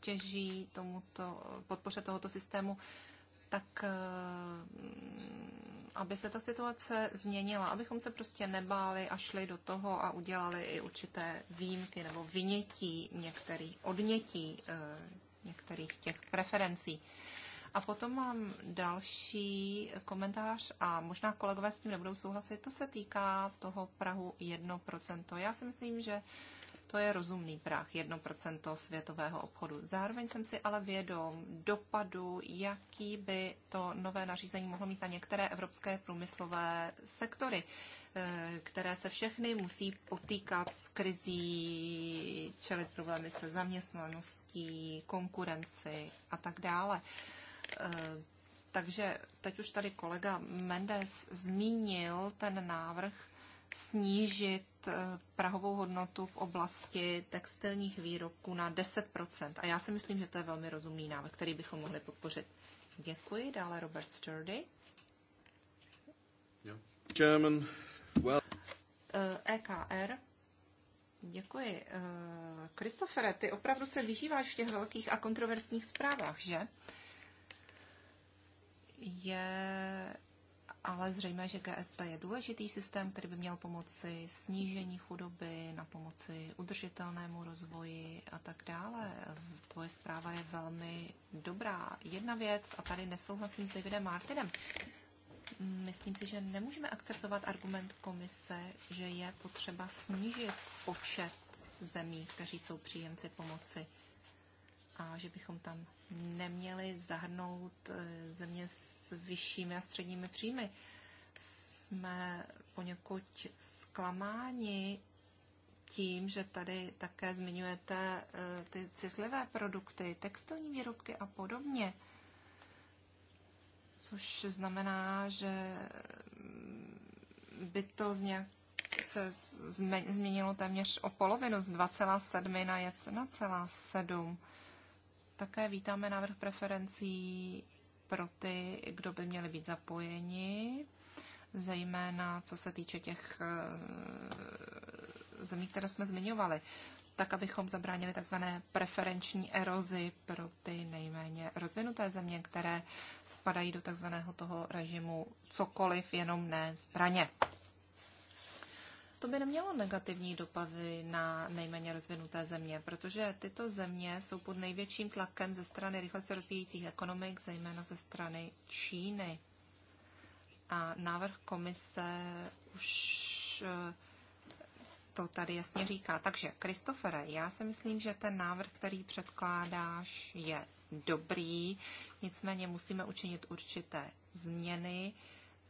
těží tomuto, podpoře tohoto systému, tak eh, mm, aby se ta situace změnila, abychom se prostě nebáli a šli do toho a udělali i určité výjimky nebo vynětí některých, odnětí některých těch preferencí. A potom mám další komentář a možná kolegové s tím nebudou souhlasit. To se týká toho Prahu 1%. Já si myslím, že to je rozumný práh 1% světového obchodu. Zároveň jsem si ale vědom dopadu, jaký by to nové nařízení mohlo mít na některé evropské průmyslové sektory, eh, které se všechny musí potýkat s krizí, čelit problémy se zaměstnaností, konkurenci a tak dále. Eh, takže teď už tady kolega Mendes zmínil ten návrh snížit eh, prahovou hodnotu v oblasti textilních výrobků na 10%. A já si myslím, že to je velmi rozumný návrh, který bychom mohli podpořit. Děkuji. Dále Robert Sturdy. German. Well. EKR. Eh, e Děkuji. Kristofere, ty opravdu se vyžíváš v těch velkých a kontroverzních zprávách, že? je ale zřejmé, že GSP je důležitý systém, který by měl pomoci snížení chudoby, na pomoci udržitelnému rozvoji a tak dále. Tvoje zpráva je velmi dobrá. Jedna věc, a tady nesouhlasím s Davidem Martinem, myslím si, že nemůžeme akceptovat argument komise, že je potřeba snížit počet zemí, kteří jsou příjemci pomoci a že bychom tam neměli zahrnout eh, země s vyššími a středními příjmy. Jsme poněkud zklamáni tím, že tady také zmiňujete eh, ty citlivé produkty, textilní výrobky a podobně. Což znamená, že mm, by to z nějak se změnilo téměř o polovinu, z 2,7 na 1,7. Také vítáme návrh preferencí pro ty, kdo by měli být zapojeni, zejména co se týče těch eh, zemí, které jsme zmiňovali, tak abychom zabránili tzv. preferenční erozi pro ty nejméně rozvinuté země, které spadají do tzv. toho režimu cokoliv, jenom ne zbraně to by nemělo negativní dopady na nejméně rozvinuté země, protože tyto země jsou pod největším tlakem ze strany rychle se rozvíjících ekonomik, zejména ze strany Číny. A návrh komise už eh, to tady jasně říká. Takže, Kristofere, já si myslím, že ten návrh, který předkládáš, je dobrý, nicméně musíme učinit určité změny.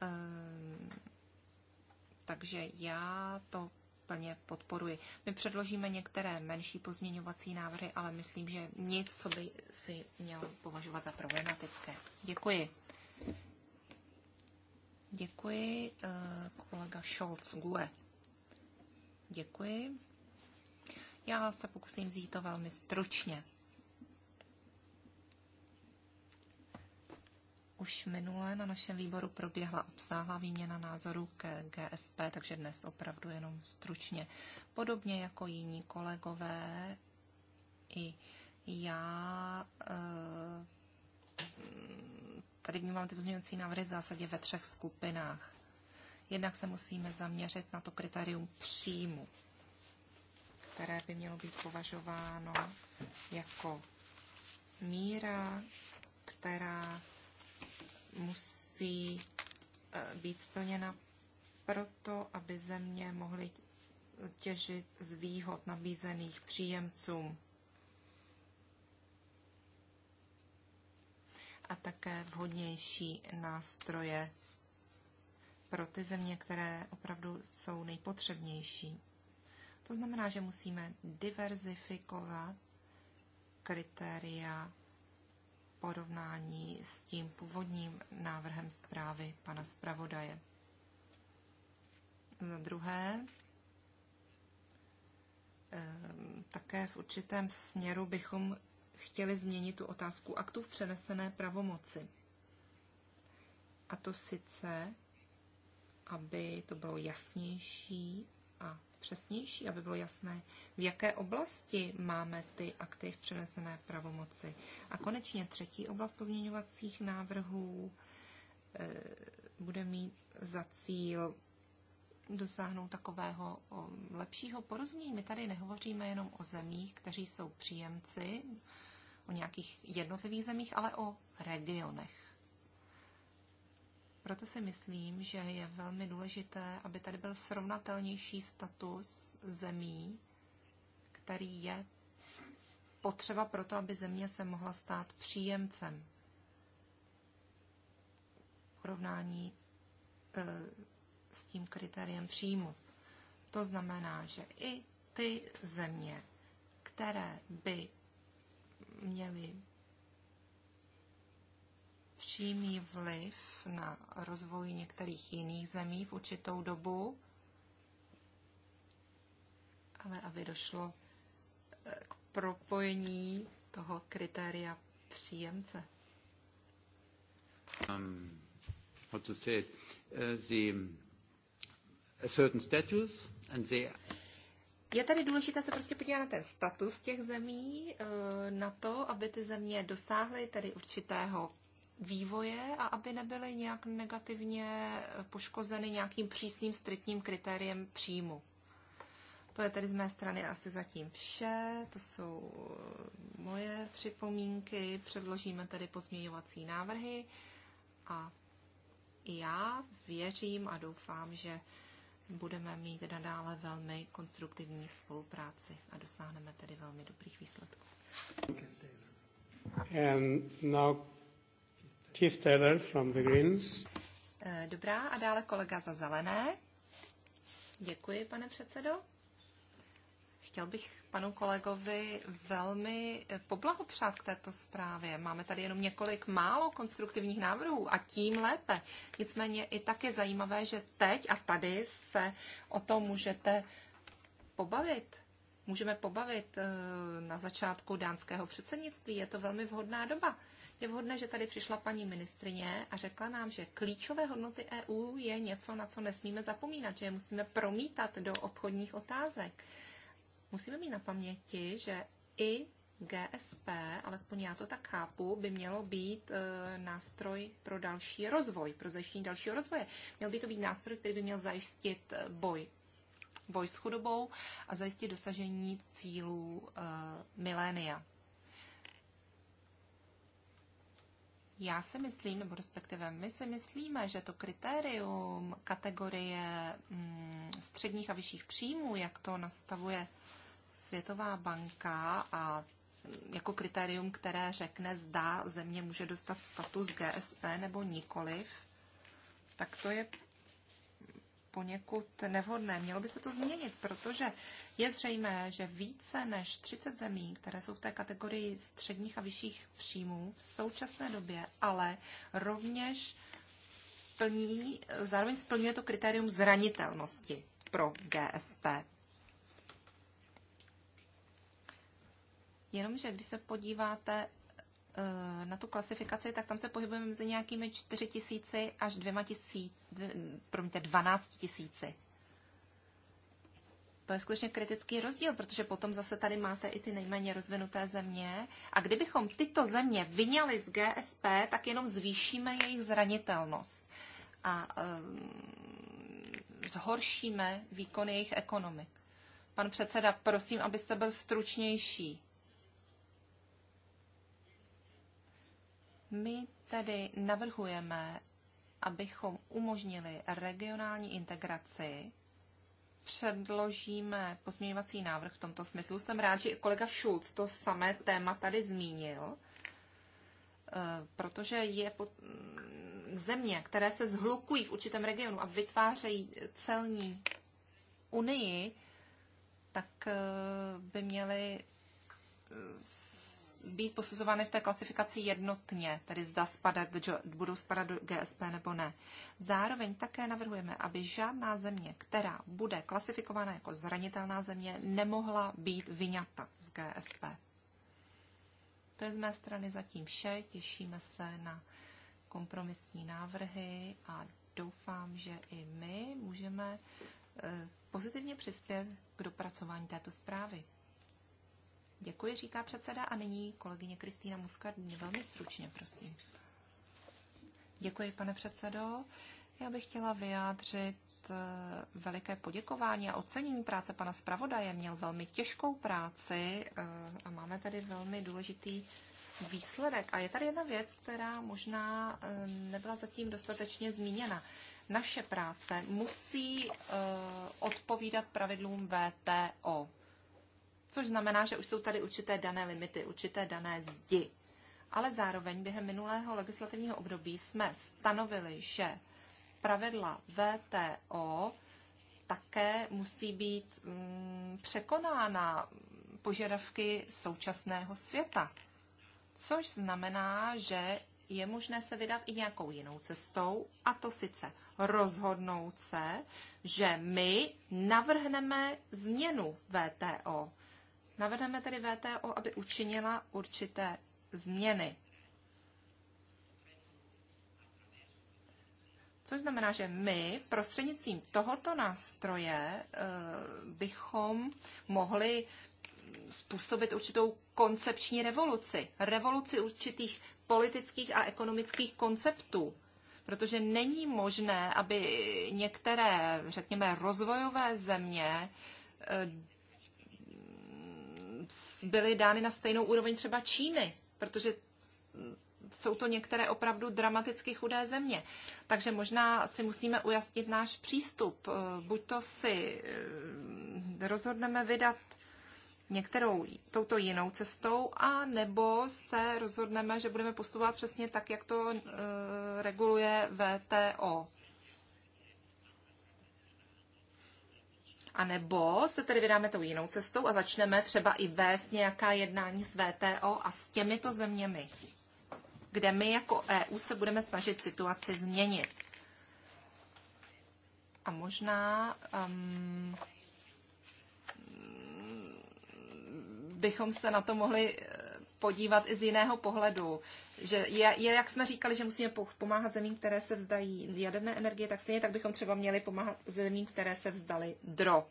Ehm takže já to plně podporuji. My předložíme některé menší pozměňovací návrhy, ale myslím, že nic, co by si měl považovat za problematické. Děkuji. Děkuji, eh, kolega Scholz Gue. Děkuji. Já se pokusím vzít to velmi stručně. Už minule na našem výboru proběhla obsáhlá výměna názorů ke GSP, takže dnes opravdu jenom stručně. Podobně jako jiní kolegové, i já eh, tady vnímám ty pozměňovací návrhy v zásadě ve třech skupinách. Jednak se musíme zaměřit na to kritérium příjmu, které by mělo být považováno jako míra, která musí eh, být splněna proto, aby země mohly těžit z výhod nabízených příjemcům. A také vhodnější nástroje pro ty země, které opravdu jsou nejpotřebnější. To znamená, že musíme diverzifikovat kritéria porovnání s tím původním návrhem zprávy pana zpravodaje. Za druhé, ehm, také v určitém směru bychom chtěli změnit tu otázku aktů v přenesené pravomoci. A to sice, aby to bylo jasnější přesnější, aby bylo jasné, v jaké oblasti máme ty akty v přenesené pravomoci. A konečně třetí oblast pozměňovacích návrhů eh, bude mít za cíl dosáhnout takového lepšího porozumění. My tady nehovoříme jenom o zemích, kteří jsou příjemci, o nějakých jednotlivých zemích, ale o regionech. Proto si myslím, že je velmi důležité, aby tady byl srovnatelnější status zemí, který je potřeba pro to, aby země se mohla stát příjemcem porovnání e, s tím kritériem příjmu. To znamená, že i ty země, které by měly přímý vliv na rozvoj některých jiných zemí v určitou dobu, ale aby došlo eh, k propojení toho kritéria příjemce. Um, how to say Uh, the, a certain status and the je tady důležité se prostě podívat na ten status těch zemí, eh, na to, aby ty země dosáhly tedy určitého vývoje a aby nebyly nějak negativně poškozeny nějakým přísným striktním kritériem příjmu. To je tedy z mé strany asi zatím vše. To jsou eh, moje připomínky. Předložíme tedy pozměňovací návrhy a já věřím a doufám, že budeme mít nadále velmi konstruktivní spolupráci a dosáhneme tedy velmi dobrých výsledků. And now Keith Taylor from the Greens. Eh, dobrá, a dále kolega za zelené. Děkuji, pane předsedo. Chtěl bych panu kolegovi velmi eh, poblahopřát k této zprávě. Máme tady jenom několik málo konstruktivních návrhů a tím lépe. Nicméně i tak je zajímavé, že teď a tady se o tom můžete pobavit. Můžeme pobavit eh, na začátku dánského předsednictví. Je to velmi vhodná doba. Je vhodné, že tady přišla paní ministrině a řekla nám, že klíčové hodnoty EU je něco, na co nesmíme zapomínat, že je musíme promítat do obchodních otázek. Musíme mít na paměti, že i GSP, alespoň já to tak chápu, by mělo být e, nástroj pro další rozvoj, pro zajištění dalšího rozvoje. Měl by to být nástroj, který by měl zajistit e, boj boj s chudobou a zajistit dosažení cílů e, milénia. Já si myslím, nebo respektive my si myslíme, že to kritérium kategorie mm, středních a vyšších příjmů, jak to nastavuje Světová banka a jako kritérium, které řekne, zda země může dostat status GSP nebo nikoliv, tak to je poněkud nevhodné. Mělo by se to změnit, protože je zřejmé, že více než 30 zemí, které jsou v té kategorii středních a vyšších příjmů v současné době, ale rovněž plní, zároveň splňuje to kritérium zranitelnosti pro GSP. Jenomže když se podíváte Eh, na tu klasifikaci, tak tam se pohybujeme mezi nějakými 4 tisíci až 2 tisíci, promiňte, 12 tisíci. To je skutečně kritický rozdíl, protože potom zase tady máte i ty nejméně rozvinuté země. A kdybychom tyto země vyňali z GSP, tak jenom zvýšíme jejich zranitelnost a um, zhoršíme výkon jejich ekonomik. Pan předseda, prosím, abyste byl stručnější. My tedy navrhujeme, abychom umožnili regionální integraci, předložíme pozměňovací návrh v tomto smyslu. Jsem rád, že kolega Schulz to samé téma tady zmínil, eh, protože je pod... země, které se zhlukují v určitém regionu a vytvářejí celní unii, tak eh, by měly být posuzovány v té klasifikaci jednotně, tedy zda spadat, budou spadat do GSP nebo ne. Zároveň také navrhujeme, aby žádná země, která bude klasifikována jako zranitelná země, nemohla být vyňata z GSP. To je z mé strany zatím vše. Těšíme se na kompromisní návrhy a doufám, že i my můžeme eh, pozitivně přispět k dopracování této zprávy. Děkuji, říká předseda a nyní kolegyně Kristýna Muskardní. Velmi stručně, prosím. Děkuji, pane předsedo. Já bych chtěla vyjádřit eh, veliké poděkování a ocenění práce pana zpravodaje. Měl velmi těžkou práci eh, a máme tady velmi důležitý výsledek. A je tady jedna věc, která možná eh, nebyla zatím dostatečně zmíněna. Naše práce musí odpovídat pravidlům VTO což znamená, že už jsou tady určité dané limity, určité dané zdi. Ale zároveň během minulého legislativního období jsme stanovili, že pravidla VTO také musí být mm, překonána požadavky současného světa. Což znamená, že je možné se vydat i nějakou jinou cestou, a to sice rozhodnout se, že my navrhneme změnu VTO, Navedeme tedy VTO, aby učinila určité změny. Což znamená, že my prostřednictvím tohoto nástroje eh, bychom mohli způsobit určitou koncepční revoluci. Revoluci určitých politických a ekonomických konceptů. Protože není možné, aby některé, řekněme, rozvojové země eh, byly dány na stejnou úroveň třeba Číny, protože jsou to některé opravdu dramaticky chudé země. Takže možná si musíme ujasnit náš přístup. Eh, buď to si eh, rozhodneme vydat některou touto jinou cestou, a nebo se rozhodneme, že budeme postupovat přesně tak, jak to eh, reguluje VTO. A nebo se tedy vydáme tou jinou cestou a začneme třeba i vést nějaká jednání s VTO a s těmito zeměmi, kde my jako EU se budeme snažit situaci změnit. A možná um, bychom se na to mohli podívat i z jiného pohledu. Že je, je, jak jsme říkali, že musíme pomáhat zemím, které se vzdají jaderné energie, tak stejně tak bychom třeba měli pomáhat zemím, které se vzdali drog.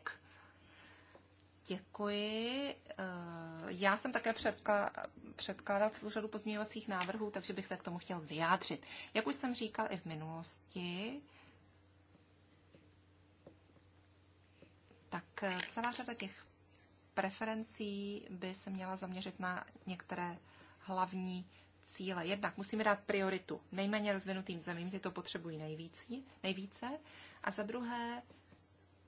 Děkuji. Eh, já jsem také předkládat služadu pozměňovacích návrhů, takže bych se k tomu chtěl vyjádřit. Jak už jsem říkal i v minulosti, tak eh, celá řada těch preferencí by se měla zaměřit na některé hlavní cíle. Jednak musíme dát prioritu nejméně rozvinutým zemím, ty to potřebují nejvíc, nejvíce. A za druhé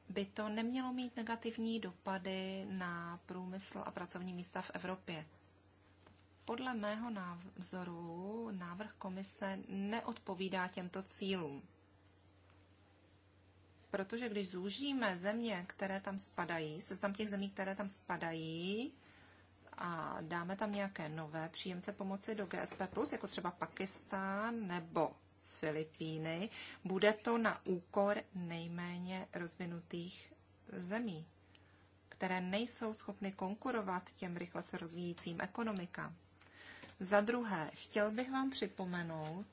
by to nemělo mít negativní dopady na průmysl a pracovní místa v Evropě. Podle mého názoru návrh komise neodpovídá těmto cílům protože když zúžíme země, které tam spadají, seznam těch zemí, které tam spadají, a dáme tam nějaké nové příjemce pomoci do GSP+, jako třeba Pakistán nebo Filipíny, bude to na úkor nejméně rozvinutých zemí, které nejsou schopny konkurovat těm rychle se rozvíjícím ekonomikám. Za druhé, chtěl bych vám připomenout,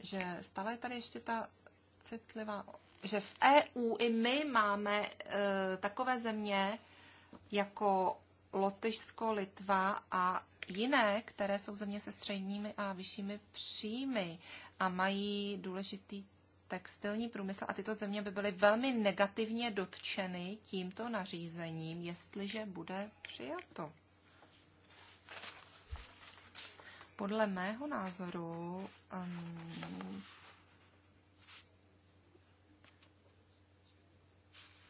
že stále je tady ještě ta citlivá, že v EU i my máme uh, takové země jako Lotyšsko, Litva a jiné, které jsou země se středními a vyššími příjmy a mají důležitý textilní průmysl a tyto země by byly velmi negativně dotčeny tímto nařízením, jestliže bude přijato. Podle mého názoru um,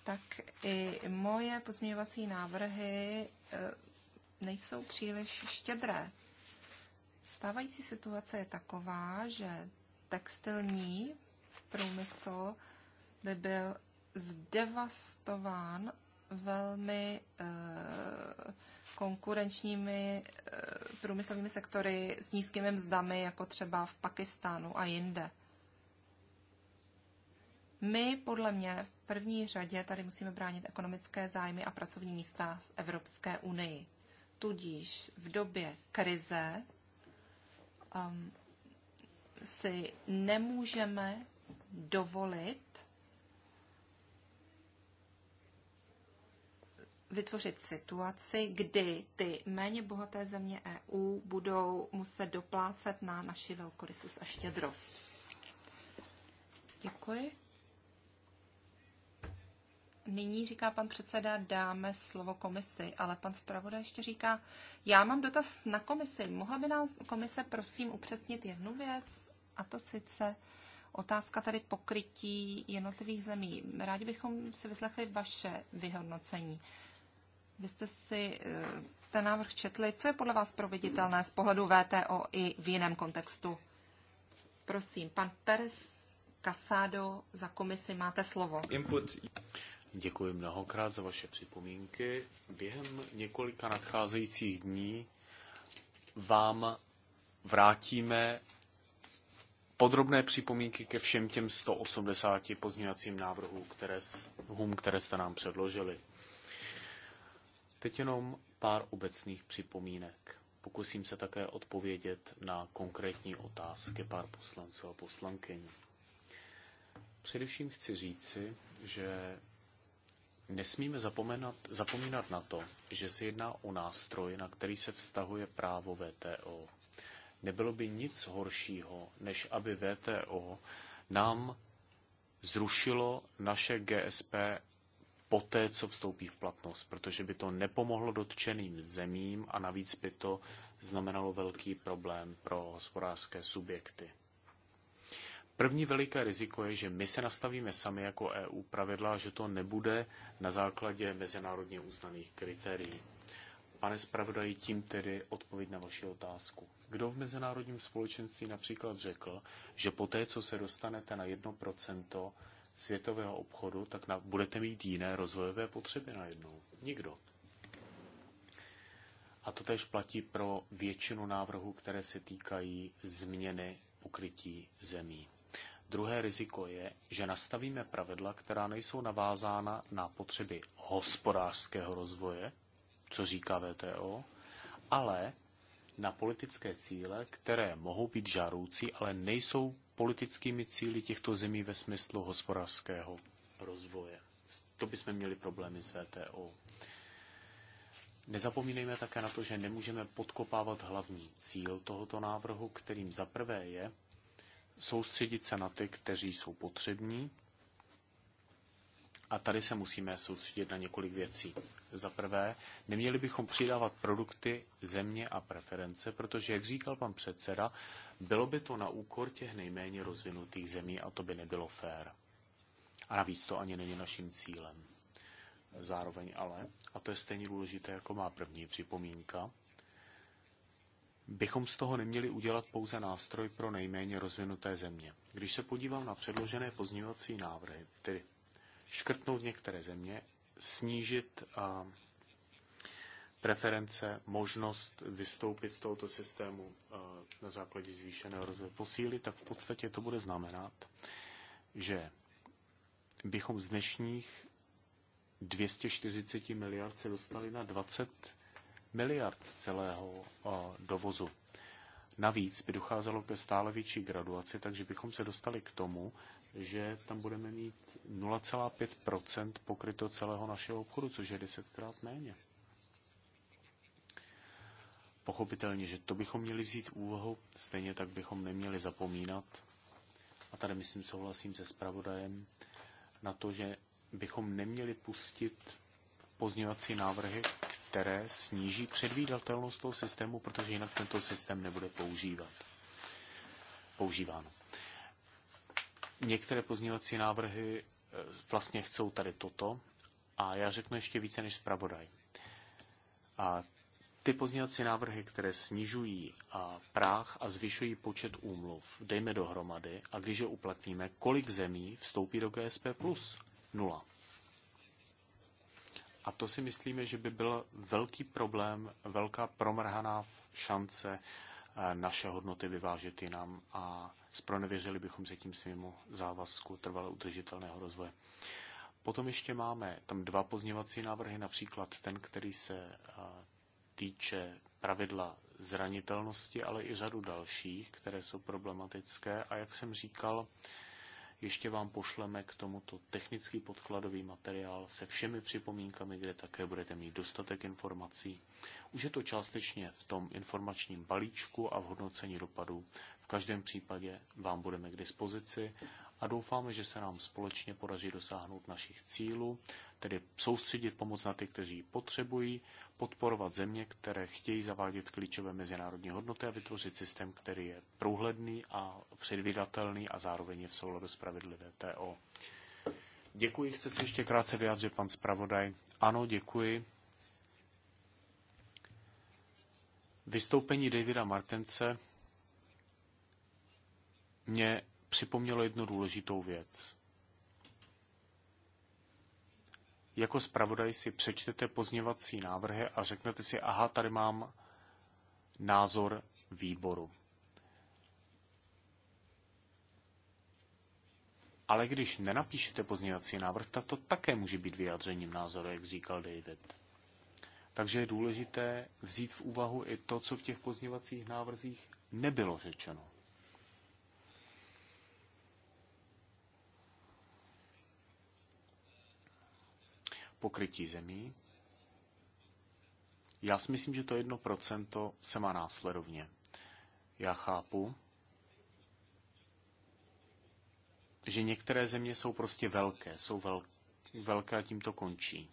tak i moje pozměňovací návrhy eh, nejsou příliš štědré. Stávající situace je taková, že textilní průmysl by byl zdevastován velmi eh, konkurenčními eh, průmyslovými sektory s nízkými mzdami, jako třeba v Pakistánu a jinde. My podle mě v první řadě tady musíme bránit ekonomické zájmy a pracovní místa v Evropské unii. Tudíž v době krize um, si nemůžeme dovolit vytvořit situaci, kdy ty méně bohaté země EU budou muset doplácet na naši velkorysost a štědrost. Děkuji nyní, říká pan předseda, dáme slovo komisi, ale pan zpravodaj ještě říká, já mám dotaz na komisi. Mohla by nám komise prosím upřesnit jednu věc, a to sice otázka tady pokrytí jednotlivých zemí. Rádi bychom si vyslechli vaše vyhodnocení. Vy jste si eh, ten návrh četli. Co je podle vás proveditelné z pohledu VTO i v jiném kontextu? Prosím, pan Pers Casado za komisi máte slovo. Input. Děkuji mnohokrát za vaše připomínky. Během několika nadcházejících dní vám vrátíme podrobné připomínky ke všem těm 180 pozměňovacím návrhům, které, hum, které jste nám předložili. Teď jenom pár obecných připomínek. Pokusím se také odpovědět na konkrétní otázky pár poslanců a poslankyní. Především chci říci, že Nesmíme zapomenat, zapomínat na to, že se jedná o nástroj, na který se vztahuje právo VTO. Nebylo by nic horšího, než aby VTO nám zrušilo naše GSP poté, co vstoupí v platnost, protože by to nepomohlo dotčeným zemím a navíc by to znamenalo velký problém pro hospodářské subjekty. První veliké riziko je, že my se nastavíme sami jako EU pravidla, že to nebude na základě mezinárodně uznaných kritérií. Pane zpravodaji, tím tedy odpověď na vaši otázku. Kdo v mezinárodním společenství například řekl, že poté, co se dostanete na 1% světového obchodu, tak na, budete mít jiné rozvojové potřeby najednou? Nikdo. A to tež platí pro většinu návrhů, které se týkají změny pokrytí zemí. Druhé riziko je, že nastavíme pravidla, která nejsou navázána na potřeby hospodářského rozvoje, co říká VTO, ale na politické cíle, které mohou být žároucí, ale nejsou politickými cíly těchto zemí ve smyslu hospodářského rozvoje. To bychom měli problémy s VTO. Nezapomínejme také na to, že nemůžeme podkopávat hlavní cíl tohoto návrhu, kterým za prvé je soustředit se na ty, kteří jsou potřební. A tady se musíme soustředit na několik věcí. Za prvé, neměli bychom přidávat produkty země a preference, protože, jak říkal pan předseda, bylo by to na úkor těch nejméně rozvinutých zemí a to by nebylo fér. A navíc to ani není naším cílem. Zároveň ale, a to je stejně důležité jako má první připomínka, bychom z toho neměli udělat pouze nástroj pro nejméně rozvinuté země. Když se podívám na předložené pozměňovací návrhy, tedy škrtnout některé země, snížit preference, možnost vystoupit z tohoto systému na základě zvýšeného rozvoje posíly, tak v podstatě to bude znamenat, že bychom z dnešních 240 miliard se dostali na 20 miliard z celého dovozu. Navíc by docházelo ke stále větší graduaci, takže bychom se dostali k tomu, že tam budeme mít 0,5 pokryto celého našeho obchodu, což je desetkrát méně. Pochopitelně, že to bychom měli vzít úvahu, stejně tak bychom neměli zapomínat, a tady myslím souhlasím se zpravodajem, na to, že bychom neměli pustit pozněvací návrhy, které sníží předvídatelnost toho systému, protože jinak tento systém nebude používat. Používáno. Některé pozněvací návrhy e, vlastně chcou tady toto a já řeknu ještě více než zpravodaj. A ty pozněvací návrhy, které snižují a práh a zvyšují počet úmluv, dejme dohromady a když je uplatníme, kolik zemí vstoupí do GSP+. Nula. A to si myslíme, že by byl velký problém, velká promrhaná šance eh, naše hodnoty vyvážet jinam a spronevěřili bychom se tím svým závazku trvale udržitelného rozvoje. Potom ještě máme tam dva pozněvací návrhy, například ten, který se eh, týče pravidla zranitelnosti, ale i řadu dalších, které jsou problematické. A jak jsem říkal, ještě vám pošleme k tomuto technický podkladový materiál se všemi připomínkami, kde také budete mít dostatek informací. Už je to částečně v tom informačním balíčku a v hodnocení dopadů. V každém případě vám budeme k dispozici a doufáme, že se nám společně podaří dosáhnout našich cílů tedy soustředit pomoc na ty, kteří ji potřebují, podporovat země, které chtějí zavádět klíčové mezinárodní hodnoty a vytvořit systém, který je průhledný a předvídatelný a zároveň je v souladu s pravidly VTO. Děkuji, chce se ještě krátce vyjádřit pan zpravodaj. Ano, děkuji. Vystoupení Davida Martence mě připomnělo jednu důležitou věc. jako zpravodaj si přečtete pozněvací návrhy a řeknete si, aha, tady mám názor výboru. Ale když nenapíšete pozněvací návrh, tak to také může být vyjádřením názoru, jak říkal David. Takže je důležité vzít v úvahu i to, co v těch pozněvacích návrzích nebylo řečeno. pokrytí zemí. Já si myslím, že to jedno procento se má následovně. Já chápu, že některé země jsou prostě velké, jsou velké a tím to končí.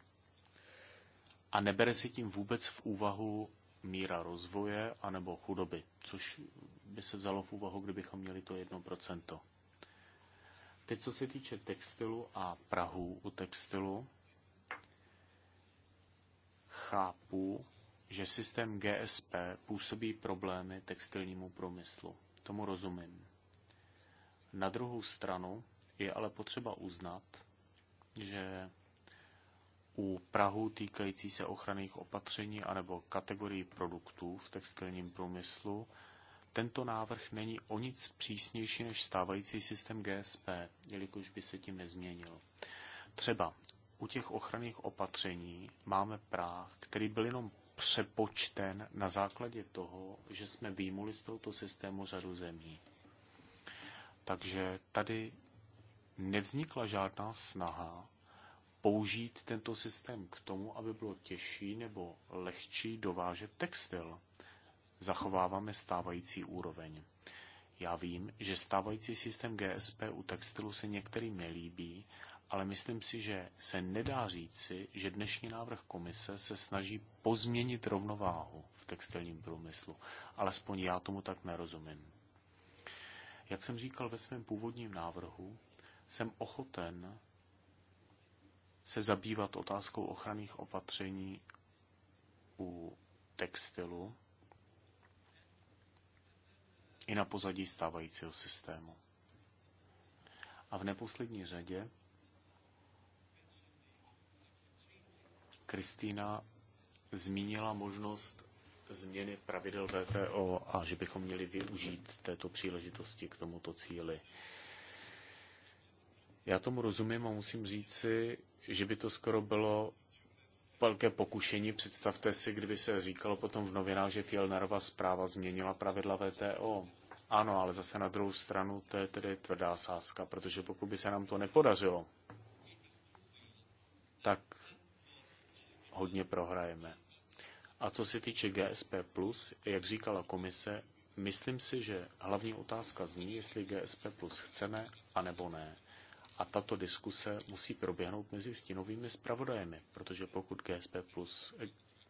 A nebere se tím vůbec v úvahu míra rozvoje anebo chudoby, což by se vzalo v úvahu, kdybychom měli to procento. Teď, co se týče textilu a Prahu u textilu, chápu, že systém GSP působí problémy textilnímu průmyslu. Tomu rozumím. Na druhou stranu je ale potřeba uznat, že u Prahu týkající se ochranných opatření anebo kategorií produktů v textilním průmyslu tento návrh není o nic přísnější než stávající systém GSP, jelikož by se tím nezměnil. Třeba u těch ochranných opatření máme práh, který byl jenom přepočten na základě toho, že jsme výjimuli z tohoto systému řadu zemí. Takže tady nevznikla žádná snaha použít tento systém k tomu, aby bylo těžší nebo lehčí dovážet textil. Zachováváme stávající úroveň. Já vím, že stávající systém GSP u textilu se některým nelíbí ale myslím si, že se nedá říci, že dnešní návrh komise se snaží pozměnit rovnováhu v textilním průmyslu. Alespoň já tomu tak nerozumím. Jak jsem říkal ve svém původním návrhu, jsem ochoten se zabývat otázkou ochranných opatření u textilu i na pozadí stávajícího systému. A v neposlední řadě Kristýna zmínila možnost změny pravidel VTO a že bychom měli využít této příležitosti k tomuto cíli. Já tomu rozumím a musím říci, že by to skoro bylo velké pokušení. Představte si, kdyby se říkalo potom v novinách, že Fielnerova zpráva změnila pravidla VTO. Ano, ale zase na druhou stranu to je tedy tvrdá sázka, protože pokud by se nám to nepodařilo, tak hodně prohrajeme. A co se týče GSP+, jak říkala komise, myslím si, že hlavní otázka zní, jestli GSP+, chceme, anebo ne. A tato diskuse musí proběhnout mezi stinovými zpravodajemi, protože pokud GSP+,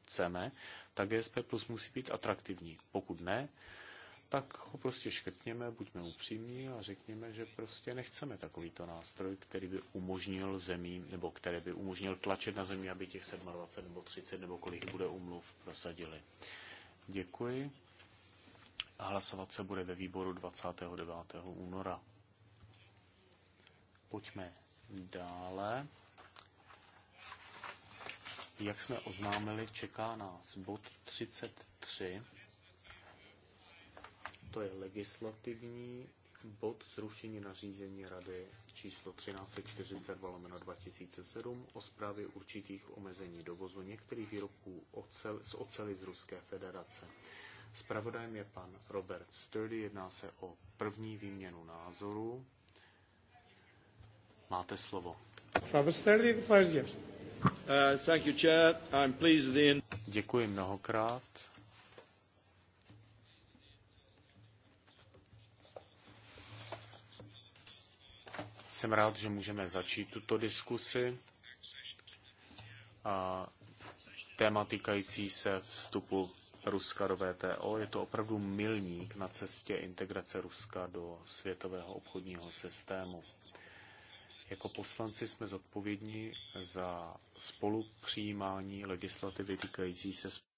chceme, tak GSP+, musí být atraktivní. Pokud ne, tak ho prostě škrtněme, buďme upřímní a řekněme, že prostě nechceme takovýto nástroj, který by umožnil zemím, nebo který by umožnil tlačit na zemí, aby těch 27 nebo 30 nebo kolik bude umluv prosadili. Děkuji. A hlasovat se bude ve výboru 29. února. Pojďme dále. Jak jsme oznámili, čeká nás bod 33 to je legislativní bod zrušení nařízení Rady číslo 1342 lomeno 2007 o zprávě určitých omezení dovozu některých výrobků ocel, z oceli z Ruské federace. Spravodajem je pan Robert Sturdy, jedná se o první výměnu názorů. Máte slovo. Robert Sturdy, the floor is yours. Uh, thank you, Chair. I'm pleased in... Děkuji mnohokrát. Jsem rád, že můžeme začít tuto diskusi. A téma týkající se vstupu Ruska do VTO je to opravdu milník na cestě integrace Ruska do světového obchodního systému. Jako poslanci jsme zodpovědní za spolupřijímání legislativy týkající se